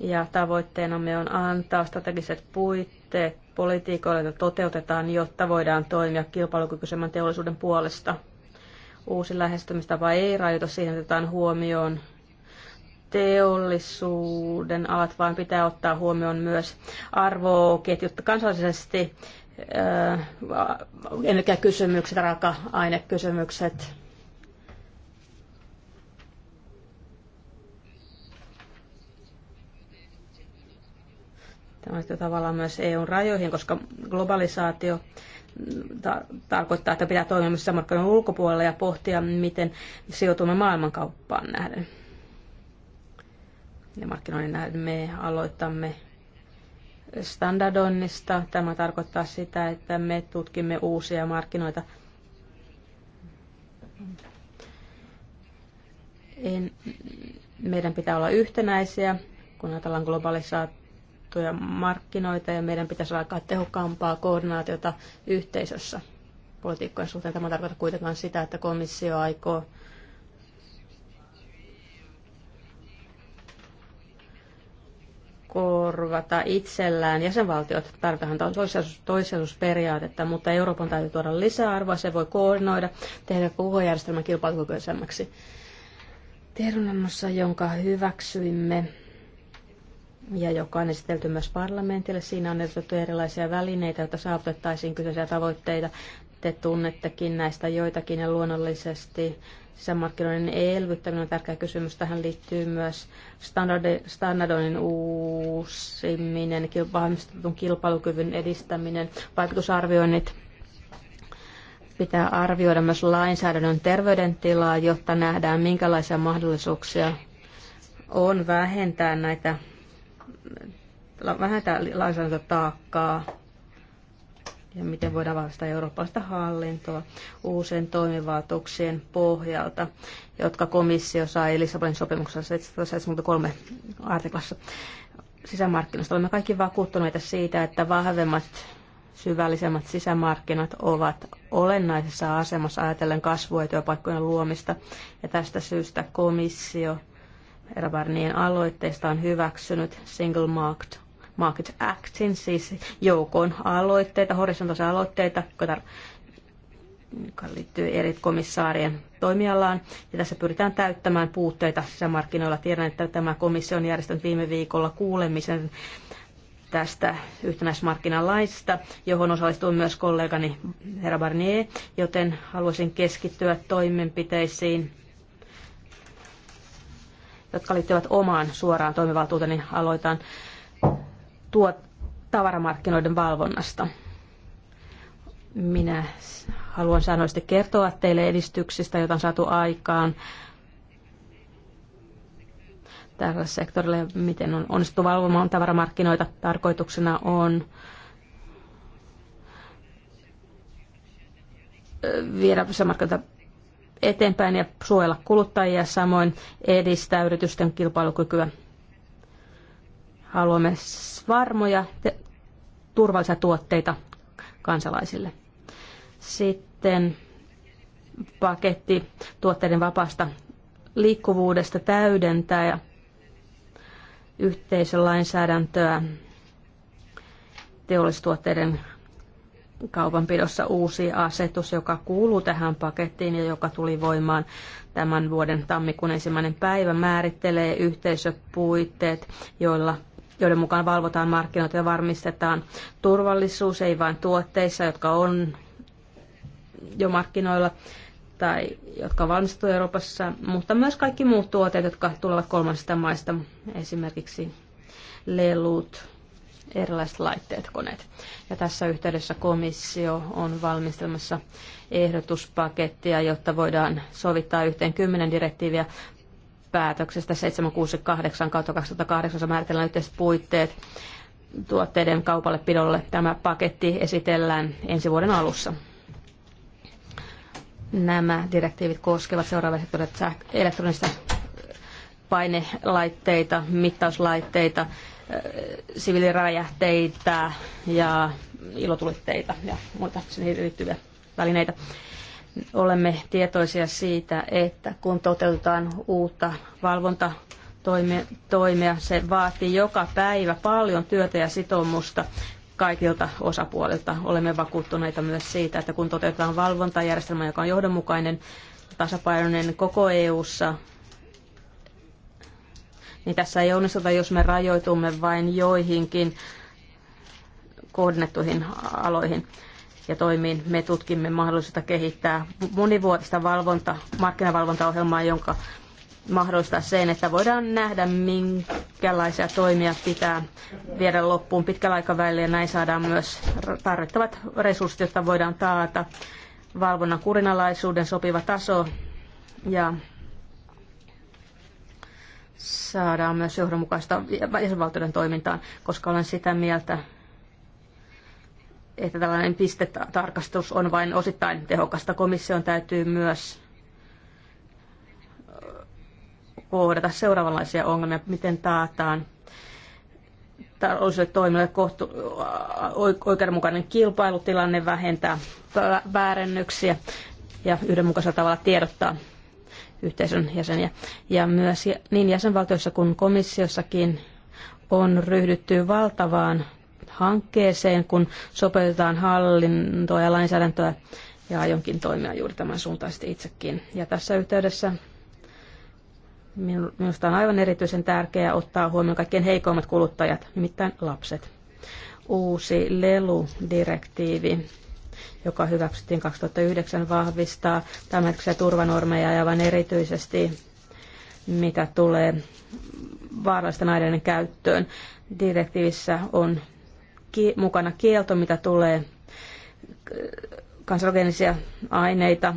Ja tavoitteenamme on antaa strategiset puitteet politiikoille, joita toteutetaan, jotta voidaan toimia kilpailukykyisemmän teollisuuden puolesta. Uusi lähestymistapa ei rajoita siihen, otetaan huomioon teollisuuden alat, vaan pitää ottaa huomioon myös arvoketjut kansallisesti, äh, energiakysymykset, raaka-ainekysymykset. Tämä on tavallaan myös eu rajoihin, koska globalisaatio ta- tarkoittaa, että pitää toimia myös markkinoiden ulkopuolella ja pohtia, miten sijoitumme maailmankauppaan nähden. Ja markkinoiden nähden me aloitamme standardoinnista. Tämä tarkoittaa sitä, että me tutkimme uusia markkinoita. En, meidän pitää olla yhtenäisiä, kun ajatellaan globalisaatiota integroituja markkinoita ja meidän pitäisi alkaa tehokkaampaa koordinaatiota yhteisössä politiikkojen suhteen. Tämä tarkoittaa kuitenkaan sitä, että komissio aikoo korvata itsellään jäsenvaltiot. Tarvitaan toisellisuusperiaatetta, mutta Euroopan täytyy tuoda lisäarvoa. Se voi koordinoida, tehdä koko järjestelmän kilpailukykyisemmäksi. Tiedonannossa, jonka hyväksyimme ja joka on esitelty myös parlamentille. Siinä on esitetty erilaisia välineitä, joita saavutettaisiin kyseisiä tavoitteita. Te tunnettekin näistä joitakin ja luonnollisesti sisämarkkinoiden elvyttäminen on tärkeä kysymys. Tähän liittyy myös standardoinnin uusiminen, vahvistetun kilpailukyvyn edistäminen, vaikutusarvioinnit, pitää arvioida myös lainsäädännön terveydentilaa, jotta nähdään minkälaisia mahdollisuuksia on vähentää näitä lainsäädäntö taakkaa ja miten voidaan vahvistaa eurooppalaista hallintoa uusien toimivaltuuksien pohjalta, jotka komissio sai Lissabonin sopimuksessa 73 artiklassa sisämarkkinoista. Olemme kaikki vakuuttuneita siitä, että vahvemmat syvällisemmät sisämarkkinat ovat olennaisessa asemassa ajatellen kasvua ja työpaikkojen luomista. Ja tästä syystä komissio era Barnien aloitteesta on hyväksynyt Single Market, Market Actin, siis joukon aloitteita, horisontaalisia aloitteita, joka liittyy eri komissaarien toimialaan. Ja tässä pyritään täyttämään puutteita sisämarkkinoilla. Tiedän, että tämä komissio on järjestänyt viime viikolla kuulemisen tästä yhtenäismarkkinalaista, johon osallistuu myös kollegani herra Barnier, joten haluaisin keskittyä toimenpiteisiin, jotka liittyvät omaan suoraan toimivaltuuteni, aloitan tuo tavaramarkkinoiden valvonnasta. Minä haluan säännöllisesti kertoa teille edistyksistä, joita on saatu aikaan tällä sektorilla ja miten on onnistuttu valvomaan tavaramarkkinoita. Tarkoituksena on viedä se markkinoita eteenpäin ja suojella kuluttajia, samoin edistää yritysten kilpailukykyä. Haluamme varmoja, turvallisia tuotteita kansalaisille. Sitten paketti tuotteiden vapaasta liikkuvuudesta täydentää ja yhteisölainsäädäntöä teollistuotteiden kaupanpidossa uusi asetus, joka kuuluu tähän pakettiin ja joka tuli voimaan tämän vuoden tammikuun ensimmäinen päivä, määrittelee yhteisöpuitteet, joilla joiden mukaan valvotaan markkinoita ja varmistetaan turvallisuus, ei vain tuotteissa, jotka on jo markkinoilla tai jotka valmistuu Euroopassa, mutta myös kaikki muut tuotteet, jotka tulevat kolmansista maista, esimerkiksi lelut, erilaiset laitteet, koneet. Ja tässä yhteydessä komissio on valmistelmassa ehdotuspakettia, jotta voidaan sovittaa yhteen kymmenen direktiiviä päätöksestä 768 2008 määritellään yhteiset puitteet tuotteiden kaupalle pidolle. Tämä paketti esitellään ensi vuoden alussa. Nämä direktiivit koskevat sektorit: elektronista painelaitteita, mittauslaitteita, siviiliräjähteitä ja ilotulitteita ja muita siihen liittyviä välineitä. Olemme tietoisia siitä, että kun toteutetaan uutta valvontatoimea, se vaatii joka päivä paljon työtä ja sitoumusta kaikilta osapuolilta. Olemme vakuuttuneita myös siitä, että kun toteutetaan valvontajärjestelmä, joka on johdonmukainen, tasapainoinen koko EU:ssa niin tässä ei onnistuta, jos me rajoitumme vain joihinkin kohdennettuihin aloihin ja toimiin. Me tutkimme mahdollisuutta kehittää monivuotista valvonta, markkinavalvontaohjelmaa, jonka mahdollistaa sen, että voidaan nähdä, minkälaisia toimia pitää viedä loppuun pitkällä aikavälillä ja näin saadaan myös tarvittavat resurssit, jotta voidaan taata valvonnan kurinalaisuuden sopiva taso ja saadaan myös johdonmukaista jäsenvaltioiden toimintaan, koska olen sitä mieltä, että tällainen pistetarkastus on vain osittain tehokasta. Komission täytyy myös kohdata seuraavanlaisia ongelmia, miten taataan taloudelliselle toimijoille kohtu, oikeudenmukainen kilpailutilanne vähentää väärennyksiä ja yhdenmukaisella tavalla tiedottaa yhteisön jäseniä. Ja myös niin jäsenvaltioissa kuin komissiossakin on ryhdytty valtavaan hankkeeseen, kun sopeutetaan hallintoa ja lainsäädäntöä ja aionkin toimia juuri tämän suuntaisesti itsekin. Ja tässä yhteydessä minusta on aivan erityisen tärkeää ottaa huomioon kaikkein heikoimmat kuluttajat, nimittäin lapset. Uusi leludirektiivi joka hyväksyttiin 2009, vahvistaa tämänhetkisiä turvanormeja ja vain erityisesti mitä tulee vaarallisten aineiden käyttöön. Direktiivissä on ki- mukana kielto, mitä tulee kanserogeenisia aineita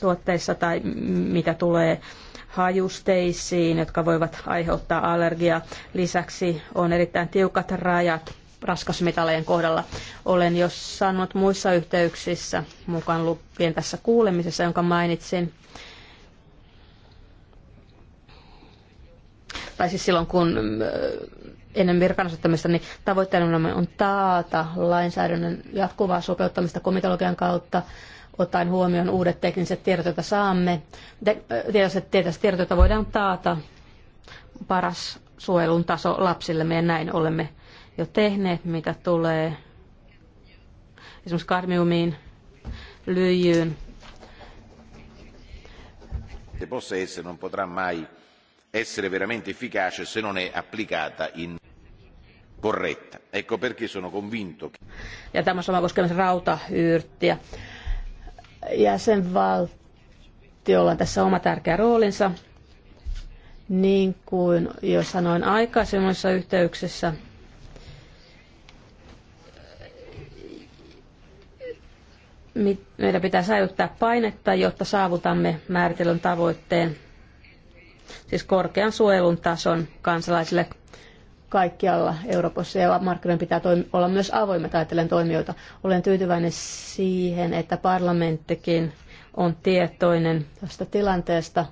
tuotteissa tai mitä tulee hajusteisiin, jotka voivat aiheuttaa allergiaa. Lisäksi on erittäin tiukat rajat raskasmetallien kohdalla. Olen jo sanonut muissa yhteyksissä, mukaan lukien tässä kuulemisessa, jonka mainitsin, tai siis silloin kun äh, ennen virkanasottamista, niin tavoitteena on taata lainsäädännön jatkuvaa sopeuttamista komitologian kautta, ottaen huomioon uudet tekniset tiedot, joita saamme. Äh, Tietoiset tiedot, joita voidaan taata paras suojelun taso lapsille. Me näin olemme jo tehneet, mitä tulee esimerkiksi kadmiumiin, lyijyyn. possa essere non potrà mai essere veramente efficace se non è applicata in corretta. Ecco perché sono convinto. che... Ja tämä sama koskee myös rautayrttiä. Jäsenvaltiolla on tässä oma tärkeä roolinsa. Niin kuin jo sanoin aikaisemmissa yhteyksissä, meidän pitää säilyttää painetta, jotta saavutamme määritellyn tavoitteen, siis korkean suojelun tason kansalaisille kaikkialla Euroopassa ja markkinoiden pitää olla myös avoimet ajatellen toimijoita. Olen tyytyväinen siihen, että parlamenttikin on tietoinen tästä tilanteesta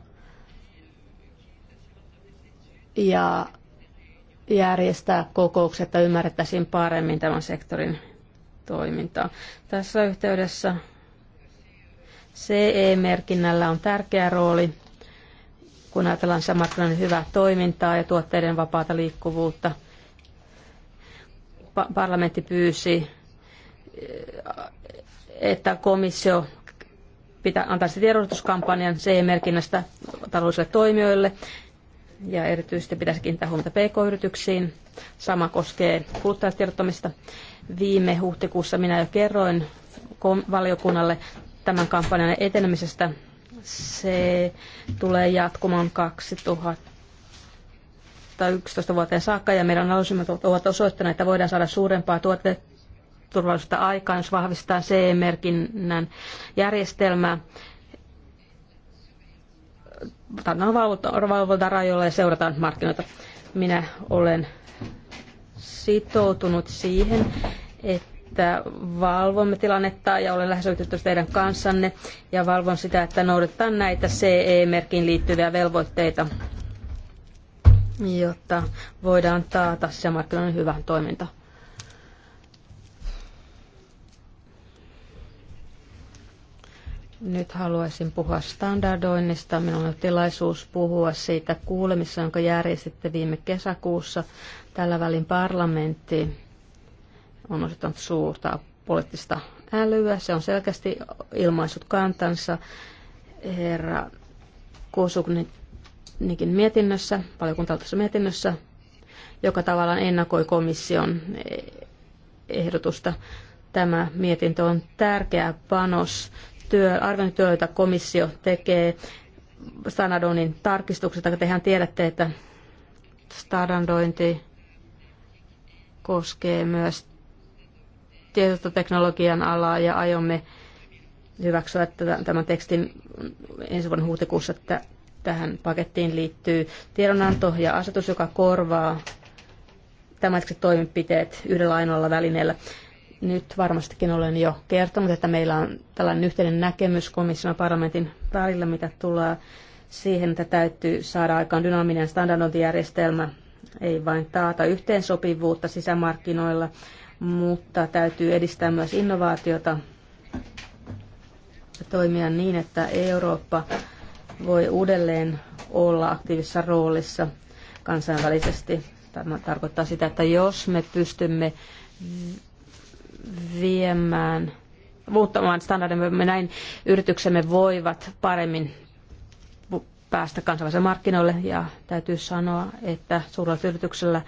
ja järjestää kokoukset, että ymmärrettäisiin paremmin tämän sektorin toimintaa. Tässä yhteydessä CE-merkinnällä on tärkeä rooli, kun ajatellaan samatkin hyvää toimintaa ja tuotteiden vapaata liikkuvuutta. Pa- parlamentti pyysi, eh, että komissio pitää, antaisi tiedotuskampanjan CE-merkinnästä taloudellisille toimijoille ja erityisesti pitäisi kiinnittää huomiota pk-yrityksiin. Sama koskee kuluttajatiedottamista. Viime huhtikuussa minä jo kerroin valiokunnalle tämän kampanjan etenemisestä. Se tulee jatkumaan 2011 vuoteen saakka ja meidän analyysimme ovat osoittaneet, että voidaan saada suurempaa tuoteturvallisuutta aikaan, jos vahvistetaan CE-merkinnän järjestelmää on valvontarajoilla ja seurataan markkinoita. Minä olen sitoutunut siihen, että valvomme tilannetta ja olen lähes yhteistyössä teidän kanssanne ja valvon sitä, että noudatetaan näitä CE-merkin liittyviä velvoitteita, jotta voidaan taata markkinoiden hyvän toiminta. Nyt haluaisin puhua standardoinnista. Minulla on tilaisuus puhua siitä kuulemissa, jonka järjestitte viime kesäkuussa Tällä välin parlamentti on osoittanut suurta poliittista älyä. Se on selkeästi ilmaissut kantansa herra Kosuknikin mietinnössä, valiokuntaltaisessa mietinnössä, joka tavallaan ennakoi komission ehdotusta. Tämä mietintö on tärkeä panos työ, arviointityö, jota komissio tekee standardoinnin tarkistuksesta. Tehän tiedätte, että standardointi koskee myös tietoteknologian alaa ja aiomme hyväksyä tämän tekstin ensi vuoden huhtikuussa, että tähän pakettiin liittyy tiedonanto ja asetus, joka korvaa tämänhetkiset toimenpiteet yhdellä ainoalla välineellä. Nyt varmastikin olen jo kertonut, että meillä on tällainen yhteinen näkemys komission ja parlamentin välillä, mitä tulee siihen, että täytyy saada aikaan dynaaminen standardointijärjestelmä ei vain taata yhteensopivuutta sisämarkkinoilla, mutta täytyy edistää myös innovaatiota ja toimia niin, että Eurooppa voi uudelleen olla aktiivisessa roolissa kansainvälisesti. Tämä tarkoittaa sitä, että jos me pystymme viemään, muuttamaan me näin yrityksemme voivat paremmin päästä kansainvälisille markkinoille ja täytyy sanoa, että suurella tyydytyksellä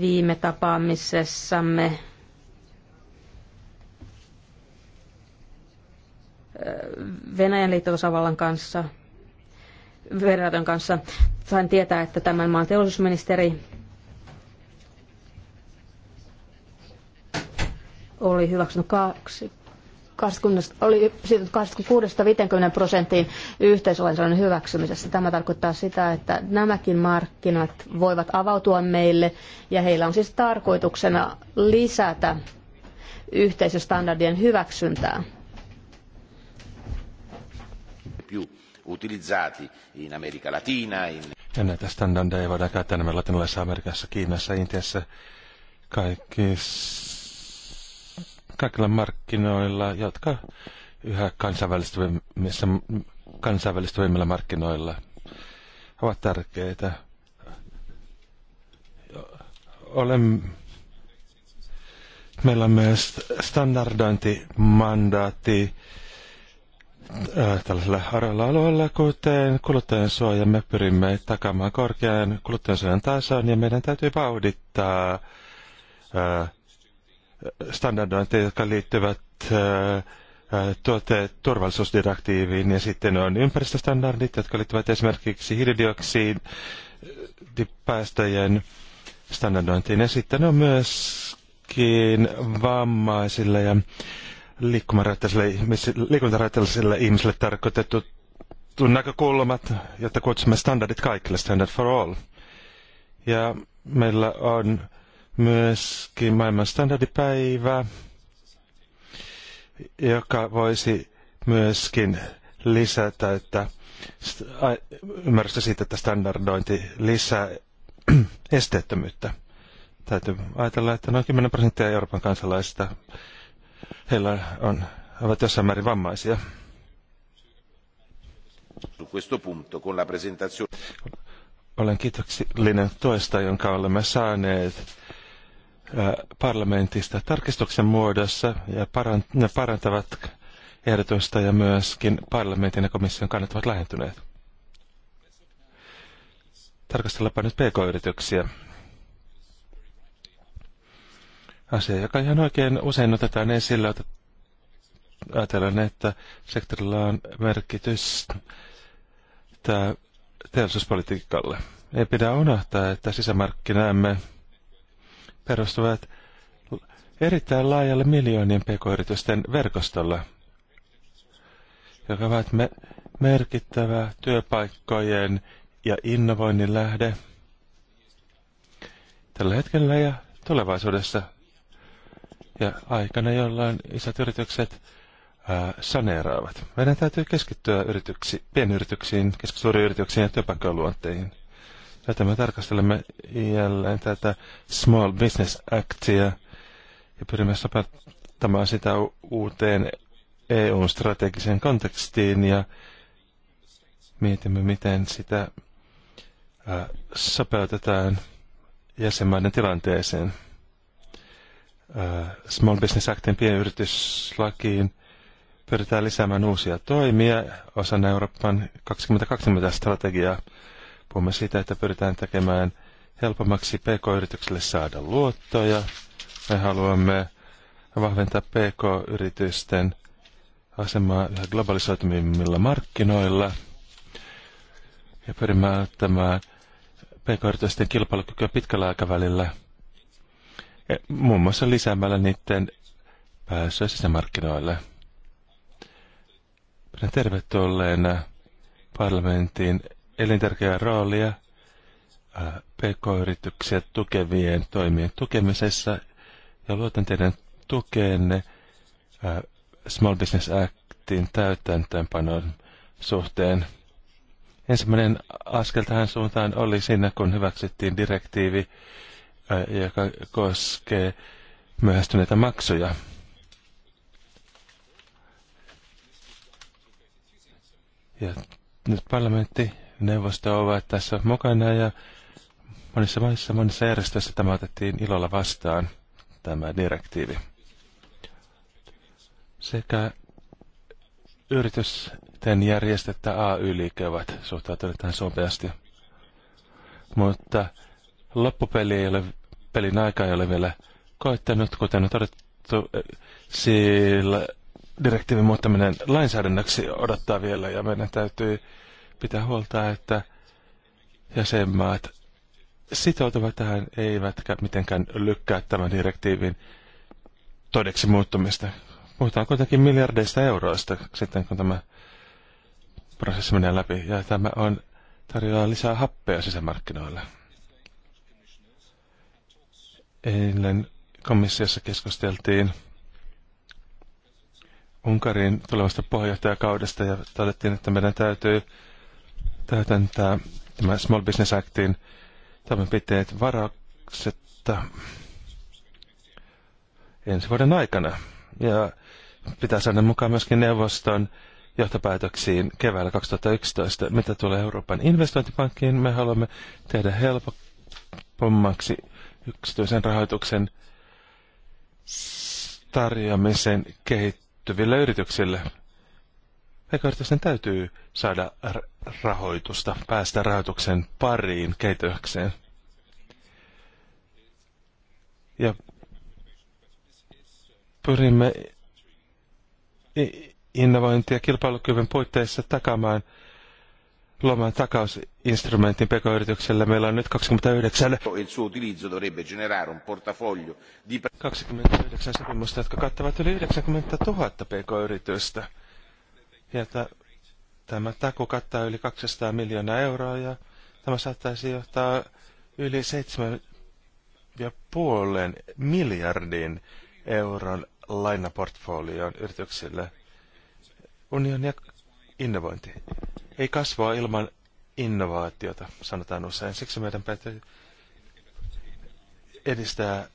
viime tapaamisessamme äh, Venäjän liittotasavallan kanssa, Venäjän kanssa sain tietää, että tämän maan teollisuusministeri oli hyväksynyt kaksi oli 26-50 prosenttiin yhteisöllisen hyväksymisessä. Tämä tarkoittaa sitä, että nämäkin markkinat voivat avautua meille ja heillä on siis tarkoituksena lisätä yhteisöstandardien hyväksyntää. utilizzati in America Latina. In... Ja näitä standardeja voidaan käyttää nämä latinalaisessa Amerikassa, Kiinassa, Intiassa, kaikissa kaikilla markkinoilla, jotka yhä kansainvälistyvimmillä, kansainvälistyvimmillä markkinoilla ovat tärkeitä. Olen, meillä on myös standardointimandaatti äh, tällaisilla harjoilla alueella, kuten suoja. Me pyrimme takamaan korkean suojan tason ja meidän täytyy vauhdittaa ää, äh, standardointeja, jotka liittyvät tuoteturvallisuusdirektiiviin ja sitten on ympäristöstandardit, jotka liittyvät esimerkiksi hiilidioksidipäästöjen standardointiin ja sitten on myöskin vammaisille ja liikuntarajoitteisille ihmisille tarkoitettu näkökulmat, jotta kutsumme standardit kaikille, standard for all. Ja meillä on myöskin maailman standardipäivä, joka voisi myöskin lisätä, että ymmärrystä siitä, että standardointi lisää esteettömyyttä. Täytyy ajatella, että noin 10 prosenttia Euroopan kansalaisista heillä on, ovat jossain määrin vammaisia. Olen kiitoksellinen tuesta, jonka olemme saaneet parlamentista tarkistuksen muodossa ja parantavat ehdotusta ja myöskin parlamentin ja komission kannat ovat lähentyneet. Tarkastellaanpa nyt pk-yrityksiä. Asia, joka ihan oikein usein otetaan esille, ajatellaan, että sektorilla on merkitys teollisuuspolitiikalle. Ei pidä unohtaa, että sisämarkkinamme perustuvat erittäin laajalle miljoonien pk-yritysten verkostolla, joka ovat me merkittävä työpaikkojen ja innovoinnin lähde tällä hetkellä ja tulevaisuudessa ja aikana, jolloin isot yritykset ää, saneeraavat. Meidän täytyy keskittyä yrityksi, pienyrityksiin, keskisuuriin yrityksiin ja työpaikkojen luonteihin. Tätä me tarkastelemme jälleen tätä Small Business Actia ja pyrimme sopeuttamaan sitä uuteen EU-strategiseen kontekstiin ja mietimme, miten sitä sopeutetaan jäsenmaiden tilanteeseen. Small Business Actin pienyrityslakiin pyritään lisäämään uusia toimia osana Euroopan 2020 strategiaa. Puhumme siitä, että pyritään tekemään helpommaksi PK-yritykselle saada luottoja. Me haluamme vahventaa PK-yritysten asemaa yhä globalisoitumimmilla markkinoilla ja pyrimme auttamaan PK-yritysten kilpailukykyä pitkällä aikavälillä, ja e, muun muassa lisäämällä niiden pääsyä sisämarkkinoille. Pidän tervetulleena parlamentin elintärkeää roolia pk-yrityksiä tukevien toimien tukemisessa ja luotan teidän tukeenne Small Business Actin täytäntöönpanon suhteen. Ensimmäinen askel tähän suuntaan oli siinä, kun hyväksyttiin direktiivi, joka koskee myöhästyneitä maksuja. Ja nyt parlamentti neuvosto ovat tässä mukana ja monissa maissa, monissa järjestöissä tämä otettiin ilolla vastaan, tämä direktiivi. Sekä yritysten järjestettä AY-liike ovat suhtautuneet tähän sopeasti. Mutta loppupeli ei ole, pelin aika ei ole vielä koittanut, kuten on todettu, sillä direktiivin muuttaminen lainsäädännöksi odottaa vielä ja meidän täytyy pitää huolta, että jäsenmaat sitoutuvat tähän, eivätkä mitenkään lykkää tämän direktiivin todeksi muuttumista. Puhutaan kuitenkin miljardeista euroista sitten, kun tämä prosessi menee läpi. Ja tämä on, tarjoaa lisää happea sisämarkkinoille. Eilen komissiossa keskusteltiin Unkarin tulevasta puheenjohtajakaudesta ja todettiin, että meidän täytyy täytäntää tämä Small Business Actin toimenpiteet varauksetta ensi vuoden aikana. Ja pitää saada mukaan myöskin neuvoston johtopäätöksiin keväällä 2011. Mitä tulee Euroopan investointipankkiin, me haluamme tehdä helpommaksi yksityisen rahoituksen tarjoamisen kehittyville yrityksille. pk täytyy saada rahoitusta, päästä rahoituksen pariin kehitykseen. Ja pyrimme innovointi- ja kilpailukyvyn puitteissa takamaan loman takausinstrumentin pk-yritykselle. Meillä on nyt 29, 29 sopimusta, jotka kattavat yli 90 000 pk-yritystä. Ja Tämä taku kattaa yli 200 miljoonaa euroa ja tämä saattaisi johtaa yli 7,5 miljardin euron lainaportfolioon yrityksille. Union ja innovointi. Ei kasvaa ilman innovaatiota, sanotaan usein. Siksi meidän täytyy edistää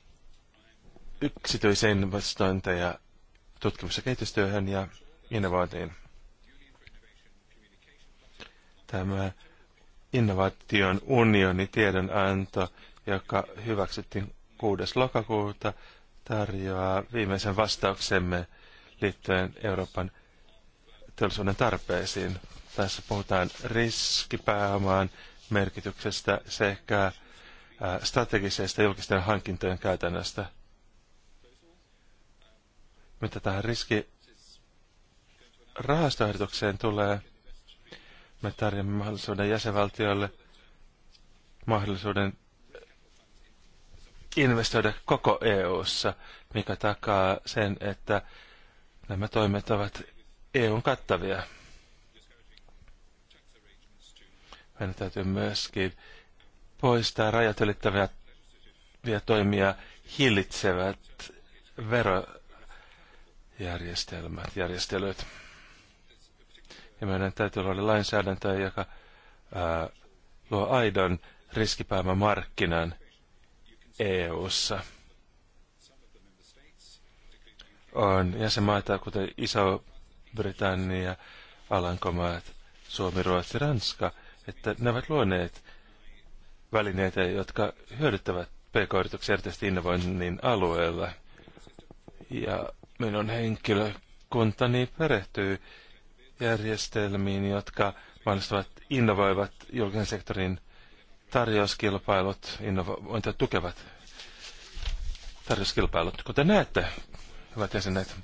yksityisinvestointeja tutkimus- ja kehitystyöhön ja innovointiin tämä innovaation unioni tiedonanto, joka hyväksyttiin 6. lokakuuta, tarjoaa viimeisen vastauksemme liittyen Euroopan teollisuuden tarpeisiin. Tässä puhutaan riskipääomaan merkityksestä sekä äh, strategisesta julkisten hankintojen käytännöstä. Mitä tähän riski rahastoehdotukseen tulee, me tarjoamme mahdollisuuden jäsenvaltioille mahdollisuuden investoida koko EU:ssa, mikä takaa sen, että nämä toimet ovat EUn kattavia. Meidän täytyy myöskin poistaa rajat ylittäviä toimia hillitsevät verojärjestelmät, järjestelyt. Ja meidän täytyy olla lainsäädäntöä, joka ää, luo aidon riskipääomamarkkinan EU-ssa. On jäsenmaita, kuten Iso-Britannia, Alankomaat, Suomi, Ruotsi, Ranska, että ne ovat luoneet välineitä, jotka hyödyttävät pk-yrityksiä erityisesti innovoinnin alueella. Ja minun henkilökuntani perehtyy järjestelmiin, jotka mahdollistavat innovoivat julkisen sektorin tarjouskilpailut, innovointia tukevat tarjouskilpailut. Kuten näette, hyvät jäsenet,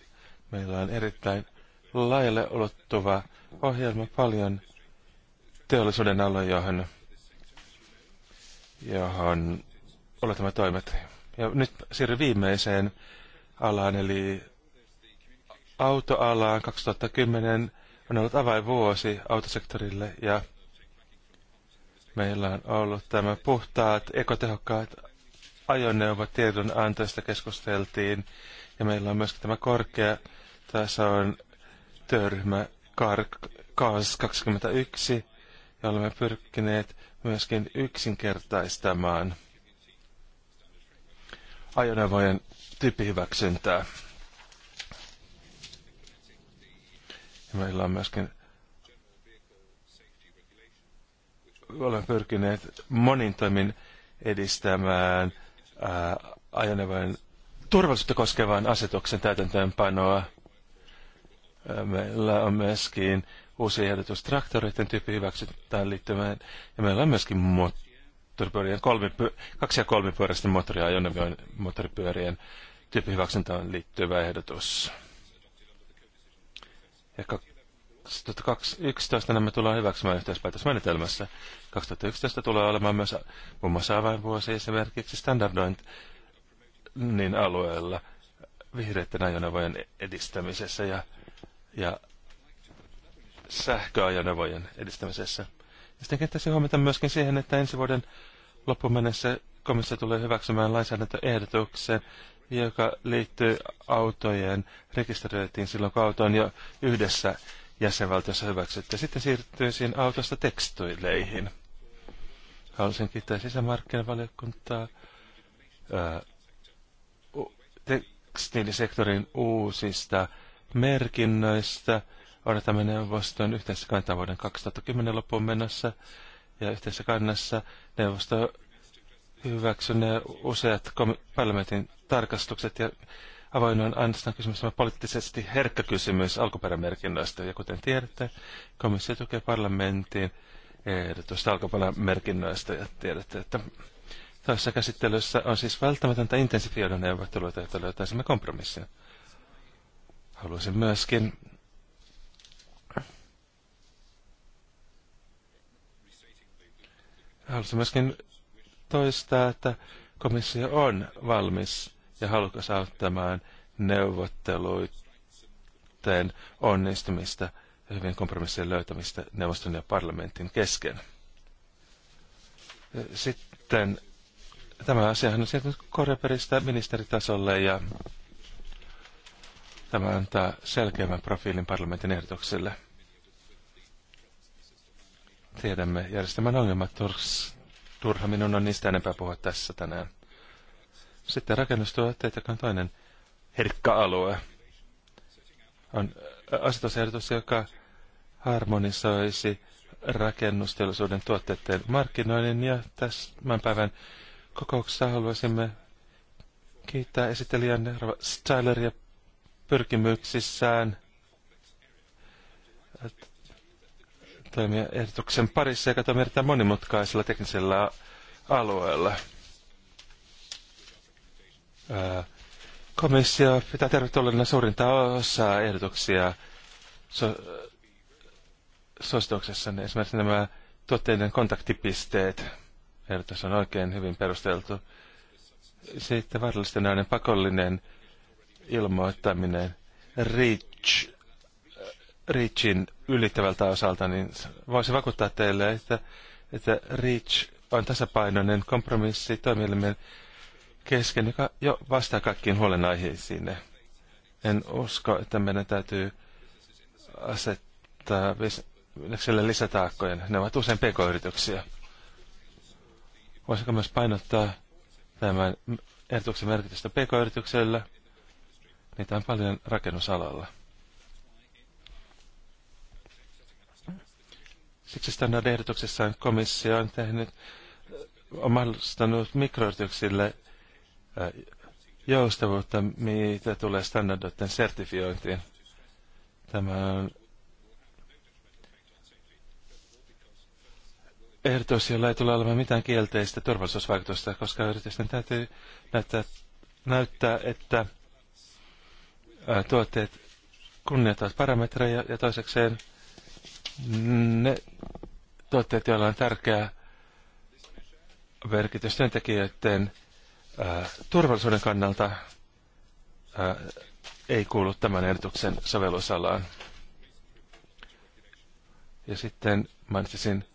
meillä on erittäin laajalle ulottuva ohjelma, paljon teollisuuden aloja, johon, johon oletamme toimet. Ja nyt siirry viimeiseen alaan, eli autoalaan 2010 on ollut avainvuosi autosektorille ja meillä on ollut tämä puhtaat, ekotehokkaat ajoneuvot antoista keskusteltiin ja meillä on myöskin tämä korkea on työryhmä KAAS 21, ja olemme pyrkineet myöskin yksinkertaistamaan ajoneuvojen tyyppihyväksyntää. Meillä on myöskin olemme pyrkineet monin toimin edistämään ää, ajoneuvojen turvallisuutta koskevan asetuksen täytäntöönpanoa. Meillä on myöskin uusi ehdotus traktoreiden tyyppi hyväksytään liittymään, ja meillä on myöskin moottoripyörien, kolmi, kaksi- ja kolmipyöräisten moottoriajoneuvojen moottoripyörien tyyppi hyväksyntään liittyvä ehdotus. Ja 2011 nämä tullaan hyväksymään yhteispäätösmenetelmässä. 2011 tulee olemaan myös muun muassa avainvuosi esimerkiksi standardoinnin alueella vihreiden ajoneuvojen edistämisessä ja, ja sähköajoneuvojen edistämisessä. Ja sitten kenttäisiin huomata myöskin siihen, että ensi vuoden loppumennessä mennessä komissio tulee hyväksymään lainsäädäntöehdotuksen, joka liittyy autojen rekisteröitiin silloin, kun auto on jo yhdessä jäsenvaltiossa hyväksytty. Sitten siirtyisin autosta tekstuileihin. Haluaisin kiittää sisämarkkinavaliokuntaa tekstiilisektorin uusista merkinnöistä. Odotamme neuvoston yhteisessä kantaa vuoden 2010 loppuun mennessä ja yhteisessä kannassa neuvosto ne useat parlamentin tarkastukset ja on ainoastaan kysymys on poliittisesti herkkä kysymys alkuperämerkinnöistä. Ja kuten tiedätte, komissio tukee parlamentin ehdotusta alkuperämerkinnöistä ja tiedätte, että toisessa käsittelyssä on siis välttämätöntä intensifioida neuvotteluita, jotta löytäisimme kompromissia. Haluaisin myöskin Haluaisin myöskin toistaa, että komissio on valmis ja halukas auttamaan neuvotteluiden onnistumista ja hyvien kompromissien löytämistä neuvoston ja parlamentin kesken. Sitten tämä asia on siirtynyt korjaperistä ministeritasolle ja tämä antaa selkeämmän profiilin parlamentin ehdotukselle. Tiedämme järjestelmän ongelmat turha minun on niistä enempää puhua tässä tänään. Sitten rakennustuotteet, joka on toinen herkka alue, on äh, asetusehdotus, joka harmonisoisi rakennusteollisuuden tuotteiden markkinoinnin. Ja tämän päivän kokouksessa haluaisimme kiittää esittelijän Styleria pyrkimyksissään toimia ehdotuksen parissa, joka toimii erittäin monimutkaisella teknisellä alueella. Komissio pitää tervetulleena suurinta osaa ehdotuksia so- suosituksessa, esimerkiksi nämä tuotteiden kontaktipisteet. Ehdotus on oikein hyvin perusteltu. Sitten varallisten aineiden pakollinen ilmoittaminen. REACH Richin ylittävältä osalta, niin voisi vakuuttaa teille, että, että Rich on tasapainoinen kompromissi toimielimen kesken, joka jo vastaa kaikkiin huolenaiheisiin. En usko, että meidän täytyy asettaa bisnekselle lisätaakkoja. Ne ovat usein pk-yrityksiä. Voisiko myös painottaa tämän ehdotuksen merkitystä pk yrityksellä Niitä on paljon rakennusalalla. Siksi ehdotuksessaan komissio on tehnyt, on mahdollistanut mikroyrityksille äh, joustavuutta, mitä tulee standardoiden sertifiointiin. Tämä on ehdotus, jolla ei tule olemaan mitään kielteistä turvallisuusvaikutusta, koska yritysten täytyy näyttää, näyttää että äh, tuotteet kunnioittavat parametreja ja toisekseen ne tuotteet, joilla on tärkeä merkitys työntekijöiden ää, äh, turvallisuuden kannalta, ää, äh, ei kuulu tämän ehdotuksen sovellusalaan. Ja sitten mainitsisin,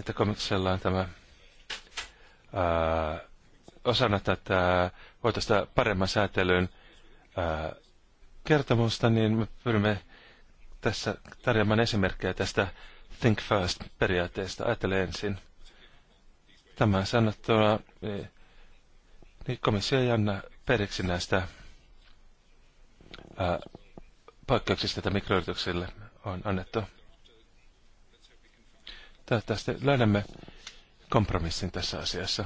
että komiksella on tämä ää, äh, osana tätä voitosta paremman säätelyn ää, kertomusta, niin me pyrimme tässä tarjoamaan esimerkkejä tästä think first periaatteesta. Ajattele ensin. Tämä sanottuna niin, niin komissio ei anna periksi näistä ää, poikkeuksista, joita mikroyrityksille on annettu. Toivottavasti löydämme kompromissin tässä asiassa.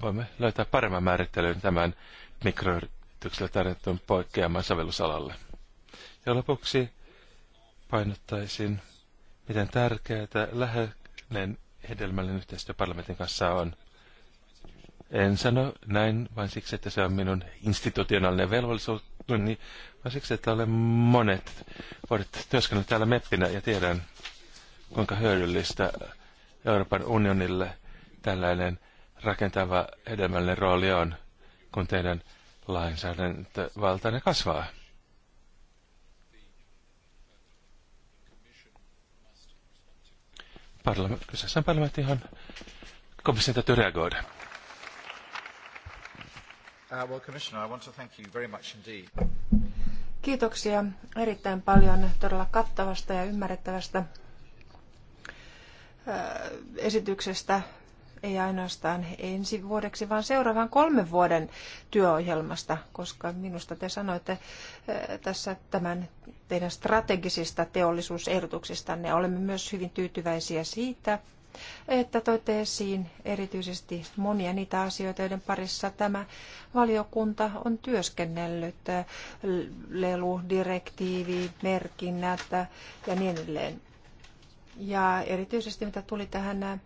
Voimme löytää paremman määrittelyn tämän mikroyrityksellä tarjottuun poikkeamaan sovellusalalle. Ja lopuksi painottaisin, miten tärkeää läheinen hedelmällinen yhteistyö parlamentin kanssa on. En sano näin vain siksi, että se on minun institutionaalinen velvollisuuteni, vaan siksi, että olen monet vuodet työskennellyt täällä meppinä ja tiedän, kuinka hyödyllistä Euroopan unionille tällainen rakentava hedelmällinen rooli on, kun teidän lainsäädäntövaltainen kasvaa. Parlament, kyseessä on parlamentti, johon komission täytyy reagoida. Uh, Kiitoksia erittäin paljon todella kattavasta ja ymmärrettävästä uh, esityksestä ei ainoastaan ensi vuodeksi, vaan seuraavan kolmen vuoden työohjelmasta, koska minusta te sanoitte eh, tässä tämän teidän strategisista teollisuusehdotuksistanne. Olemme myös hyvin tyytyväisiä siitä, että toitte esiin erityisesti monia niitä asioita, joiden parissa tämä valiokunta on työskennellyt, leludirektiivi, merkinnät ja niin edelleen. Ja erityisesti mitä tuli tähän eh,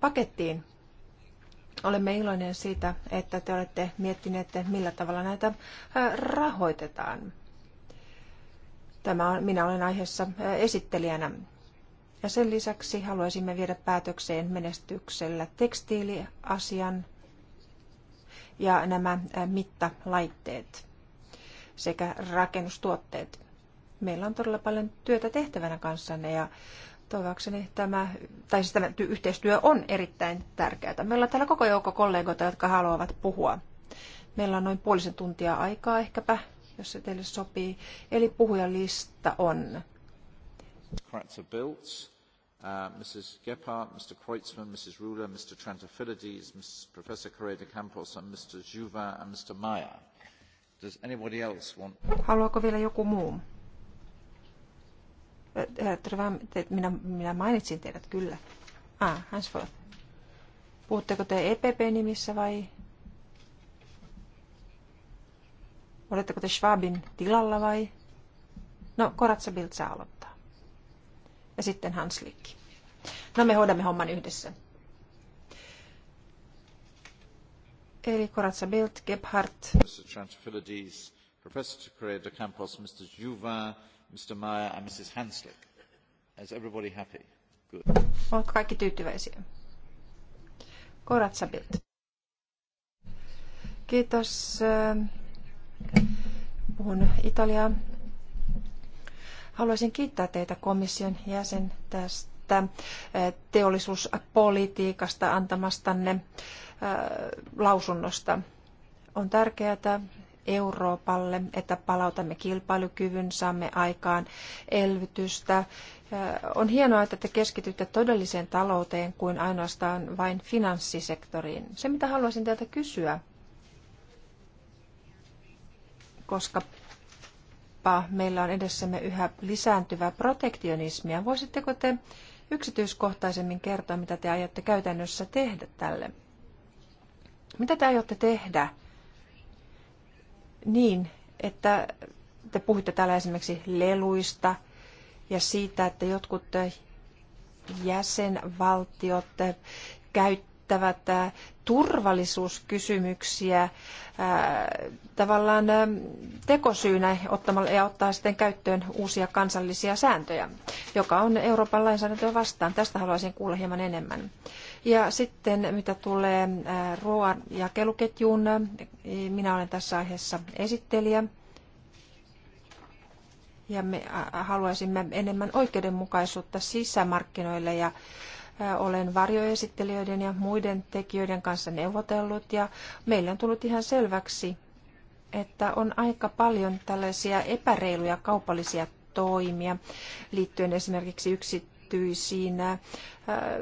pakettiin. Olemme iloinen siitä, että te olette miettineet, että millä tavalla näitä äh, rahoitetaan. Tämä on, minä olen aiheessa äh, esittelijänä. Ja sen lisäksi haluaisimme viedä päätökseen menestyksellä tekstiiliasian ja nämä äh, mittalaitteet sekä rakennustuotteet. Meillä on todella paljon työtä tehtävänä kanssanne ja toivakseni tämä, tai siis tämä yhteistyö on erittäin tärkeää. Meillä on täällä koko joukko kollegoita, jotka haluavat puhua. Meillä on noin puolisen tuntia aikaa ehkäpä, jos se teille sopii. Eli puhujalista on. uh, Mrs. Gephardt, Mr. Kreutzmann, Mrs. Ruler, Mr. Trantafilides, Mrs. Professor Correa Campos, and Mr. and Mr. Meyer. Does anybody else want... Haluaako vielä joku muu? Trvam, te, minä, minä mainitsin teidät kyllä. Ah, Hansford. Puhutteko te EPP-nimissä vai Oletteko te Schwabin tilalla vai? No, Koratsa Bild saa aloittaa. Ja sitten Lick. No, me hoidamme homman yhdessä. Eli Koratsa Bild, Gebhardt. Mr. Trantafilides, Professor Correa de Campos, Mr. Juvin, Mr. Meyer and Mrs. Hanslick. Is everybody happy? Good. kaikki Kiitos. Puhun Italiaa. Haluaisin kiittää teitä komission jäsen tästä eh, teollisuuspolitiikasta antamastanne eh, lausunnosta. On tärkeää, Euroopalle, että palautamme kilpailukyvyn, saamme aikaan elvytystä. On hienoa, että te keskitytte todelliseen talouteen kuin ainoastaan vain finanssisektoriin. Se, mitä haluaisin teiltä kysyä, koska meillä on edessämme yhä lisääntyvää protektionismia. Voisitteko te yksityiskohtaisemmin kertoa, mitä te aiotte käytännössä tehdä tälle? Mitä te aiotte tehdä niin, että te puhuitte täällä esimerkiksi leluista ja siitä, että jotkut jäsenvaltiot käyttävät äh, turvallisuuskysymyksiä äh, tavallaan äh, tekosyynä ottamalla ja ottaa sitten käyttöön uusia kansallisia sääntöjä, joka on Euroopan lainsäädäntöä vastaan. Tästä haluaisin kuulla hieman enemmän. Ja sitten mitä tulee ruoan jakeluketjuun, minä olen tässä aiheessa esittelijä. Ja me haluaisimme enemmän oikeudenmukaisuutta sisämarkkinoille ja olen varjoesittelijöiden ja muiden tekijöiden kanssa neuvotellut ja meille on tullut ihan selväksi, että on aika paljon tällaisia epäreiluja kaupallisia toimia liittyen esimerkiksi yksi erityisiin äh,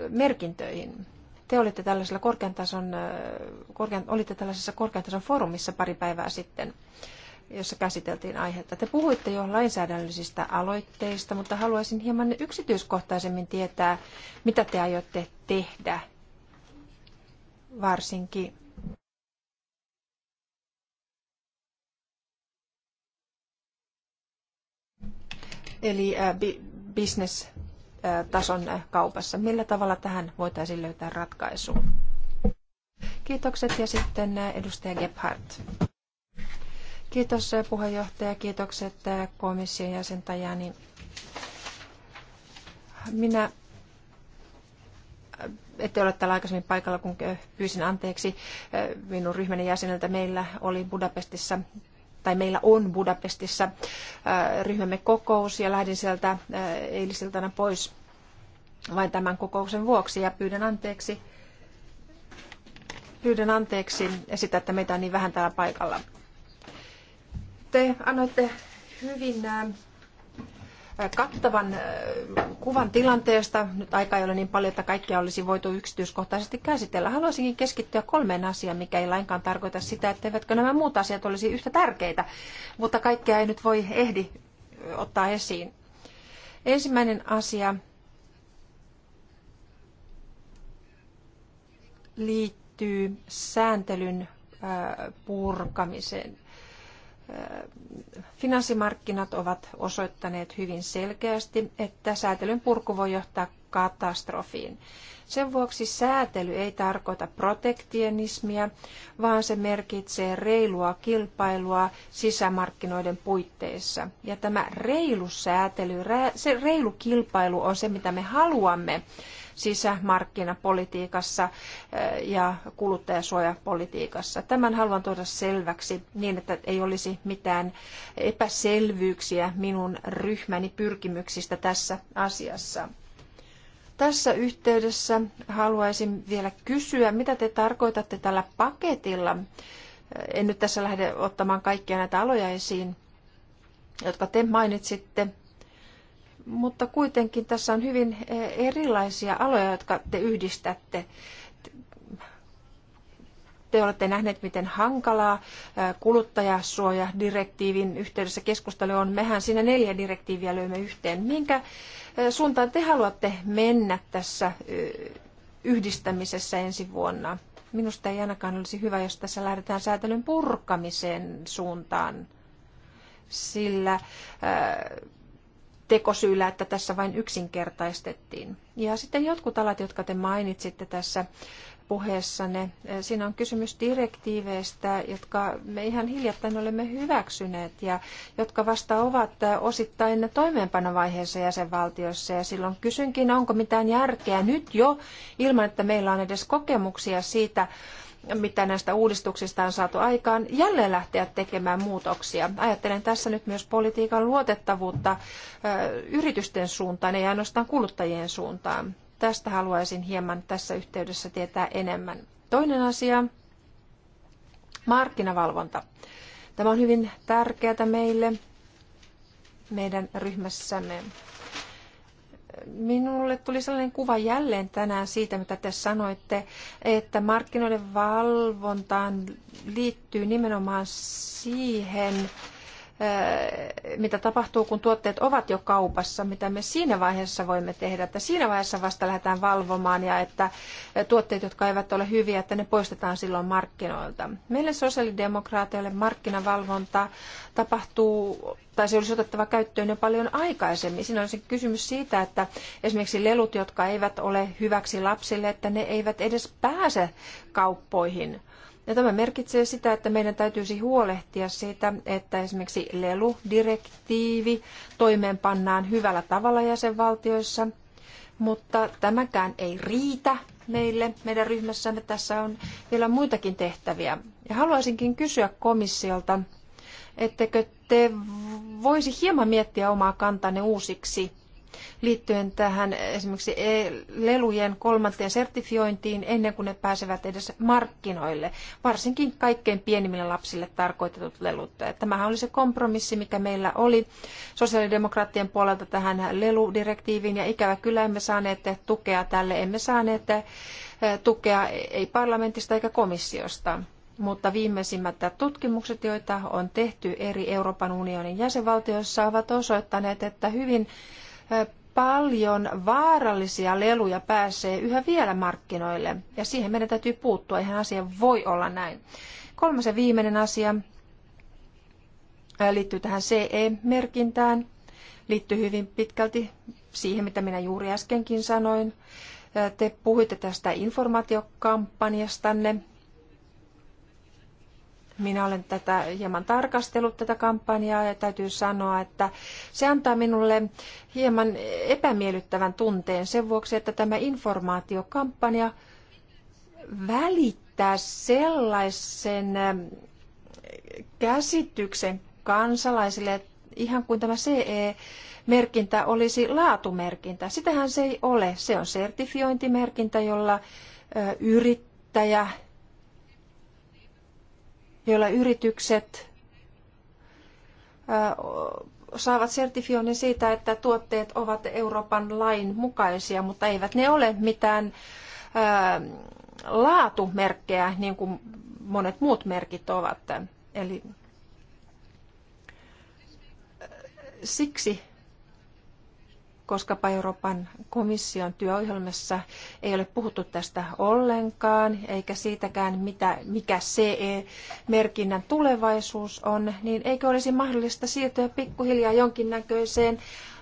merkintöihin. Te olitte, tällaisella korkean tason, äh, korkean, olitte tällaisessa korkean tason foorumissa pari päivää sitten, jossa käsiteltiin aihetta. Te puhuitte jo lainsäädännöllisistä aloitteista, mutta haluaisin hieman yksityiskohtaisemmin tietää, mitä te aiotte tehdä varsinkin eli uh, bi- business tason kaupassa. Millä tavalla tähän voitaisiin löytää ratkaisu? Kiitokset ja sitten edustaja Gebhardt. Kiitos puheenjohtaja, kiitokset komission jäsentäjäni. Minä ette ole täällä aikaisemmin paikalla, kun pyysin anteeksi minun ryhmäni jäseneltä. Meillä oli Budapestissa tai meillä on Budapestissa ryhmämme kokous ja lähdin sieltä eilisiltana pois vain tämän kokouksen vuoksi ja pyydän anteeksi, pyydän anteeksi sitä, että meitä on niin vähän täällä paikalla. Te annoitte hyvin äh, kattavan äh, kuvan tilanteesta. Nyt aika ei ole niin paljon, että kaikkia olisi voitu yksityiskohtaisesti käsitellä. Haluaisinkin keskittyä kolmeen asiaan, mikä ei lainkaan tarkoita sitä, etteivätkö nämä muut asiat olisi yhtä tärkeitä, mutta kaikkea ei nyt voi ehdi ottaa esiin. Ensimmäinen asia liittyy sääntelyn purkamiseen. Finanssimarkkinat ovat osoittaneet hyvin selkeästi, että säätelyn purku voi johtaa katastrofiin. Sen vuoksi säätely ei tarkoita protektionismia, vaan se merkitsee reilua kilpailua sisämarkkinoiden puitteissa. Ja tämä reilu säätely, se reilu kilpailu on se, mitä me haluamme sisämarkkinapolitiikassa eh, ja kuluttajasuojapolitiikassa. Tämän haluan tuoda selväksi niin, että ei olisi mitään epäselvyyksiä minun ryhmäni pyrkimyksistä tässä asiassa. Tässä yhteydessä haluaisin vielä kysyä, mitä te tarkoitatte tällä paketilla. Eh, en nyt tässä lähde ottamaan kaikkia näitä aloja esiin, jotka te mainitsitte, mutta kuitenkin tässä on hyvin eh, erilaisia aloja, jotka te yhdistätte. Te olette nähneet, miten hankalaa eh, kuluttajasuojadirektiivin yhteydessä keskustelu on. Mehän siinä neljä direktiiviä löymme yhteen. Minkä eh, suuntaan te haluatte mennä tässä yhdistämisessä ensi vuonna? Minusta ei ainakaan olisi hyvä, jos tässä lähdetään säätelyn purkamisen suuntaan, sillä tekosyyllä, että tässä vain yksinkertaistettiin. Ja sitten jotkut alat, jotka te mainitsitte tässä puheessanne. Eh, siinä on kysymys direktiiveistä, jotka me ihan hiljattain olemme hyväksyneet ja jotka vasta ovat eh, osittain toimeenpanovaiheessa jäsenvaltioissa. Ja silloin kysynkin, onko mitään järkeä nyt jo ilman, että meillä on edes kokemuksia siitä, mitä näistä uudistuksista on saatu aikaan, jälleen lähteä tekemään muutoksia. Ajattelen tässä nyt myös politiikan luotettavuutta yritysten suuntaan, ei ainoastaan kuluttajien suuntaan. Tästä haluaisin hieman tässä yhteydessä tietää enemmän. Toinen asia, markkinavalvonta. Tämä on hyvin tärkeää meille, meidän ryhmässämme. Minulle tuli sellainen kuva jälleen tänään siitä, mitä te sanoitte, että markkinoiden valvontaan liittyy nimenomaan siihen, mitä tapahtuu, kun tuotteet ovat jo kaupassa, mitä me siinä vaiheessa voimme tehdä, että siinä vaiheessa vasta lähdetään valvomaan ja että tuotteet, jotka eivät ole hyviä, että ne poistetaan silloin markkinoilta. Meille sosiaalidemokraateille markkinavalvonta tapahtuu, tai se olisi otettava käyttöön jo paljon aikaisemmin. Siinä olisi kysymys siitä, että esimerkiksi lelut, jotka eivät ole hyväksi lapsille, että ne eivät edes pääse kauppoihin – ja tämä merkitsee sitä, että meidän täytyisi huolehtia siitä, että esimerkiksi leludirektiivi toimeenpannaan hyvällä tavalla jäsenvaltioissa, mutta tämäkään ei riitä meille, meidän ryhmässämme. Tässä on vielä muitakin tehtäviä. Ja haluaisinkin kysyä komissiolta, ettekö te voisi hieman miettiä omaa kantanne uusiksi liittyen tähän esimerkiksi e- lelujen kolmanteen sertifiointiin ennen kuin ne pääsevät edes markkinoille, varsinkin kaikkein pienimmille lapsille tarkoitetut lelut. Tämähän oli se kompromissi, mikä meillä oli sosiaalidemokraattien puolelta tähän leludirektiiviin ja ikävä kyllä emme saaneet tukea tälle, emme saaneet tukea ei parlamentista eikä komissiosta mutta viimeisimmät tutkimukset, joita on tehty eri Euroopan unionin jäsenvaltioissa, ovat osoittaneet, että hyvin paljon vaarallisia leluja pääsee yhä vielä markkinoille ja siihen meidän täytyy puuttua. Eihän asia voi olla näin. Kolmas ja viimeinen asia liittyy tähän CE-merkintään. Liittyy hyvin pitkälti siihen, mitä minä juuri äskenkin sanoin. Te puhuitte tästä informaatiokampanjastanne minä olen tätä hieman tarkastellut tätä kampanjaa ja täytyy sanoa, että se antaa minulle hieman epämiellyttävän tunteen sen vuoksi, että tämä informaatiokampanja välittää sellaisen ähm, käsityksen kansalaisille, ihan kuin tämä CE-merkintä olisi laatumerkintä. Sitähän se ei ole. Se on sertifiointimerkintä, jolla yrittäjä joilla yritykset saavat sertifioinnin siitä, että tuotteet ovat Euroopan lain mukaisia, mutta eivät ne ole mitään laatumerkkejä, niin kuin monet muut merkit ovat. Eli siksi koska Euroopan komission työohjelmassa ei ole puhuttu tästä ollenkaan, eikä siitäkään, mitä, mikä CE-merkinnän tulevaisuus on, niin eikö olisi mahdollista siirtyä pikkuhiljaa jonkinnäköiseen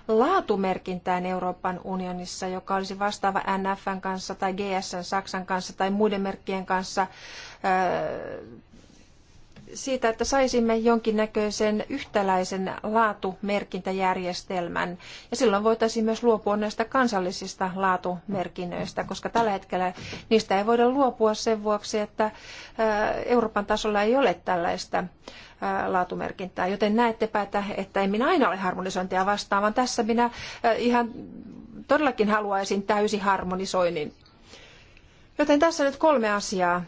laatumerkintään Euroopan unionissa, joka olisi vastaava NFn kanssa tai GSn Saksan kanssa tai muiden merkkien kanssa siitä, että saisimme jonkinnäköisen yhtäläisen laatumerkintäjärjestelmän. Ja silloin voitaisiin myös luopua näistä kansallisista laatumerkinnöistä, koska tällä hetkellä niistä ei voida luopua sen vuoksi, että Euroopan tasolla ei ole tällaista laatumerkintää. Joten näettepä, että, että en minä aina ole harmonisointia vastaan, vaan tässä minä ihan todellakin haluaisin täysi harmonisoinnin. Joten tässä nyt kolme asiaa,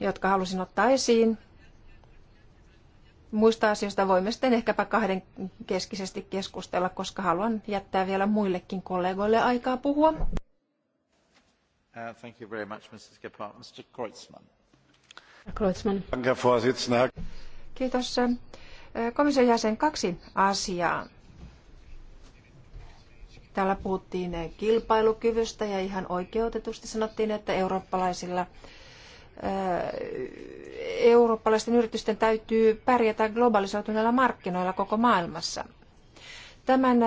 jotka halusin ottaa esiin Muista asioista voimme sitten ehkäpä kahden keskisesti keskustella, koska haluan jättää vielä muillekin kollegoille aikaa puhua. Uh, thank you very much, Mrs. Gephardt. Mr. Kreutzmann. Kreutzmann. Kiitos. Uh, komission jäsen kaksi asiaa. Täällä puhuttiin kilpailukyvystä ja ihan oikeutetusti sanottiin, että eurooppalaisilla eurooppalaisten yritysten täytyy pärjätä globalisoituneilla markkinoilla koko maailmassa. Tämän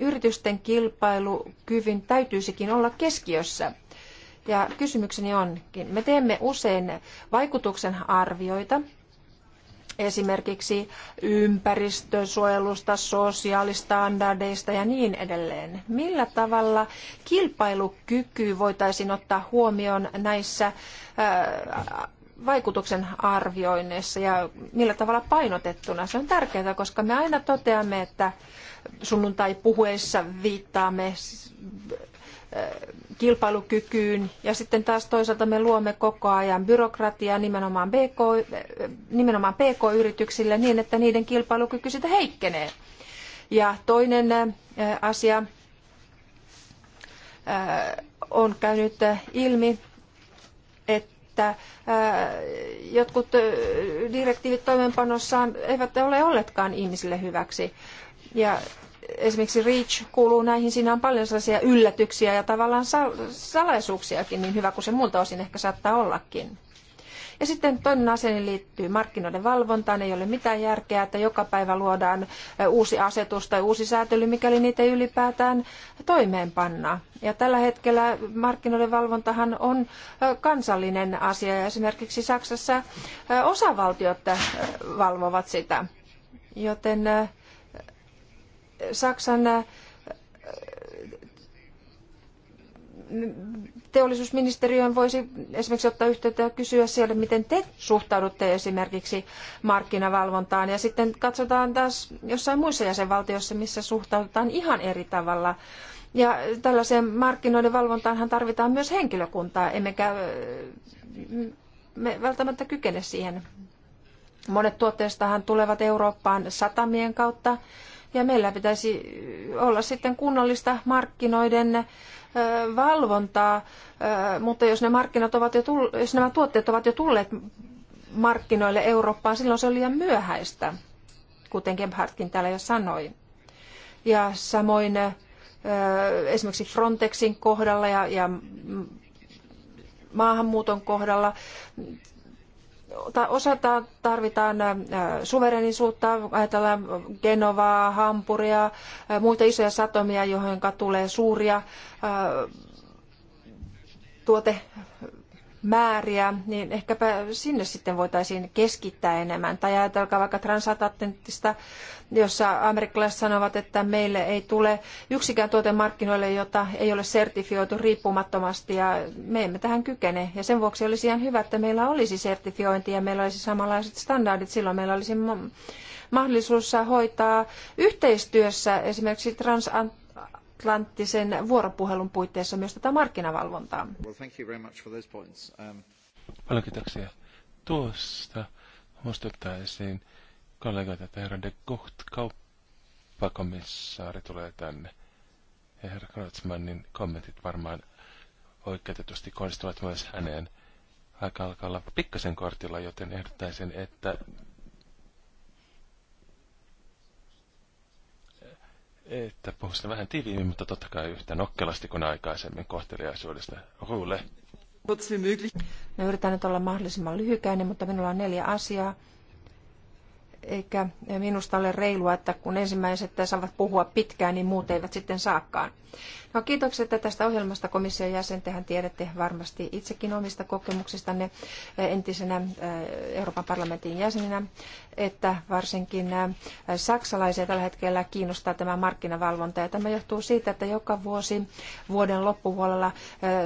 yritysten kilpailukyvyn täytyisikin olla keskiössä. Ja kysymykseni onkin, me teemme usein vaikutuksen arvioita esimerkiksi ympäristösuojelusta, sosiaalistandardeista ja niin edelleen. Millä tavalla kilpailukyky voitaisiin ottaa huomioon näissä äh, vaikutuksen arvioinneissa ja millä tavalla painotettuna. Se on tärkeää, koska me aina toteamme, että sunnuntai puhuessa viittaamme kilpailukykyyn ja sitten taas toisaalta me luomme koko ajan byrokratiaa nimenomaan, BK, nimenomaan PK-yrityksille niin, että niiden kilpailukyky sitä heikkenee. Ja toinen äh, asia äh, on käynyt äh, ilmi, että jotkut direktiivit toimeenpanossaan eivät ole olleetkaan ihmisille hyväksi. Ja esimerkiksi REACH kuuluu näihin, siinä on paljon sellaisia yllätyksiä ja tavallaan salaisuuksiakin, niin hyvä kuin se muulta osin ehkä saattaa ollakin. Ja sitten toinen asia liittyy markkinoiden valvontaan. Ei ole mitään järkeä, että joka päivä luodaan uusi asetus tai uusi säätely, mikäli niitä ei ylipäätään toimeenpanna. Ja tällä hetkellä markkinoiden valvontahan on kansallinen asia ja esimerkiksi Saksassa osavaltiot valvovat sitä. Joten Saksan äh, teollisuusministeriön voisi esimerkiksi ottaa yhteyttä ja kysyä siellä, miten te suhtaudutte esimerkiksi markkinavalvontaan. Ja sitten katsotaan taas jossain muissa jäsenvaltioissa, missä suhtaudutaan ihan eri tavalla. Ja tällaiseen markkinoiden valvontaanhan tarvitaan myös henkilökuntaa, emmekä äh, me välttämättä kykene siihen. Monet tuotteistahan tulevat Eurooppaan satamien kautta ja meillä pitäisi olla sitten kunnollista markkinoiden valvontaa, mutta jos, ne markkinat ovat jo tull- jos nämä tuotteet ovat jo tulleet markkinoille Eurooppaan, silloin se on liian myöhäistä, kuten Gebhardtkin täällä jo sanoi. Ja samoin esimerkiksi Frontexin kohdalla ja, ja maahanmuuton kohdalla osalta tarvitaan suverenisuutta, ajatellaan Genovaa, Hampuria, muita isoja satomia, joihin tulee suuria tuote määriä, niin ehkäpä sinne sitten voitaisiin keskittää enemmän. Tai ajatelkaa vaikka transatlanttista, jossa amerikkalaiset sanovat, että meille ei tule yksikään tuote markkinoille, jota ei ole sertifioitu riippumattomasti ja me emme tähän kykene. Ja sen vuoksi olisi ihan hyvä, että meillä olisi sertifiointi ja meillä olisi samanlaiset standardit. Silloin meillä olisi mahdollisuus hoitaa yhteistyössä esimerkiksi transatlanttista transatlanttisen vuoropuhelun puitteissa myös tätä markkinavalvontaa. Um, Paljon kiitoksia. Tuosta muistuttaisin kollegoita, että herra de Gucht, kauppakomissaari tulee tänne. Ja herra Kreutzmannin kommentit varmaan oikeutetusti kohdistuvat myös häneen. Aika alkaa olla pikkasen kortilla, joten ehdottaisin, että että puhuisitte vähän tiiviimmin, mutta totta kai yhtä nokkelasti kuin aikaisemmin kohteliaisuudesta. Ruule. Mä yritän nyt olla mahdollisimman lyhykäinen, mutta minulla on neljä asiaa. Eikä minusta ole reilua, että kun ensimmäiset saavat puhua pitkään, niin muut eivät sitten saakaan. No, kiitokset tästä ohjelmasta komission jäsen. Tehän tiedätte varmasti itsekin omista kokemuksistanne eh, entisenä eh, Euroopan parlamentin jäsenenä, että varsinkin eh, saksalaisia tällä hetkellä kiinnostaa tämä markkinavalvonta. Ja tämä johtuu siitä, että joka vuosi vuoden loppupuolella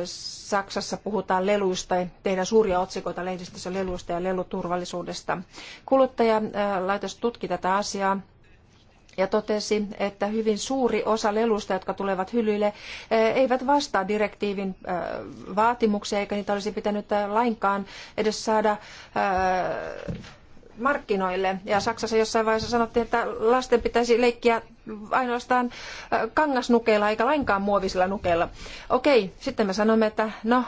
Saksassa puhutaan leluista ja tehdään suuria otsikoita lehdistössä leluista ja leluturvallisuudesta. Kuluttajalaitos tutki tätä asiaa ja totesi, että hyvin suuri osa lelusta, jotka tulevat hyllyille, eh, eivät vastaa direktiivin eh, vaatimuksia, eikä niitä olisi pitänyt eh, lainkaan edes saada markkinoille. Ja Saksassa jossain vaiheessa sanottiin, että lasten pitäisi leikkiä ainoastaan äh, kangasnukeilla eikä lainkaan muovisilla nukeilla. Okei, sitten me sanomme, että no, äh,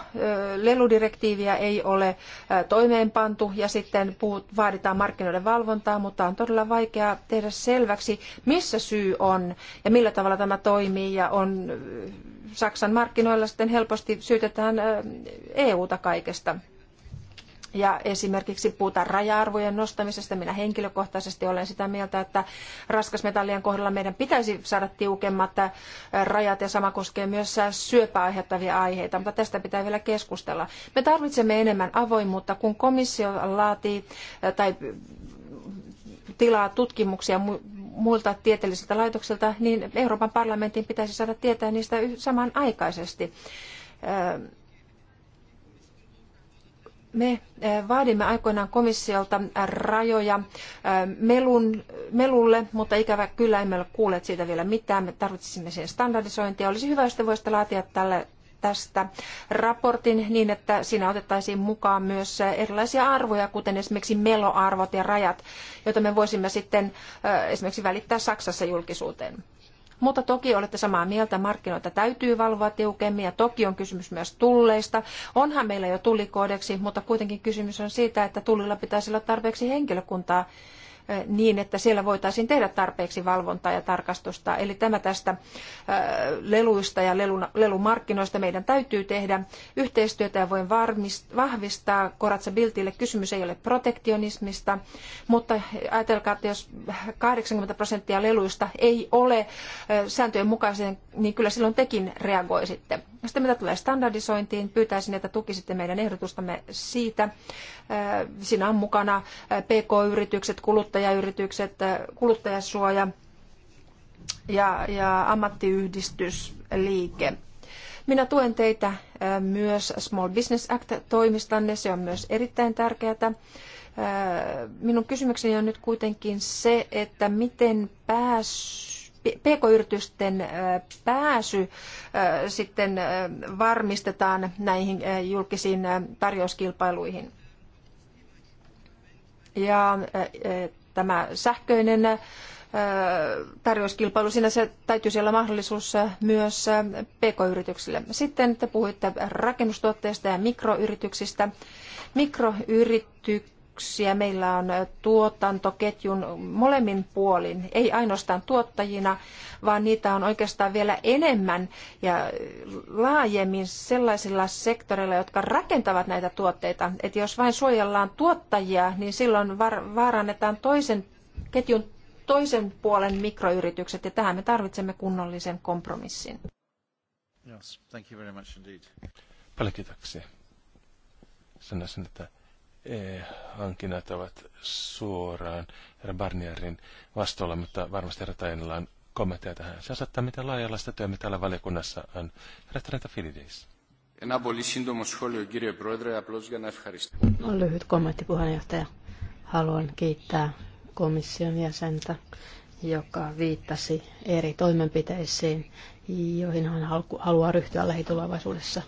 leludirektiiviä ei ole äh, toimeenpantu ja sitten puhut, vaaditaan markkinoiden valvontaa, mutta on todella vaikea tehdä selväksi, missä syy on ja millä tavalla tämä toimii ja on Saksan markkinoilla sitten helposti syytetään EUta kaikesta. Ja esimerkiksi puhutaan raja-arvojen nostamisesta. Minä henkilökohtaisesti olen sitä mieltä, että raskasmetallien kohdalla meidän pitäisi saada tiukemmat äh, rajat ja sama koskee myös äh, syöpää aiheuttavia aiheita, mutta tästä pitää vielä keskustella. Me tarvitsemme enemmän avoimuutta, kun komissio laatii äh, tai mm, tilaa tutkimuksia muilta tieteellisiltä laitoksilta, niin Euroopan parlamentin pitäisi saada tietää niistä samanaikaisesti me eh, vaadimme aikoinaan komissiolta rajoja eh, melun, melulle, mutta ikävä kyllä emme ole kuulleet siitä vielä mitään. Me tarvitsisimme siihen standardisointia. Olisi hyvä, jos te voisitte laatia tälle tästä raportin niin, että siinä otettaisiin mukaan myös erilaisia arvoja, kuten esimerkiksi meloarvot ja rajat, joita me voisimme sitten eh, esimerkiksi välittää Saksassa julkisuuteen. Mutta toki olette samaa mieltä, markkinoita täytyy valvoa tiukemmin ja toki on kysymys myös tulleista. Onhan meillä jo tullikoodeksi, mutta kuitenkin kysymys on siitä, että tullilla pitäisi olla tarpeeksi henkilökuntaa niin, että siellä voitaisiin tehdä tarpeeksi valvontaa ja tarkastusta. Eli tämä tästä leluista ja lelumarkkinoista meidän täytyy tehdä yhteistyötä ja voin vahvistaa Koratsa Biltille, kysymys ei ole protektionismista, mutta ajatelkaa, että jos 80 prosenttia leluista ei ole sääntöjen mukaisen, niin kyllä silloin tekin reagoisitte. No sitten mitä tulee standardisointiin, pyytäisin, että tukisitte meidän ehdotustamme siitä. Siinä on mukana PK-yritykset, kuluttajat, kuluttajayritykset, kuluttajasuoja ja, ja ammattiyhdistysliike. Minä tuen teitä äh, myös Small Business Act-toimistanne, se on myös erittäin tärkeää. Äh, minun kysymykseni on nyt kuitenkin se, että miten PK-yritysten äh, pääsy sitten varmistetaan näihin julkisiin tarjouskilpailuihin. Ja tämä sähköinen tarjouskilpailu, siinä se täytyisi olla mahdollisuus myös pk-yrityksille. Sitten te puhuitte rakennustuotteista ja mikroyrityksistä. Mikroyritykset yrityksiä, Meillä on tuotantoketjun molemmin puolin, ei ainoastaan tuottajina, vaan niitä on oikeastaan vielä enemmän ja laajemmin sellaisilla sektoreilla, jotka rakentavat näitä tuotteita. Että jos vain suojellaan tuottajia, niin silloin var- vaarannetaan toisen ketjun toisen puolen mikroyritykset ja tähän me tarvitsemme kunnollisen kompromissin. Yes, thank you very much indeed. Paljon kiitoksia. Sanoisin, että hankinnat ovat suoraan herra Barnierin vastuulla, mutta varmasti herra Tajanilla on kommentteja tähän. Se osoittaa, mitä laajalaista työmme täällä valiokunnassa on. Herra Tarenta Filidis. Lyhyt kommentti, puheenjohtaja. Haluan kiittää komission jäsentä, joka viittasi eri toimenpiteisiin, joihin hän haluaa ryhtyä lähitulevaisuudessa.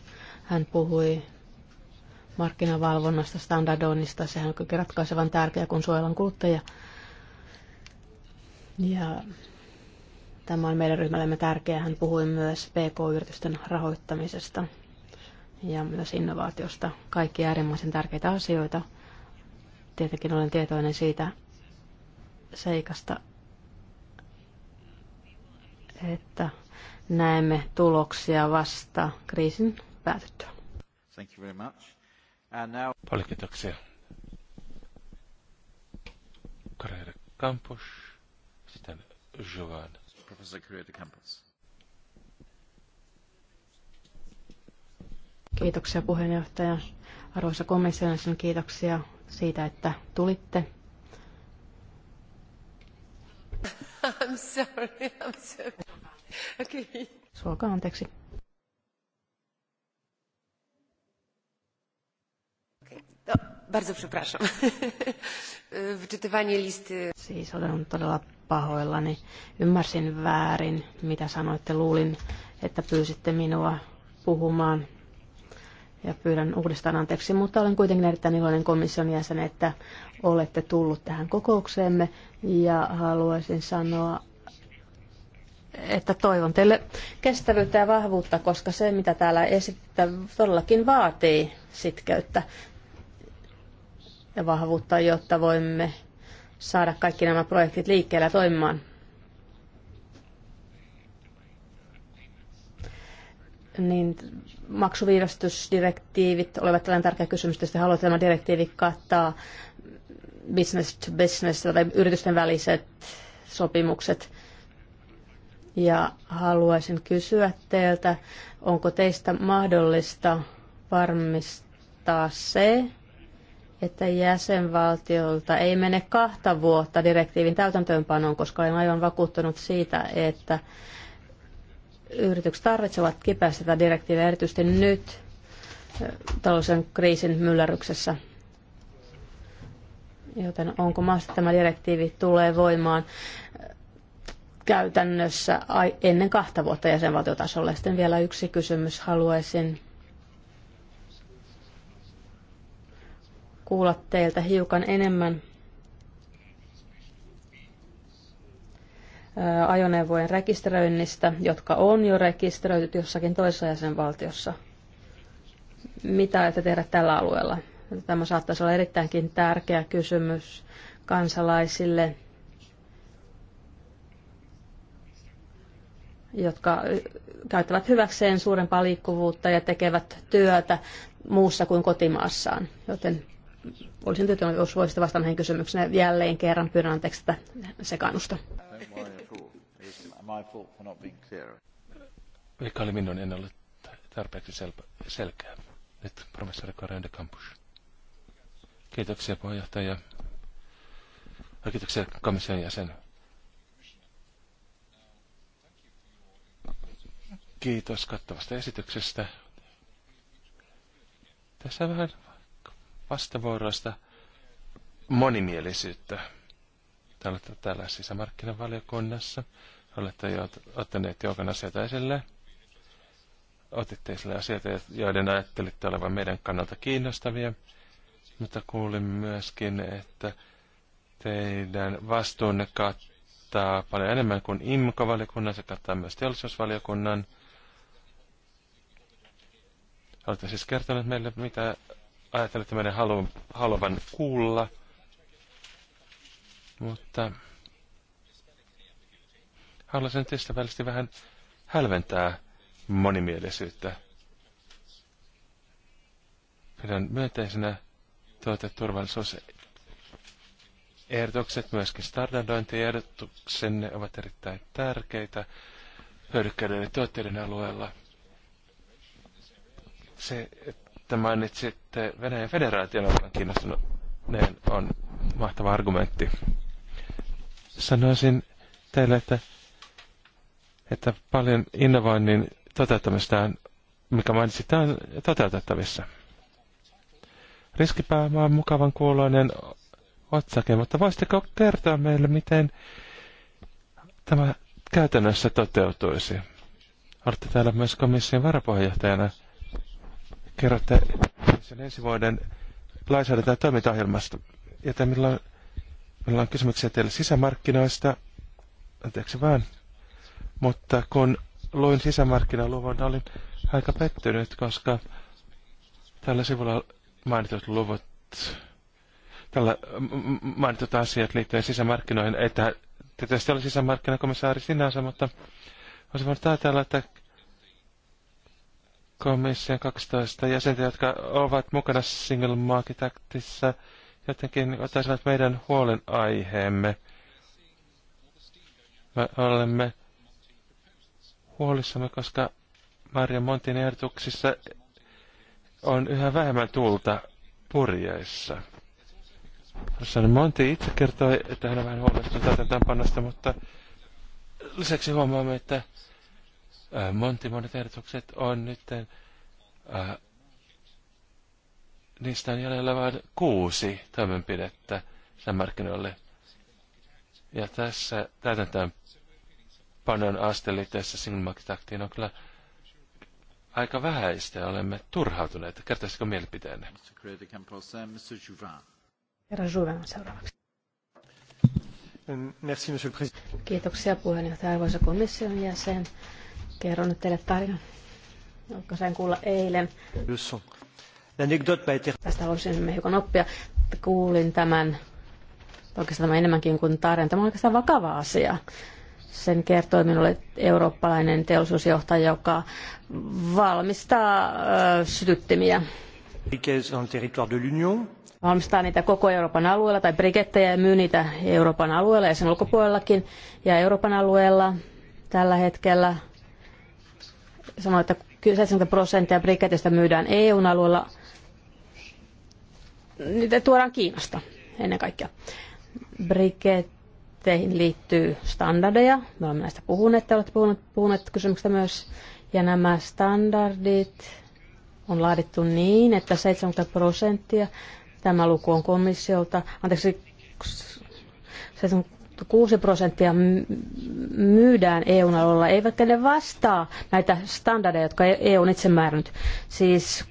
Hän puhui markkinavalvonnasta, standardoinnista. Sehän on kyllä ratkaisevan tärkeää, kun suojellaan kuluttajia. Ja tämä on meidän ryhmällemme tärkeää. Hän puhui myös PK-yritysten rahoittamisesta ja myös innovaatiosta. Kaikki äärimmäisen tärkeitä asioita. Tietenkin olen tietoinen siitä seikasta, että näemme tuloksia vasta kriisin päätyttyä. Thank you very much. Now... Paljon kiitoksia. Carrera Campos, sitten Jovan. Professor Carrera Campos. Kiitoksia puheenjohtaja. Arvoisa komissio, kiitoksia siitä, että tulitte. I'm sorry, I'm sorry. Okay. Suokaa anteeksi. No, bardzo przepraszam. Wyczytywanie listy. Siis olen todella pahoillani. Ymmärsin väärin, mitä sanoitte. Luulin, että pyysitte minua puhumaan ja pyydän uudestaan anteeksi, mutta olen kuitenkin erittäin iloinen komission jäsen, että olette tullut tähän kokoukseemme ja haluaisin sanoa, että toivon teille kestävyyttä ja vahvuutta, koska se, mitä täällä esitetään, todellakin vaatii sitkeyttä ja vahvuutta, jotta voimme saada kaikki nämä projektit liikkeellä toimimaan. Niin maksuviivästysdirektiivit olivat tällainen tärkeä kysymys, jos te haluatte tämä direktiivi kattaa business to business tai yritysten väliset sopimukset. Ja haluaisin kysyä teiltä, onko teistä mahdollista varmistaa se, että jäsenvaltiolta ei mene kahta vuotta direktiivin täytäntöönpanoon, koska olen aivan vakuuttunut siitä, että yritykset tarvitsevat kipeästi tätä direktiiviä, erityisesti nyt talousen kriisin myllärryksessä. Joten onko mahdollista, tämä direktiivi tulee voimaan käytännössä ennen kahta vuotta jäsenvaltiotasolla. Sitten vielä yksi kysymys haluaisin kuulla teiltä hiukan enemmän ajoneuvojen rekisteröinnistä, jotka on jo rekisteröity jossakin toisessa jäsenvaltiossa. Mitä aiotte tehdä tällä alueella? Tämä saattaisi olla erittäinkin tärkeä kysymys kansalaisille, jotka käyttävät hyväkseen suurempaa liikkuvuutta ja tekevät työtä muussa kuin kotimaassaan. Joten Olisin tyytynyt, jos voisitte vastata näihin kysymyksiin jälleen kerran. Pyydän anteeksi tätä sekaannusta. Vika oli minun, en ollut tarpeeksi sel- selkeä. Nyt professori Karen de Campus. Kiitoksia puheenjohtaja. Kiitoksia komission jäsen. Kiitos kattavasta esityksestä. Tässä vähän vastavuoroista monimielisyyttä. Te olette täällä sisämarkkinavaliokunnassa, olette jo ottaneet joukon asioita esille. Otitte esille asioita, joiden ajattelitte olevan meidän kannalta kiinnostavia, mutta kuulin myöskin, että teidän vastuunne kattaa paljon enemmän kuin IMCO-valiokunnan, se kattaa myös teollisuusvaliokunnan. Olette siis kertoneet meille, mitä Ajatellut meidän haluan, haluavan kuulla, mutta haluaisin nyt ystävällisesti vähän hälventää monimielisyyttä. Pidän myönteisenä tuoteturvallisuusehdotukset, myöskin standardointiehdotuksenne ovat erittäin tärkeitä hyödykkäiden ja tuotteiden alueella. Se, että että mainitsitte Venäjän federaation olevan kiinnostuneen on mahtava argumentti. Sanoisin teille, että, että paljon innovoinnin toteuttamistaan, mikä mainitsitte, on toteutettavissa. Riskipääoma on mukavan kuuloinen otsake, mutta voisitteko kertoa meille, miten tämä käytännössä toteutuisi? Olette täällä myös komission varapuheenjohtajana – kerrotte sen ensi vuoden lainsäädäntö- ja toimintaohjelmasta. Joten meillä on, meillä on kysymyksiä teille sisämarkkinoista, anteeksi vaan, mutta kun luin sisämarkkinaluvun, olin aika pettynyt, koska tällä sivulla mainitut luvut, tällä mainitut asiat liittyen sisämarkkinoihin, että tietysti oli sisämarkkinakomissaari sinänsä, mutta olisin voinut ajatella, että komission 12 jäsentä, jotka ovat mukana Single Market Actissa, jotenkin ottaisivat meidän huolen aiheemme. Me olemme huolissamme, koska Maria Montin ehdotuksissa on yhä vähemmän tulta purjeissa. Monti itse kertoi, että hän on vähän huolestunut täytäntöönpanosta, mutta lisäksi huomaamme, että Monti monet ehdotukset on nyt, äh, niistä on jäljellä vain kuusi toimenpidettä markkinoille. Ja tässä täytetään panon asteliitteessä Sigmaktaktiin on kyllä aika vähäistä olemme turhautuneet. Kertoisiko mielipiteenne? Uh, Herra Juven seuraavaksi. Merci, Kiitoksia puheenjohtaja, arvoisa komission jäsen. Kerron nyt teille tarinan, jonka sain kuulla eilen. Tästä me hiukan oppia. Kuulin tämän, oikeastaan tämä enemmänkin kuin tarina. Tämä on oikeastaan vakava asia. Sen kertoi minulle eurooppalainen teollisuusjohtaja, joka valmistaa äh, sytyttimiä. Valmistaa niitä koko Euroopan alueella tai brikettejä ja myy niitä Euroopan alueella ja sen ulkopuolellakin. Ja Euroopan alueella tällä hetkellä sanoi, että 70 prosenttia briketistä myydään EU-alueella. Niitä tuodaan Kiinasta ennen kaikkea. Briketteihin liittyy standardeja. Me olemme näistä puhuneet, te olette puhuneet, puhuneet kysymyksestä myös. Ja nämä standardit on laadittu niin, että 70 prosenttia, tämä luku on komissiolta, anteeksi, 6 prosenttia myydään EUn alueella, eivätkä ne vastaa näitä standardeja, jotka e- EU on itse määrännyt. Siis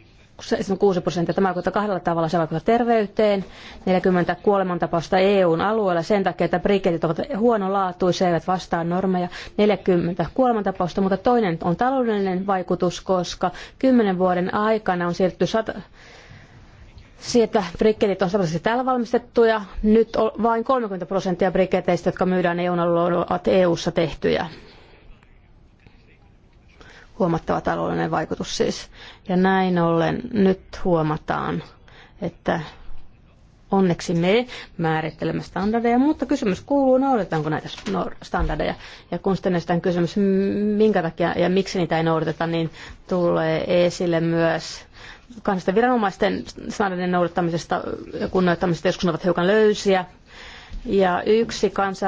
6 prosenttia. Tämä vaikuttaa kahdella tavalla. Se vaikuttaa terveyteen. 40 kuolemantapausta EUn alueella sen takia, että briketit ovat huonolaatuisia, eivät vastaa normeja. 40 kuolemantapausta, mutta toinen on taloudellinen vaikutus, koska 10 vuoden aikana on siirtynyt siitä briketit on sellaisesti täällä valmistettuja. Nyt vain 30 prosenttia briketeistä, jotka myydään n e alueella, ovat EU-ssa tehtyjä. Huomattava taloudellinen vaikutus siis. Ja näin ollen nyt huomataan, että onneksi me määrittelemme standardeja, mutta kysymys kuuluu, noudatetaanko näitä standardeja. Ja kun sitten esitän kysymys, minkä takia ja miksi niitä ei noudateta, niin tulee esille myös kansallisten viranomaisten standardien noudattamisesta ja kunnioittamisesta joskus ovat hiukan löysiä. Ja yksi kansa,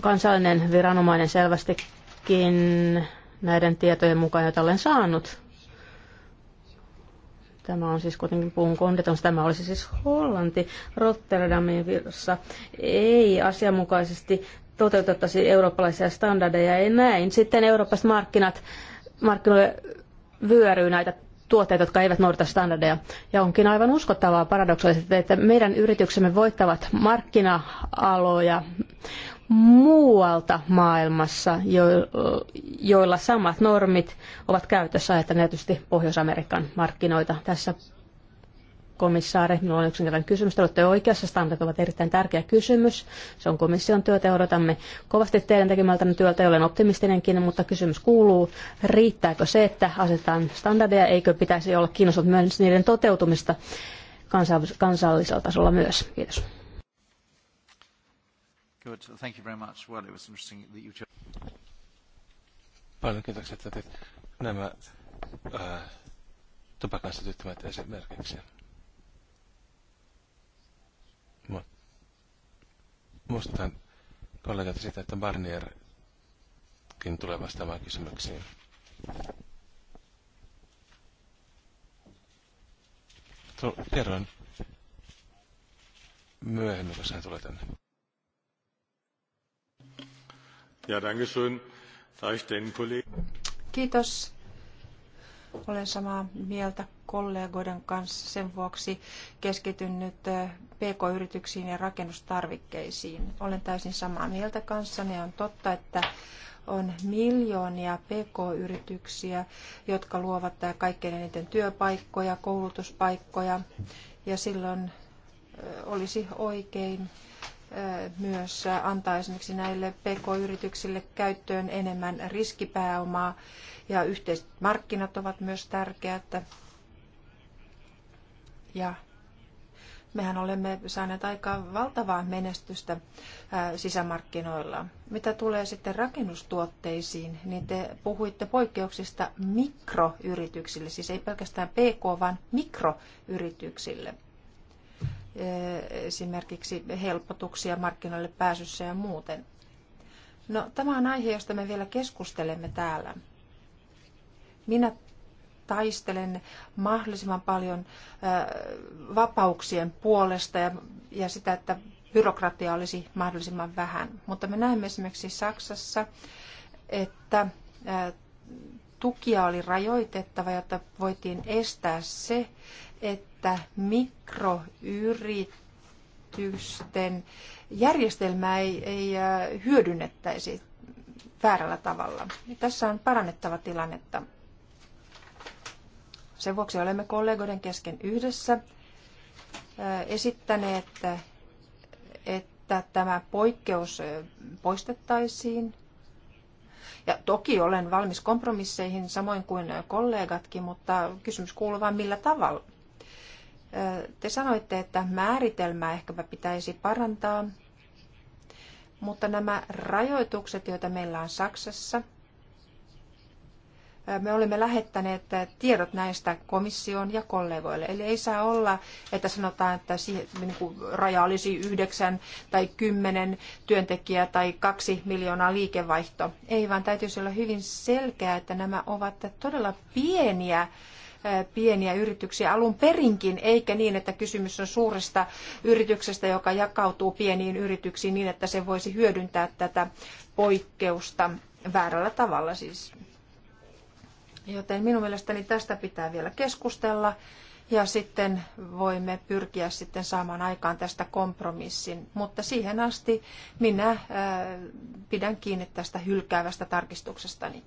kansallinen viranomainen selvästikin näiden tietojen mukaan, joita olen saanut, Tämä on siis kuitenkin puun konditons. Tämä olisi siis Hollanti Rotterdamin virrossa. Ei asianmukaisesti toteutettaisi eurooppalaisia standardeja ja näin. Sitten euroopan markkinat, markkinoille vyöryy näitä tuotteita, jotka eivät noudata standardeja. Ja onkin aivan uskottavaa paradoksaalisesti, että meidän yrityksemme voittavat markkina-aloja muualta maailmassa, joilla samat normit ovat käytössä, että tietysti Pohjois-Amerikan markkinoita. Tässä komissaari. Minulla on yksinkertainen kysymys. Te olette oikeassa. Standardit ovat erittäin tärkeä kysymys. Se on komission työtä ja odotamme kovasti teidän tekemältä työtä, Ja olen optimistinenkin, mutta kysymys kuuluu, riittääkö se, että asetetaan standardeja, eikö pitäisi olla kiinnostunut myös niiden toteutumista kansallisella tasolla myös? Kiitos. Good. Thank you very much. Well, it was interesting that you chose... Paljon kiitoksia, että nämä äh, tupakansatyttömät esimerkiksi. Muistutan kollegat sitä, että Barnierkin tulee vastaamaan kysymyksiin. Kerron myöhemmin, koska hän tulee tänne. Ja, danke schön. Kiitos. Olen samaa mieltä kollegoiden kanssa. Sen vuoksi keskityn nyt eh, PK-yrityksiin ja rakennustarvikkeisiin. Olen täysin samaa mieltä kanssanne. On totta, että on miljoonia PK-yrityksiä, jotka luovat eh, kaikkein eniten työpaikkoja, koulutuspaikkoja. Ja silloin eh, olisi oikein myös antaa esimerkiksi näille PK-yrityksille käyttöön enemmän riskipääomaa ja yhteiset markkinat ovat myös tärkeät. Ja mehän olemme saaneet aika valtavaa menestystä sisämarkkinoilla. Mitä tulee sitten rakennustuotteisiin, niin te puhuitte poikkeuksista mikroyrityksille, siis ei pelkästään PK, vaan mikroyrityksille. Esimerkiksi helpotuksia markkinoille pääsyssä ja muuten. No, tämä on aihe, josta me vielä keskustelemme täällä. Minä taistelen mahdollisimman paljon vapauksien puolesta ja, ja sitä, että byrokratia olisi mahdollisimman vähän. Mutta me näemme esimerkiksi Saksassa, että tukia oli rajoitettava, jotta voitiin estää se, että mikroyritysten järjestelmää ei, ei hyödynnettäisi väärällä tavalla. Tässä on parannettava tilannetta. Sen vuoksi olemme kollegoiden kesken yhdessä esittäneet, että tämä poikkeus poistettaisiin. Ja toki olen valmis kompromisseihin samoin kuin kollegatkin, mutta kysymys kuuluu vain millä tavalla. Te sanoitte, että määritelmää ehkäpä pitäisi parantaa, mutta nämä rajoitukset, joita meillä on Saksassa – me olemme lähettäneet tiedot näistä komissioon ja kollegoille. Eli ei saa olla, että sanotaan, että siihen, niin kuin raja olisi yhdeksän tai kymmenen työntekijää tai kaksi miljoonaa liikevaihto. Ei, vaan täytyisi olla hyvin selkeää, että nämä ovat todella pieniä pieniä yrityksiä alun perinkin, eikä niin, että kysymys on suuresta yrityksestä, joka jakautuu pieniin yrityksiin niin, että se voisi hyödyntää tätä poikkeusta väärällä tavalla siis. Joten minun mielestäni tästä pitää vielä keskustella ja sitten voimme pyrkiä sitten saamaan aikaan tästä kompromissin. Mutta siihen asti minä äh, pidän kiinni tästä hylkäävästä tarkistuksestani.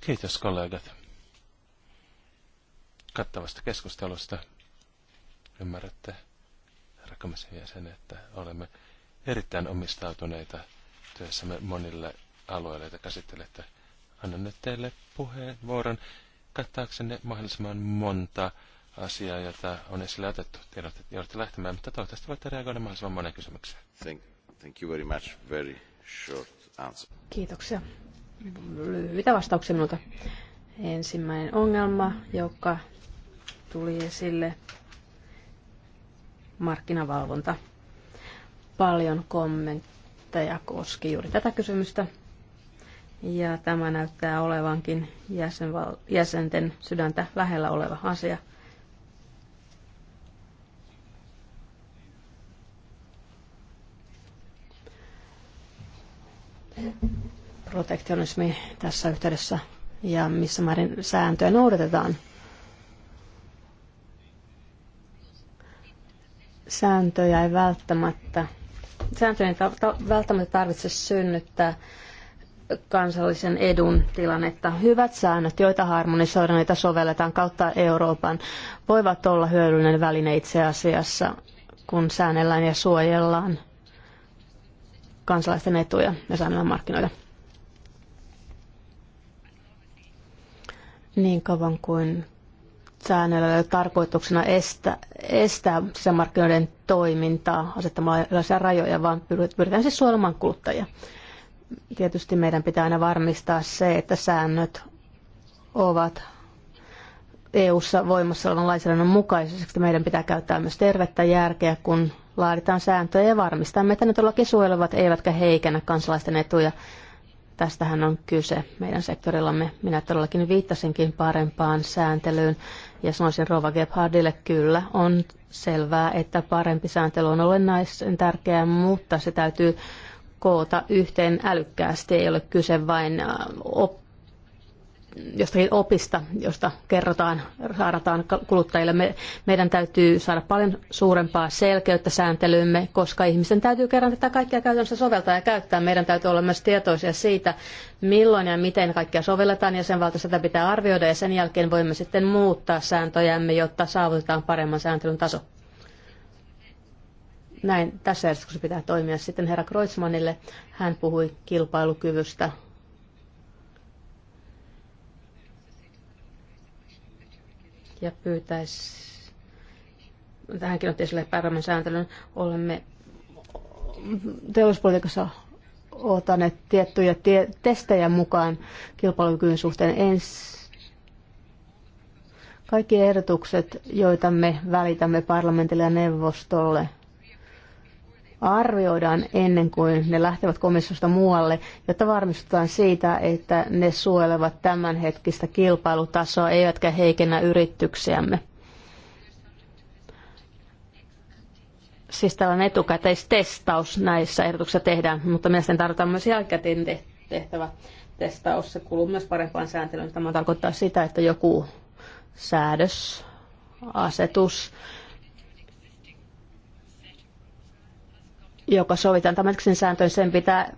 Kiitos kollegat kattavasta keskustelusta. Ymmärrätte, rakkaamisen jäsen, että olemme erittäin omistautuneita – työssämme monille alueille, joita käsittelette. Annan nyt teille puheenvuoron kattaaksenne mahdollisimman monta asiaa, jota on esille otettu. Tiedätte, joudutte lähtemään, mutta toivottavasti voitte reagoida mahdollisimman monen kysymykseen. Thank, thank you very much. Very short answer. Kiitoksia. Lyhyitä vastauksia minulta. Ensimmäinen ongelma, joka tuli esille, markkinavalvonta. Paljon kommentteja kommentteja koski juuri tätä kysymystä. Ja tämä näyttää olevankin jäsenval- jäsenten sydäntä lähellä oleva asia. Protektionismi tässä yhteydessä ja missä määrin sääntöjä noudatetaan. Sääntöjä ei välttämättä sääntöjen välttämättä tarvitse synnyttää kansallisen edun tilannetta. Hyvät säännöt, joita harmonisoidaan, joita sovelletaan kautta Euroopan, voivat olla hyödyllinen väline itse asiassa, kun säännellään ja suojellaan kansalaisten etuja ja säännellään markkinoita. Niin kauan kuin säännöllä tarkoituksena estää, estää sisämarkkinoiden toimintaa asettamalla erilaisia rajoja, vaan pyritään siis suojelemaan kuluttajia. Tietysti meidän pitää aina varmistaa se, että säännöt ovat EU-ssa voimassa olevan lainsäädännön mukaisesti. Meidän pitää käyttää myös tervettä järkeä, kun laaditaan sääntöjä ja varmistamme, että ne todellakin suojelevat eivätkä heikennä kansalaisten etuja. Tästähän on kyse meidän sektorillamme. Minä todellakin viittasinkin parempaan sääntelyyn ja sanoisin Rova Gebhardille, kyllä, on selvää, että parempi sääntely on olennaisen tärkeää, mutta se täytyy koota yhteen älykkäästi. Ei ole kyse vain äh, op- jostakin opista, josta kerrotaan, saadaan kuluttajille. Me, meidän täytyy saada paljon suurempaa selkeyttä sääntelyymme, koska ihmisten täytyy kerran tätä kaikkia käytännössä soveltaa ja käyttää. Meidän täytyy olla myös tietoisia siitä, milloin ja miten kaikkea sovelletaan, ja sen valta sitä pitää arvioida, ja sen jälkeen voimme sitten muuttaa sääntöjämme, jotta saavutetaan paremman sääntelyn taso. Näin tässä järjestyksessä pitää toimia. Sitten herra Kreutzmannille, hän puhui kilpailukyvystä ja pyytäisi, tähänkin on tietysti päivämmän sääntelyn, olemme teollisuuspolitiikassa otaneet tiettyjä tie- testejä mukaan kilpailukyvyn suhteen. Ens, kaikki ehdotukset, joita me välitämme parlamentille ja neuvostolle, arvioidaan ennen kuin ne lähtevät komissiosta muualle, jotta varmistutaan siitä, että ne suojelevat tämänhetkistä kilpailutasoa eivätkä heikennä yrityksiämme. Siis tällainen etukäteistestaus näissä ehdotuksissa tehdään, mutta mielestäni tarvitaan myös jälkikäteen tehtävä testaus. Se kuuluu myös parempaan sääntelyyn. Tämä tarkoittaa sitä, että joku säädös, asetus, joka sovitaan tämänkin sääntöön, sen pitää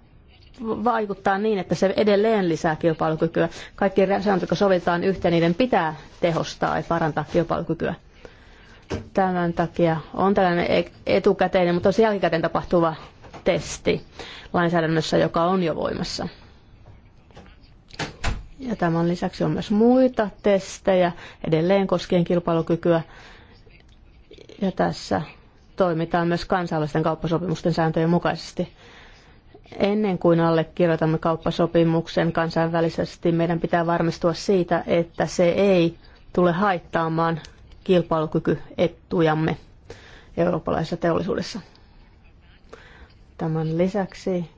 vaikuttaa niin, että se edelleen lisää kilpailukykyä. Kaikki säännöt, jotka sovitaan yhteen, niiden pitää tehostaa ja parantaa kilpailukykyä. Tämän takia on tällainen e- etukäteinen, mutta tosi jälkikäteen tapahtuva testi lainsäädännössä, joka on jo voimassa. Ja tämän lisäksi on myös muita testejä edelleen koskien kilpailukykyä. Ja tässä toimitaan myös kansainvälisten kauppasopimusten sääntöjen mukaisesti. Ennen kuin allekirjoitamme kauppasopimuksen kansainvälisesti, meidän pitää varmistua siitä, että se ei tule haittaamaan kilpailukykyettujamme eurooppalaisessa teollisuudessa. Tämän lisäksi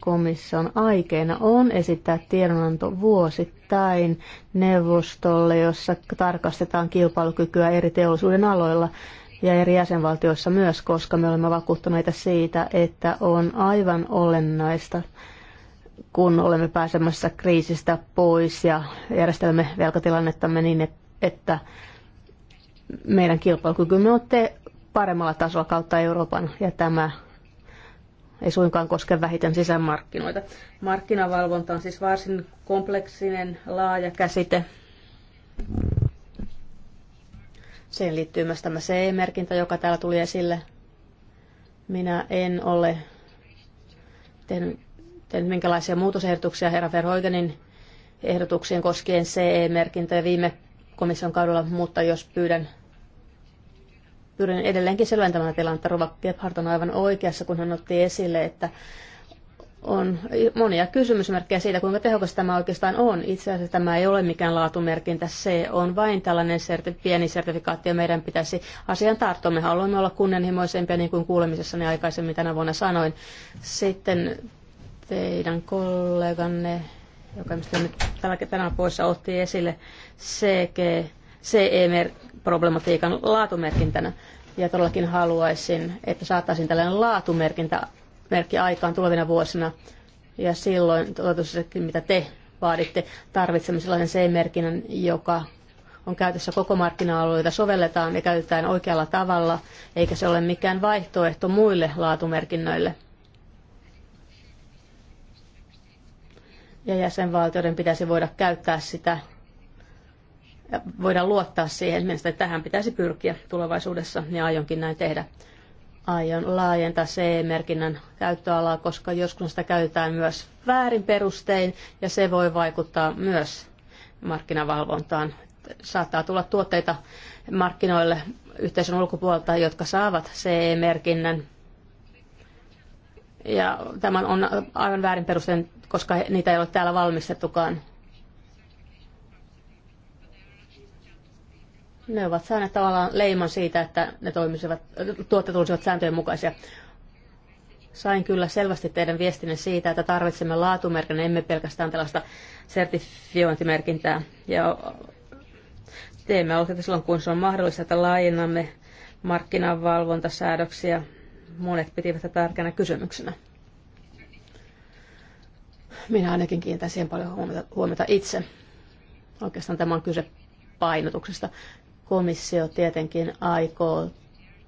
komission aikeena on esittää tiedonanto vuosittain neuvostolle, jossa tarkastetaan kilpailukykyä eri teollisuuden aloilla ja eri jäsenvaltioissa myös, koska me olemme vakuuttuneita siitä, että on aivan olennaista, kun olemme pääsemässä kriisistä pois ja järjestelmme velkatilannettamme niin, että meidän kilpailukykymme on te paremmalla tasolla kautta Euroopan ja tämä ei suinkaan koske vähiten sisämarkkinoita. Markkinavalvonta on siis varsin kompleksinen, laaja käsite. Siihen liittyy myös tämä CE-merkintä, joka täällä tuli esille. Minä en ole tehnyt, tehnyt minkälaisia muutosehdotuksia herra Verhoitenin ehdotuksien koskien CE-merkintöjä viime komission kaudella, mutta jos pyydän pyydän edelleenkin selventämään tilannetta. Rova Gebhardt on aivan oikeassa, kun hän otti esille, että on monia kysymysmerkkejä siitä, kuinka tehokas tämä oikeastaan on. Itse asiassa tämä ei ole mikään laatumerkintä, se on vain tällainen serti- pieni sertifikaatti ja meidän pitäisi asian tarttua. Me haluamme olla kunnianhimoisempia, niin kuin kuulemisessani aikaisemmin tänä vuonna sanoin. Sitten teidän kolleganne, joka nyt tällä tänään poissa otti esille CG, CE-problematiikan laatumerkintänä. Ja todellakin haluaisin, että saataisiin tällainen laatumerkintä merkki aikaan tulevina vuosina. Ja silloin toivottavasti, mitä te vaaditte, tarvitsemme sellaisen C-merkinnän, joka on käytössä koko markkina-alueita sovelletaan ja käytetään oikealla tavalla, eikä se ole mikään vaihtoehto muille laatumerkinnöille. Ja jäsenvaltioiden pitäisi voida käyttää sitä, voida luottaa siihen, että tähän pitäisi pyrkiä tulevaisuudessa, ja aionkin näin tehdä aion laajentaa CE-merkinnän käyttöalaa, koska joskus sitä käytetään myös väärin perustein ja se voi vaikuttaa myös markkinavalvontaan. Saattaa tulla tuotteita markkinoille yhteisön ulkopuolelta, jotka saavat CE-merkinnän. Ja tämä on aivan väärin perustein, koska niitä ei ole täällä valmistettukaan. Ne ovat saaneet tavallaan leiman siitä, että ne toimisivat, tuotteet olisivat sääntöjen mukaisia. Sain kyllä selvästi teidän viestinne siitä, että tarvitsemme laatumerkin, emme pelkästään tällaista sertifiointimerkintää. Ja teemme aloitetta silloin, kun se on mahdollista, että laajennamme markkinavalvontasäädöksiä. Monet pitivät tätä tärkeänä kysymyksenä. Minä ainakin kiinnitän siihen paljon huomiota, huomiota itse. Oikeastaan tämä on kyse painotuksesta. Komissio tietenkin aikoo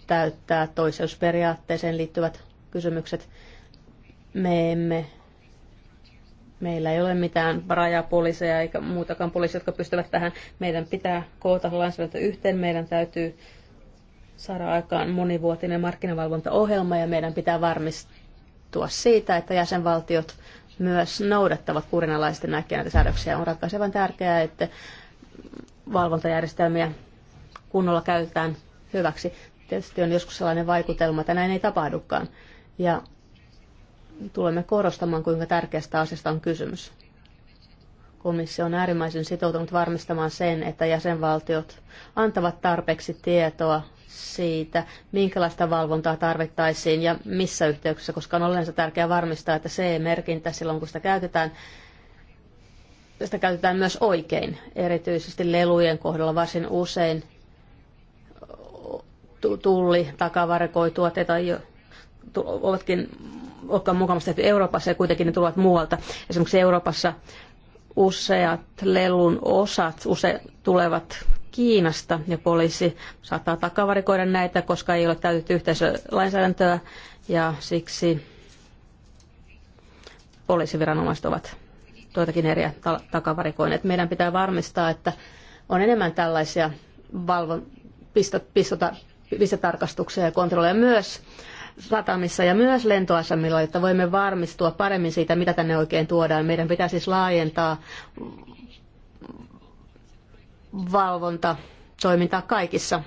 täyttää toiseusperiaatteeseen liittyvät kysymykset. Me emme, meillä ei ole mitään rajapoliiseja eikä muutakaan poliisia, jotka pystyvät tähän. Meidän pitää koota lainsäädäntö yhteen. Meidän täytyy saada aikaan monivuotinen markkinavalvontaohjelma ja meidän pitää varmistua siitä, että jäsenvaltiot myös noudattavat kurinalaisesti näitä säädöksiä. On ratkaisevan tärkeää, että valvontajärjestelmiä kunnolla käytetään hyväksi. Tietysti on joskus sellainen vaikutelma, että näin ei tapahdukaan. Ja tulemme korostamaan, kuinka tärkeästä asiasta on kysymys. Komissio on äärimmäisen sitoutunut varmistamaan sen, että jäsenvaltiot antavat tarpeeksi tietoa siitä, minkälaista valvontaa tarvittaisiin ja missä yhteyksissä, koska on olennaista tärkeää varmistaa, että CE-merkintä silloin, kun sitä käytetään, sitä käytetään myös oikein, erityisesti lelujen kohdalla varsin usein tulli takavarikoi tuotteita, ovatkin olekaan mukavasti tehty Euroopassa ja kuitenkin ne tulevat muualta. Esimerkiksi Euroopassa useat lelun osat use, tulevat Kiinasta ja poliisi saattaa takavarikoida näitä, koska ei ole täytetty yhteisölainsäädäntöä ja siksi poliisiviranomaiset ovat toitakin eriä takavarikoineet. Meidän pitää varmistaa, että on enemmän tällaisia valvon, pistota, pistota, visatarkastuksia ja kontrolleja myös satamissa ja myös lentoasemilla, jotta voimme varmistua paremmin siitä, mitä tänne oikein tuodaan. Meidän pitää siis laajentaa valvonta toimintaa kaikissa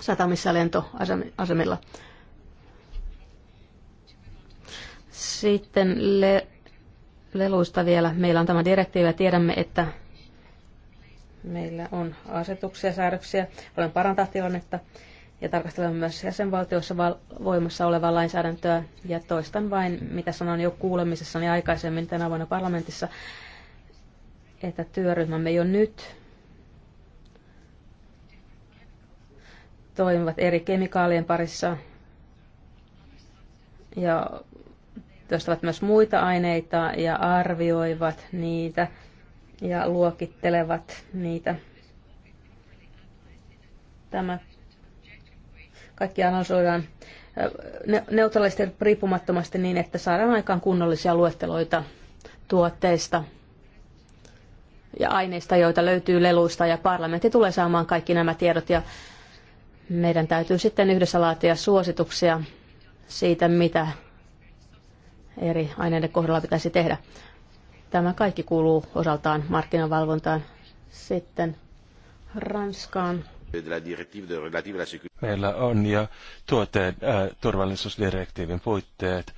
satamissa ja lentoasemilla. Sitten le- leluista vielä. Meillä on tämä direktiivi ja tiedämme, että meillä on asetuksia ja säädöksiä. Olen parantaa tilannetta ja tarkastelemme myös jäsenvaltioissa voimassa olevaa lainsäädäntöä. Ja toistan vain, mitä sanoin jo kuulemisessani aikaisemmin tänä vuonna parlamentissa, että työryhmämme jo nyt toimivat eri kemikaalien parissa ja työstävät myös muita aineita ja arvioivat niitä ja luokittelevat niitä. Tämä kaikki analysoidaan neutraalisti riippumattomasti niin, että saadaan aikaan kunnollisia luetteloita tuotteista ja aineista, joita löytyy leluista ja parlamentti tulee saamaan kaikki nämä tiedot ja meidän täytyy sitten yhdessä laatia suosituksia siitä, mitä eri aineiden kohdalla pitäisi tehdä. Tämä kaikki kuuluu osaltaan markkinavalvontaan. Sitten Ranskaan Meillä on ja tuotteen äh, turvallisuusdirektiivin puitteet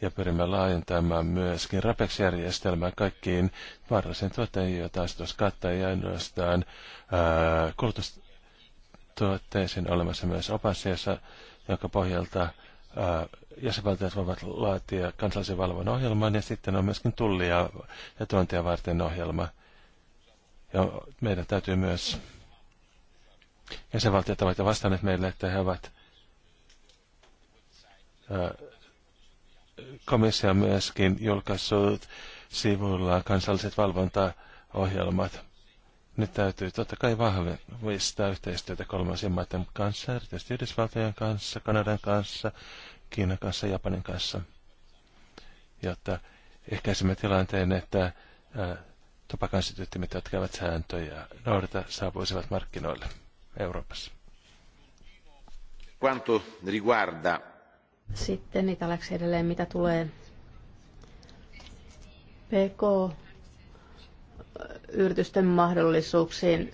ja pyrimme laajentamaan myöskin RAPEX-järjestelmää kaikkiin vaarallisiin tuotteihin, joita taas kattaa ja ainoastaan äh, kulutustuotteisiin olemassa myös opasiassa, jonka pohjalta äh, jäsenvaltiot voivat laatia kansallisen valvon ohjelman ja sitten on myöskin tullia ja tuontia varten ohjelma. Ja meidän täytyy myös jäsenvaltiot ovat vastanneet meille, että he ovat komissio myöskin julkaissut sivuilla kansalliset valvontaohjelmat. Nyt täytyy totta kai vahvistaa yhteistyötä kolmansien maiden kanssa, erityisesti Yhdysvaltojen kanssa, Kanadan kanssa, Kiinan kanssa, Japanin kanssa, jotta ehkäisemme tilanteen, että tupakansytyttimet, jotka eivät sääntöjä noudata, saapuisivat markkinoille. Euroopassa. Quanto riguarda... Sitten italiaksi edelleen, mitä tulee PK-yritysten mahdollisuuksiin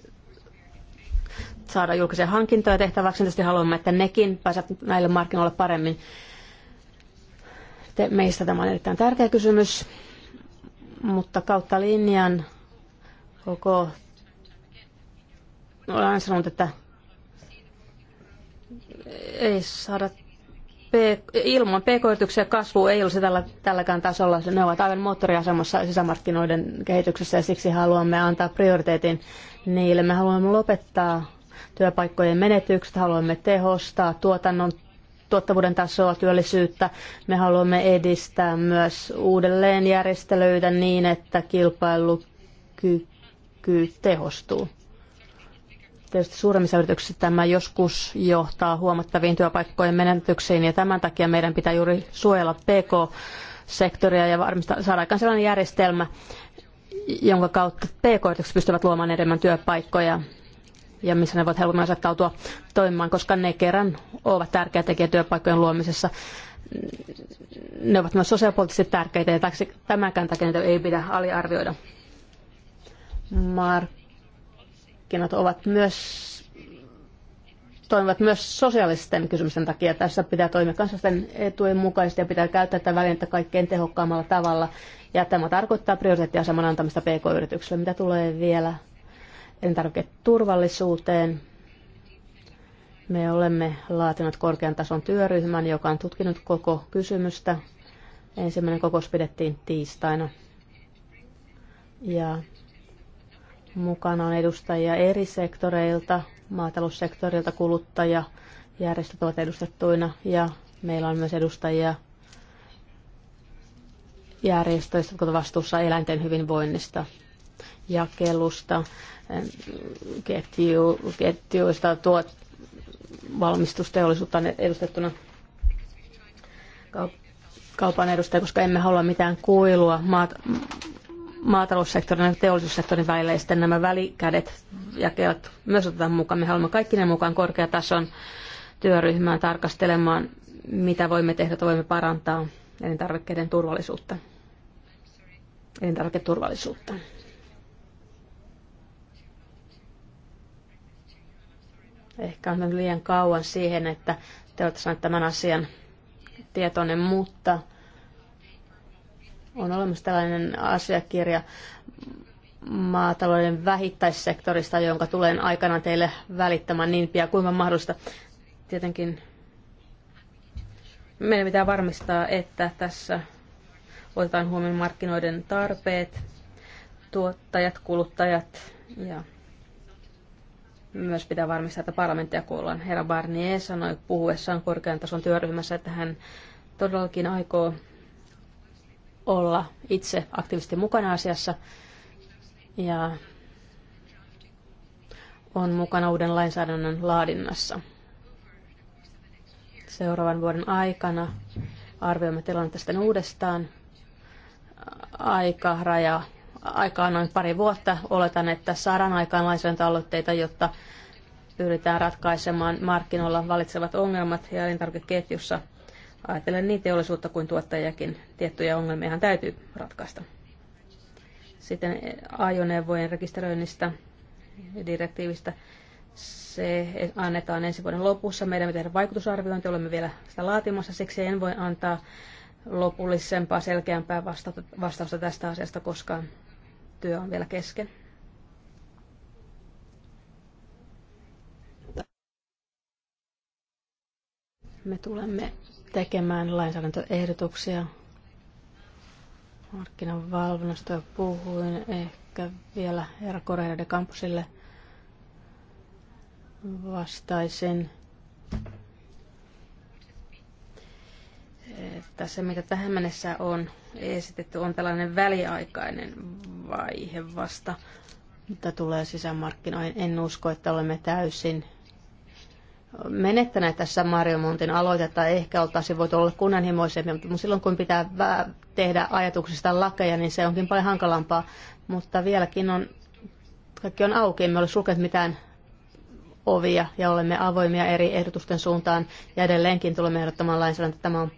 saada julkisia hankintoja tehtäväksi. Tietysti haluamme, että nekin pääsevät näille markkinoille paremmin. Meistä tämä on erittäin tärkeä kysymys, mutta kautta linjan koko olen aina sanonut, että ei saada ilman pk-yrityksiä kasvu ei olisi tällä, tälläkään tasolla. Ne ovat aivan moottoriasemassa sisämarkkinoiden kehityksessä ja siksi haluamme antaa prioriteetin niille. Me haluamme lopettaa työpaikkojen menetykset, haluamme tehostaa tuotannon tuottavuuden tasoa, työllisyyttä. Me haluamme edistää myös uudelleenjärjestelyitä niin, että kilpailukyky tehostuu. Tietysti suuremmissa yrityksissä tämä joskus johtaa huomattaviin työpaikkojen menetyksiin ja tämän takia meidän pitää juuri suojella PK-sektoria ja varmistaa, saada aikaan sellainen järjestelmä, jonka kautta PK-yritykset pystyvät luomaan enemmän työpaikkoja ja missä ne voivat helpommin asettautua toimimaan, koska ne kerran ovat tärkeä tekijä työpaikkojen luomisessa. Ne ovat myös sosiaalipoliittisesti tärkeitä ja tämänkään takia niitä ei pidä aliarvioida. Mark markkinat ovat myös toimivat myös sosiaalisten kysymysten takia. Tässä pitää toimia kansallisten etujen mukaisesti ja pitää käyttää tätä välinettä kaikkein tehokkaammalla tavalla. Ja tämä tarkoittaa prioriteettiaseman antamista PK-yrityksille, mitä tulee vielä elintarviketurvallisuuteen. Me olemme laatineet korkean tason työryhmän, joka on tutkinut koko kysymystä. Ensimmäinen kokous pidettiin tiistaina. Ja Mukana on edustajia eri sektoreilta, maataloussektorilta kuluttaja, järjestöt ovat edustettuina ja meillä on myös edustajia järjestöistä, jotka ovat vastuussa eläinten hyvinvoinnista, jakelusta, ketju, ketjuista, tuot, valmistusteollisuutta edustettuna kaupan edustajia, koska emme halua mitään kuilua maat, maataloussektorin ja teollisuussektorin välillä ja sitten nämä välikädet ja kelat myös otetaan mukaan. Me haluamme kaikki ne mukaan korkeatason työryhmään tarkastelemaan, mitä voimme tehdä, että voimme parantaa elintarvikkeiden turvallisuutta. Elintarviketurvallisuutta. Ehkä on liian kauan siihen, että te olette saaneet tämän asian tietoinen, mutta on olemassa tällainen asiakirja maatalouden vähittäissektorista, jonka tulen aikana teille välittämään niin pian kuin mahdollista. Tietenkin meidän pitää varmistaa, että tässä otetaan huomioon markkinoiden tarpeet, tuottajat, kuluttajat ja myös pitää varmistaa, että parlamenttia kuullaan. Herra Barnier sanoi puhuessaan korkean tason työryhmässä, että hän todellakin aikoo olla itse aktiivisesti mukana asiassa ja on mukana uuden lainsäädännön laadinnassa. Seuraavan vuoden aikana arvioimme tilannetta sitten uudestaan. Aikaraja, aika on noin pari vuotta. Oletan, että saadaan aikaan lainsäädäntöaloitteita, jotta pyritään ratkaisemaan markkinoilla valitsevat ongelmat ja elintarvikeketjussa – Ajatellen niin teollisuutta kuin tuottajakin tiettyjä ongelmia täytyy ratkaista. Sitten ajoneuvojen rekisteröinnistä direktiivistä se annetaan ensi vuoden lopussa. Meidän pitää tehdä vaikutusarviointi, olemme vielä sitä laatimassa, siksi en voi antaa lopullisempaa, selkeämpää vastausta tästä asiasta, koska työ on vielä kesken. Me tulemme tekemään lainsäädäntöehdotuksia markkinavalvonnasta jo puhuin, ehkä vielä herra Koreide Kampusille vastaisin. Että se, mitä tähän mennessä on esitetty, on tällainen väliaikainen vaihe vasta, mitä tulee sisämarkkinoihin. En usko, että olemme täysin menettäneet tässä Mario Montin aloitetta. Ehkä oltaisiin voitu olla kunnanhimoisempi, mutta silloin kun pitää tehdä ajatuksista lakeja, niin se onkin paljon hankalampaa. Mutta vieläkin on, kaikki on auki, emme ole sulkeet mitään ovia ja olemme avoimia eri ehdotusten suuntaan ja edelleenkin tulemme ehdottamaan lainsäädäntöä. Tämä on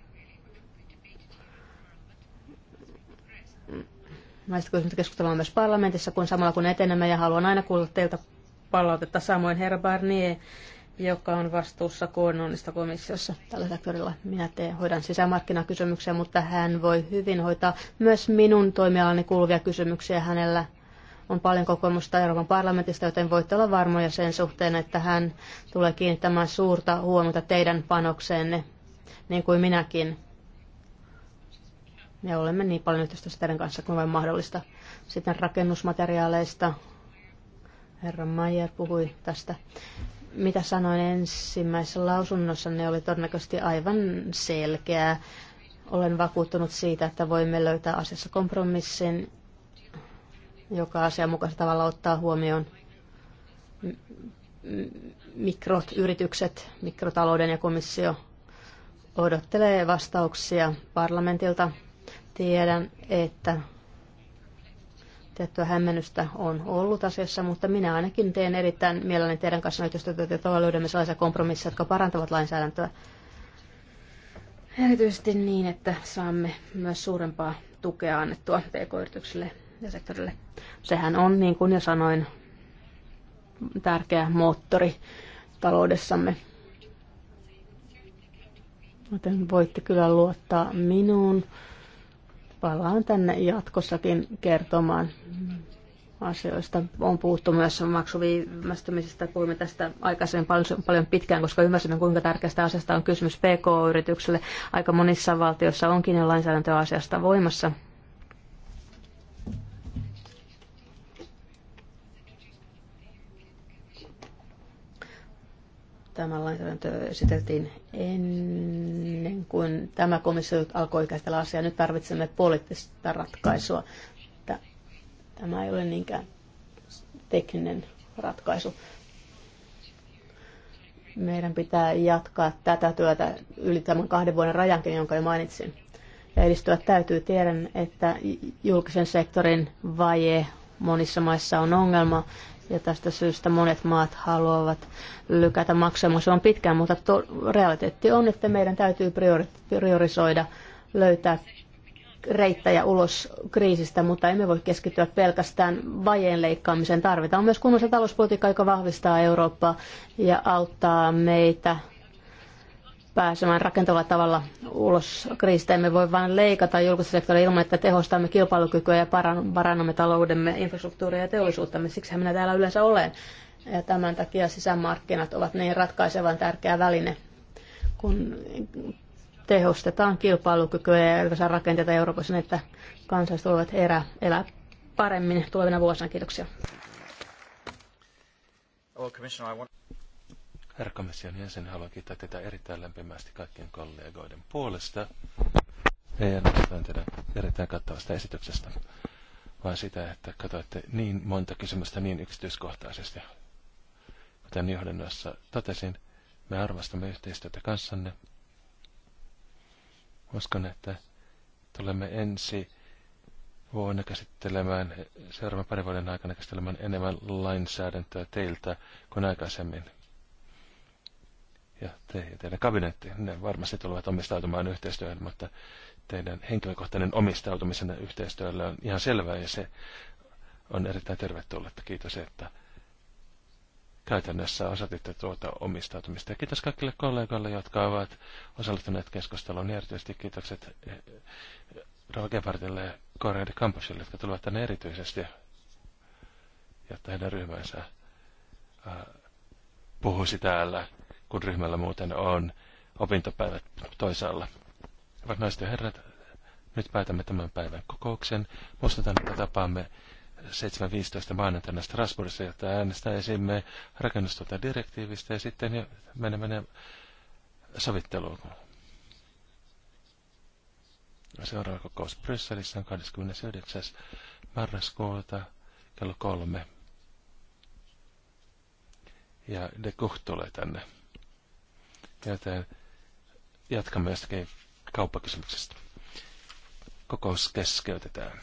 näistä kysymyksistä keskustellaan myös parlamentissa, kun samalla kun etenemme ja haluan aina kuulla teiltä palautetta. Samoin herra Barnier joka on vastuussa koordinoinnista komissiossa tällä sektorilla. Minä teen, hoidan sisämarkkinakysymyksiä, mutta hän voi hyvin hoitaa myös minun toimialani kuuluvia kysymyksiä. Hänellä on paljon kokemusta Euroopan parlamentista, joten voitte olla varmoja sen suhteen, että hän tulee kiinnittämään suurta huomiota teidän panokseenne, niin kuin minäkin. Me olemme niin paljon yhteistyössä teidän kanssa kuin vain mahdollista. Sitten rakennusmateriaaleista. Herra Mayer puhui tästä mitä sanoin ensimmäisessä lausunnossa, ne oli todennäköisesti aivan selkeää. Olen vakuuttunut siitä, että voimme löytää asiassa kompromissin, joka asianmukaisella tavalla ottaa huomioon mikrot, yritykset, mikrotalouden ja komissio odottelee vastauksia parlamentilta. Tiedän, että Tiettyä hämmennystä on ollut asiassa, mutta minä ainakin teen erittäin mielelläni teidän kanssa yhteistyötä, että löydämme sellaisia kompromisseja, jotka parantavat lainsäädäntöä. Erityisesti niin, että saamme myös suurempaa tukea annettua pk-yrityksille ja sektorille. Sehän on, niin kuin jo sanoin, tärkeä moottori taloudessamme. Joten voitte kyllä luottaa minuun Palaan tänne jatkossakin kertomaan asioista. On puhuttu myös maksuviimästymisestä, puhuimme tästä aikaisemmin paljon, paljon pitkään, koska ymmärsimme, kuinka tärkeästä asiasta on kysymys PK-yritykselle. Aika monissa valtioissa onkin jo lainsäädäntöasiasta voimassa, Tämä lainsäädäntö esiteltiin ennen kuin tämä komissio alkoi käsitellä asiaa. Nyt tarvitsemme poliittista ratkaisua. Tämä ei ole niinkään tekninen ratkaisu. Meidän pitää jatkaa tätä työtä yli tämän kahden vuoden rajankin, jonka jo mainitsin. Ja edistyä täytyy. Tiedän, että julkisen sektorin vaje monissa maissa on ongelma ja tästä syystä monet maat haluavat lykätä maksamaan pitkään, mutta to- realiteetti on, että meidän täytyy priori- priorisoida, löytää reittäjä ulos kriisistä, mutta emme voi keskittyä pelkästään vajeen leikkaamiseen. Tarvitaan myös kunnossa talouspolitiikka, joka vahvistaa Eurooppaa ja auttaa meitä pääsemään rakentavalla tavalla ulos kriisistä. Emme voi vain leikata julkista sektoria ilman, että tehostamme kilpailukykyä ja parannamme taloudemme, infrastruktuuria ja teollisuuttamme. Siksihän minä täällä yleensä olen. Ja tämän takia sisämarkkinat ovat niin ratkaisevan tärkeä väline, kun tehostetaan kilpailukykyä ja yleensä rakenteita Euroopassa, niin, että kansalaiset voivat erä, elää paremmin tulevina vuosina. Kiitoksia. Herra komission jäsen, haluan kiittää teitä erittäin lämpimästi kaikkien kollegoiden puolesta. Ei ainoastaan teidän erittäin kattavasta esityksestä, vaan sitä, että katsoitte niin monta kysymystä niin yksityiskohtaisesti. Kuten johdannossa totesin, me arvostamme yhteistyötä kanssanne. Uskon, että tulemme ensi vuonna käsittelemään, seuraavan parin vuoden aikana käsittelemään enemmän lainsäädäntöä teiltä kuin aikaisemmin ja te ja teidän kabinetti, ne varmasti tulevat omistautumaan yhteistyöhön, mutta teidän henkilökohtainen omistautumisen yhteistyölle on ihan selvää ja se on erittäin tervetullutta. Kiitos, että käytännössä osatitte tuota omistautumista. Ja kiitos kaikille kollegoille, jotka ovat osallistuneet keskusteluun. Ja niin erityisesti kiitokset eh, Rova Gebhardille ja Korea Kampusille, jotka tulevat tänne erityisesti, jotta heidän ryhmänsä eh, puhuisi täällä kun ryhmällä muuten on opintopäivät toisaalla. Hyvät naiset ja herrat, nyt päätämme tämän päivän kokouksen. Muistutan, että tapaamme 7.15 maanantaina Strasbourgissa, jotta äänestäisimme rakennustuota direktiivistä ja sitten menemme sovitteluun. Seuraava kokous Brysselissä on 29. marraskuuta kello kolme. Ja De Kuch tulee tänne joten jatkamme jostakin kauppakysymyksestä. Kokous keskeytetään.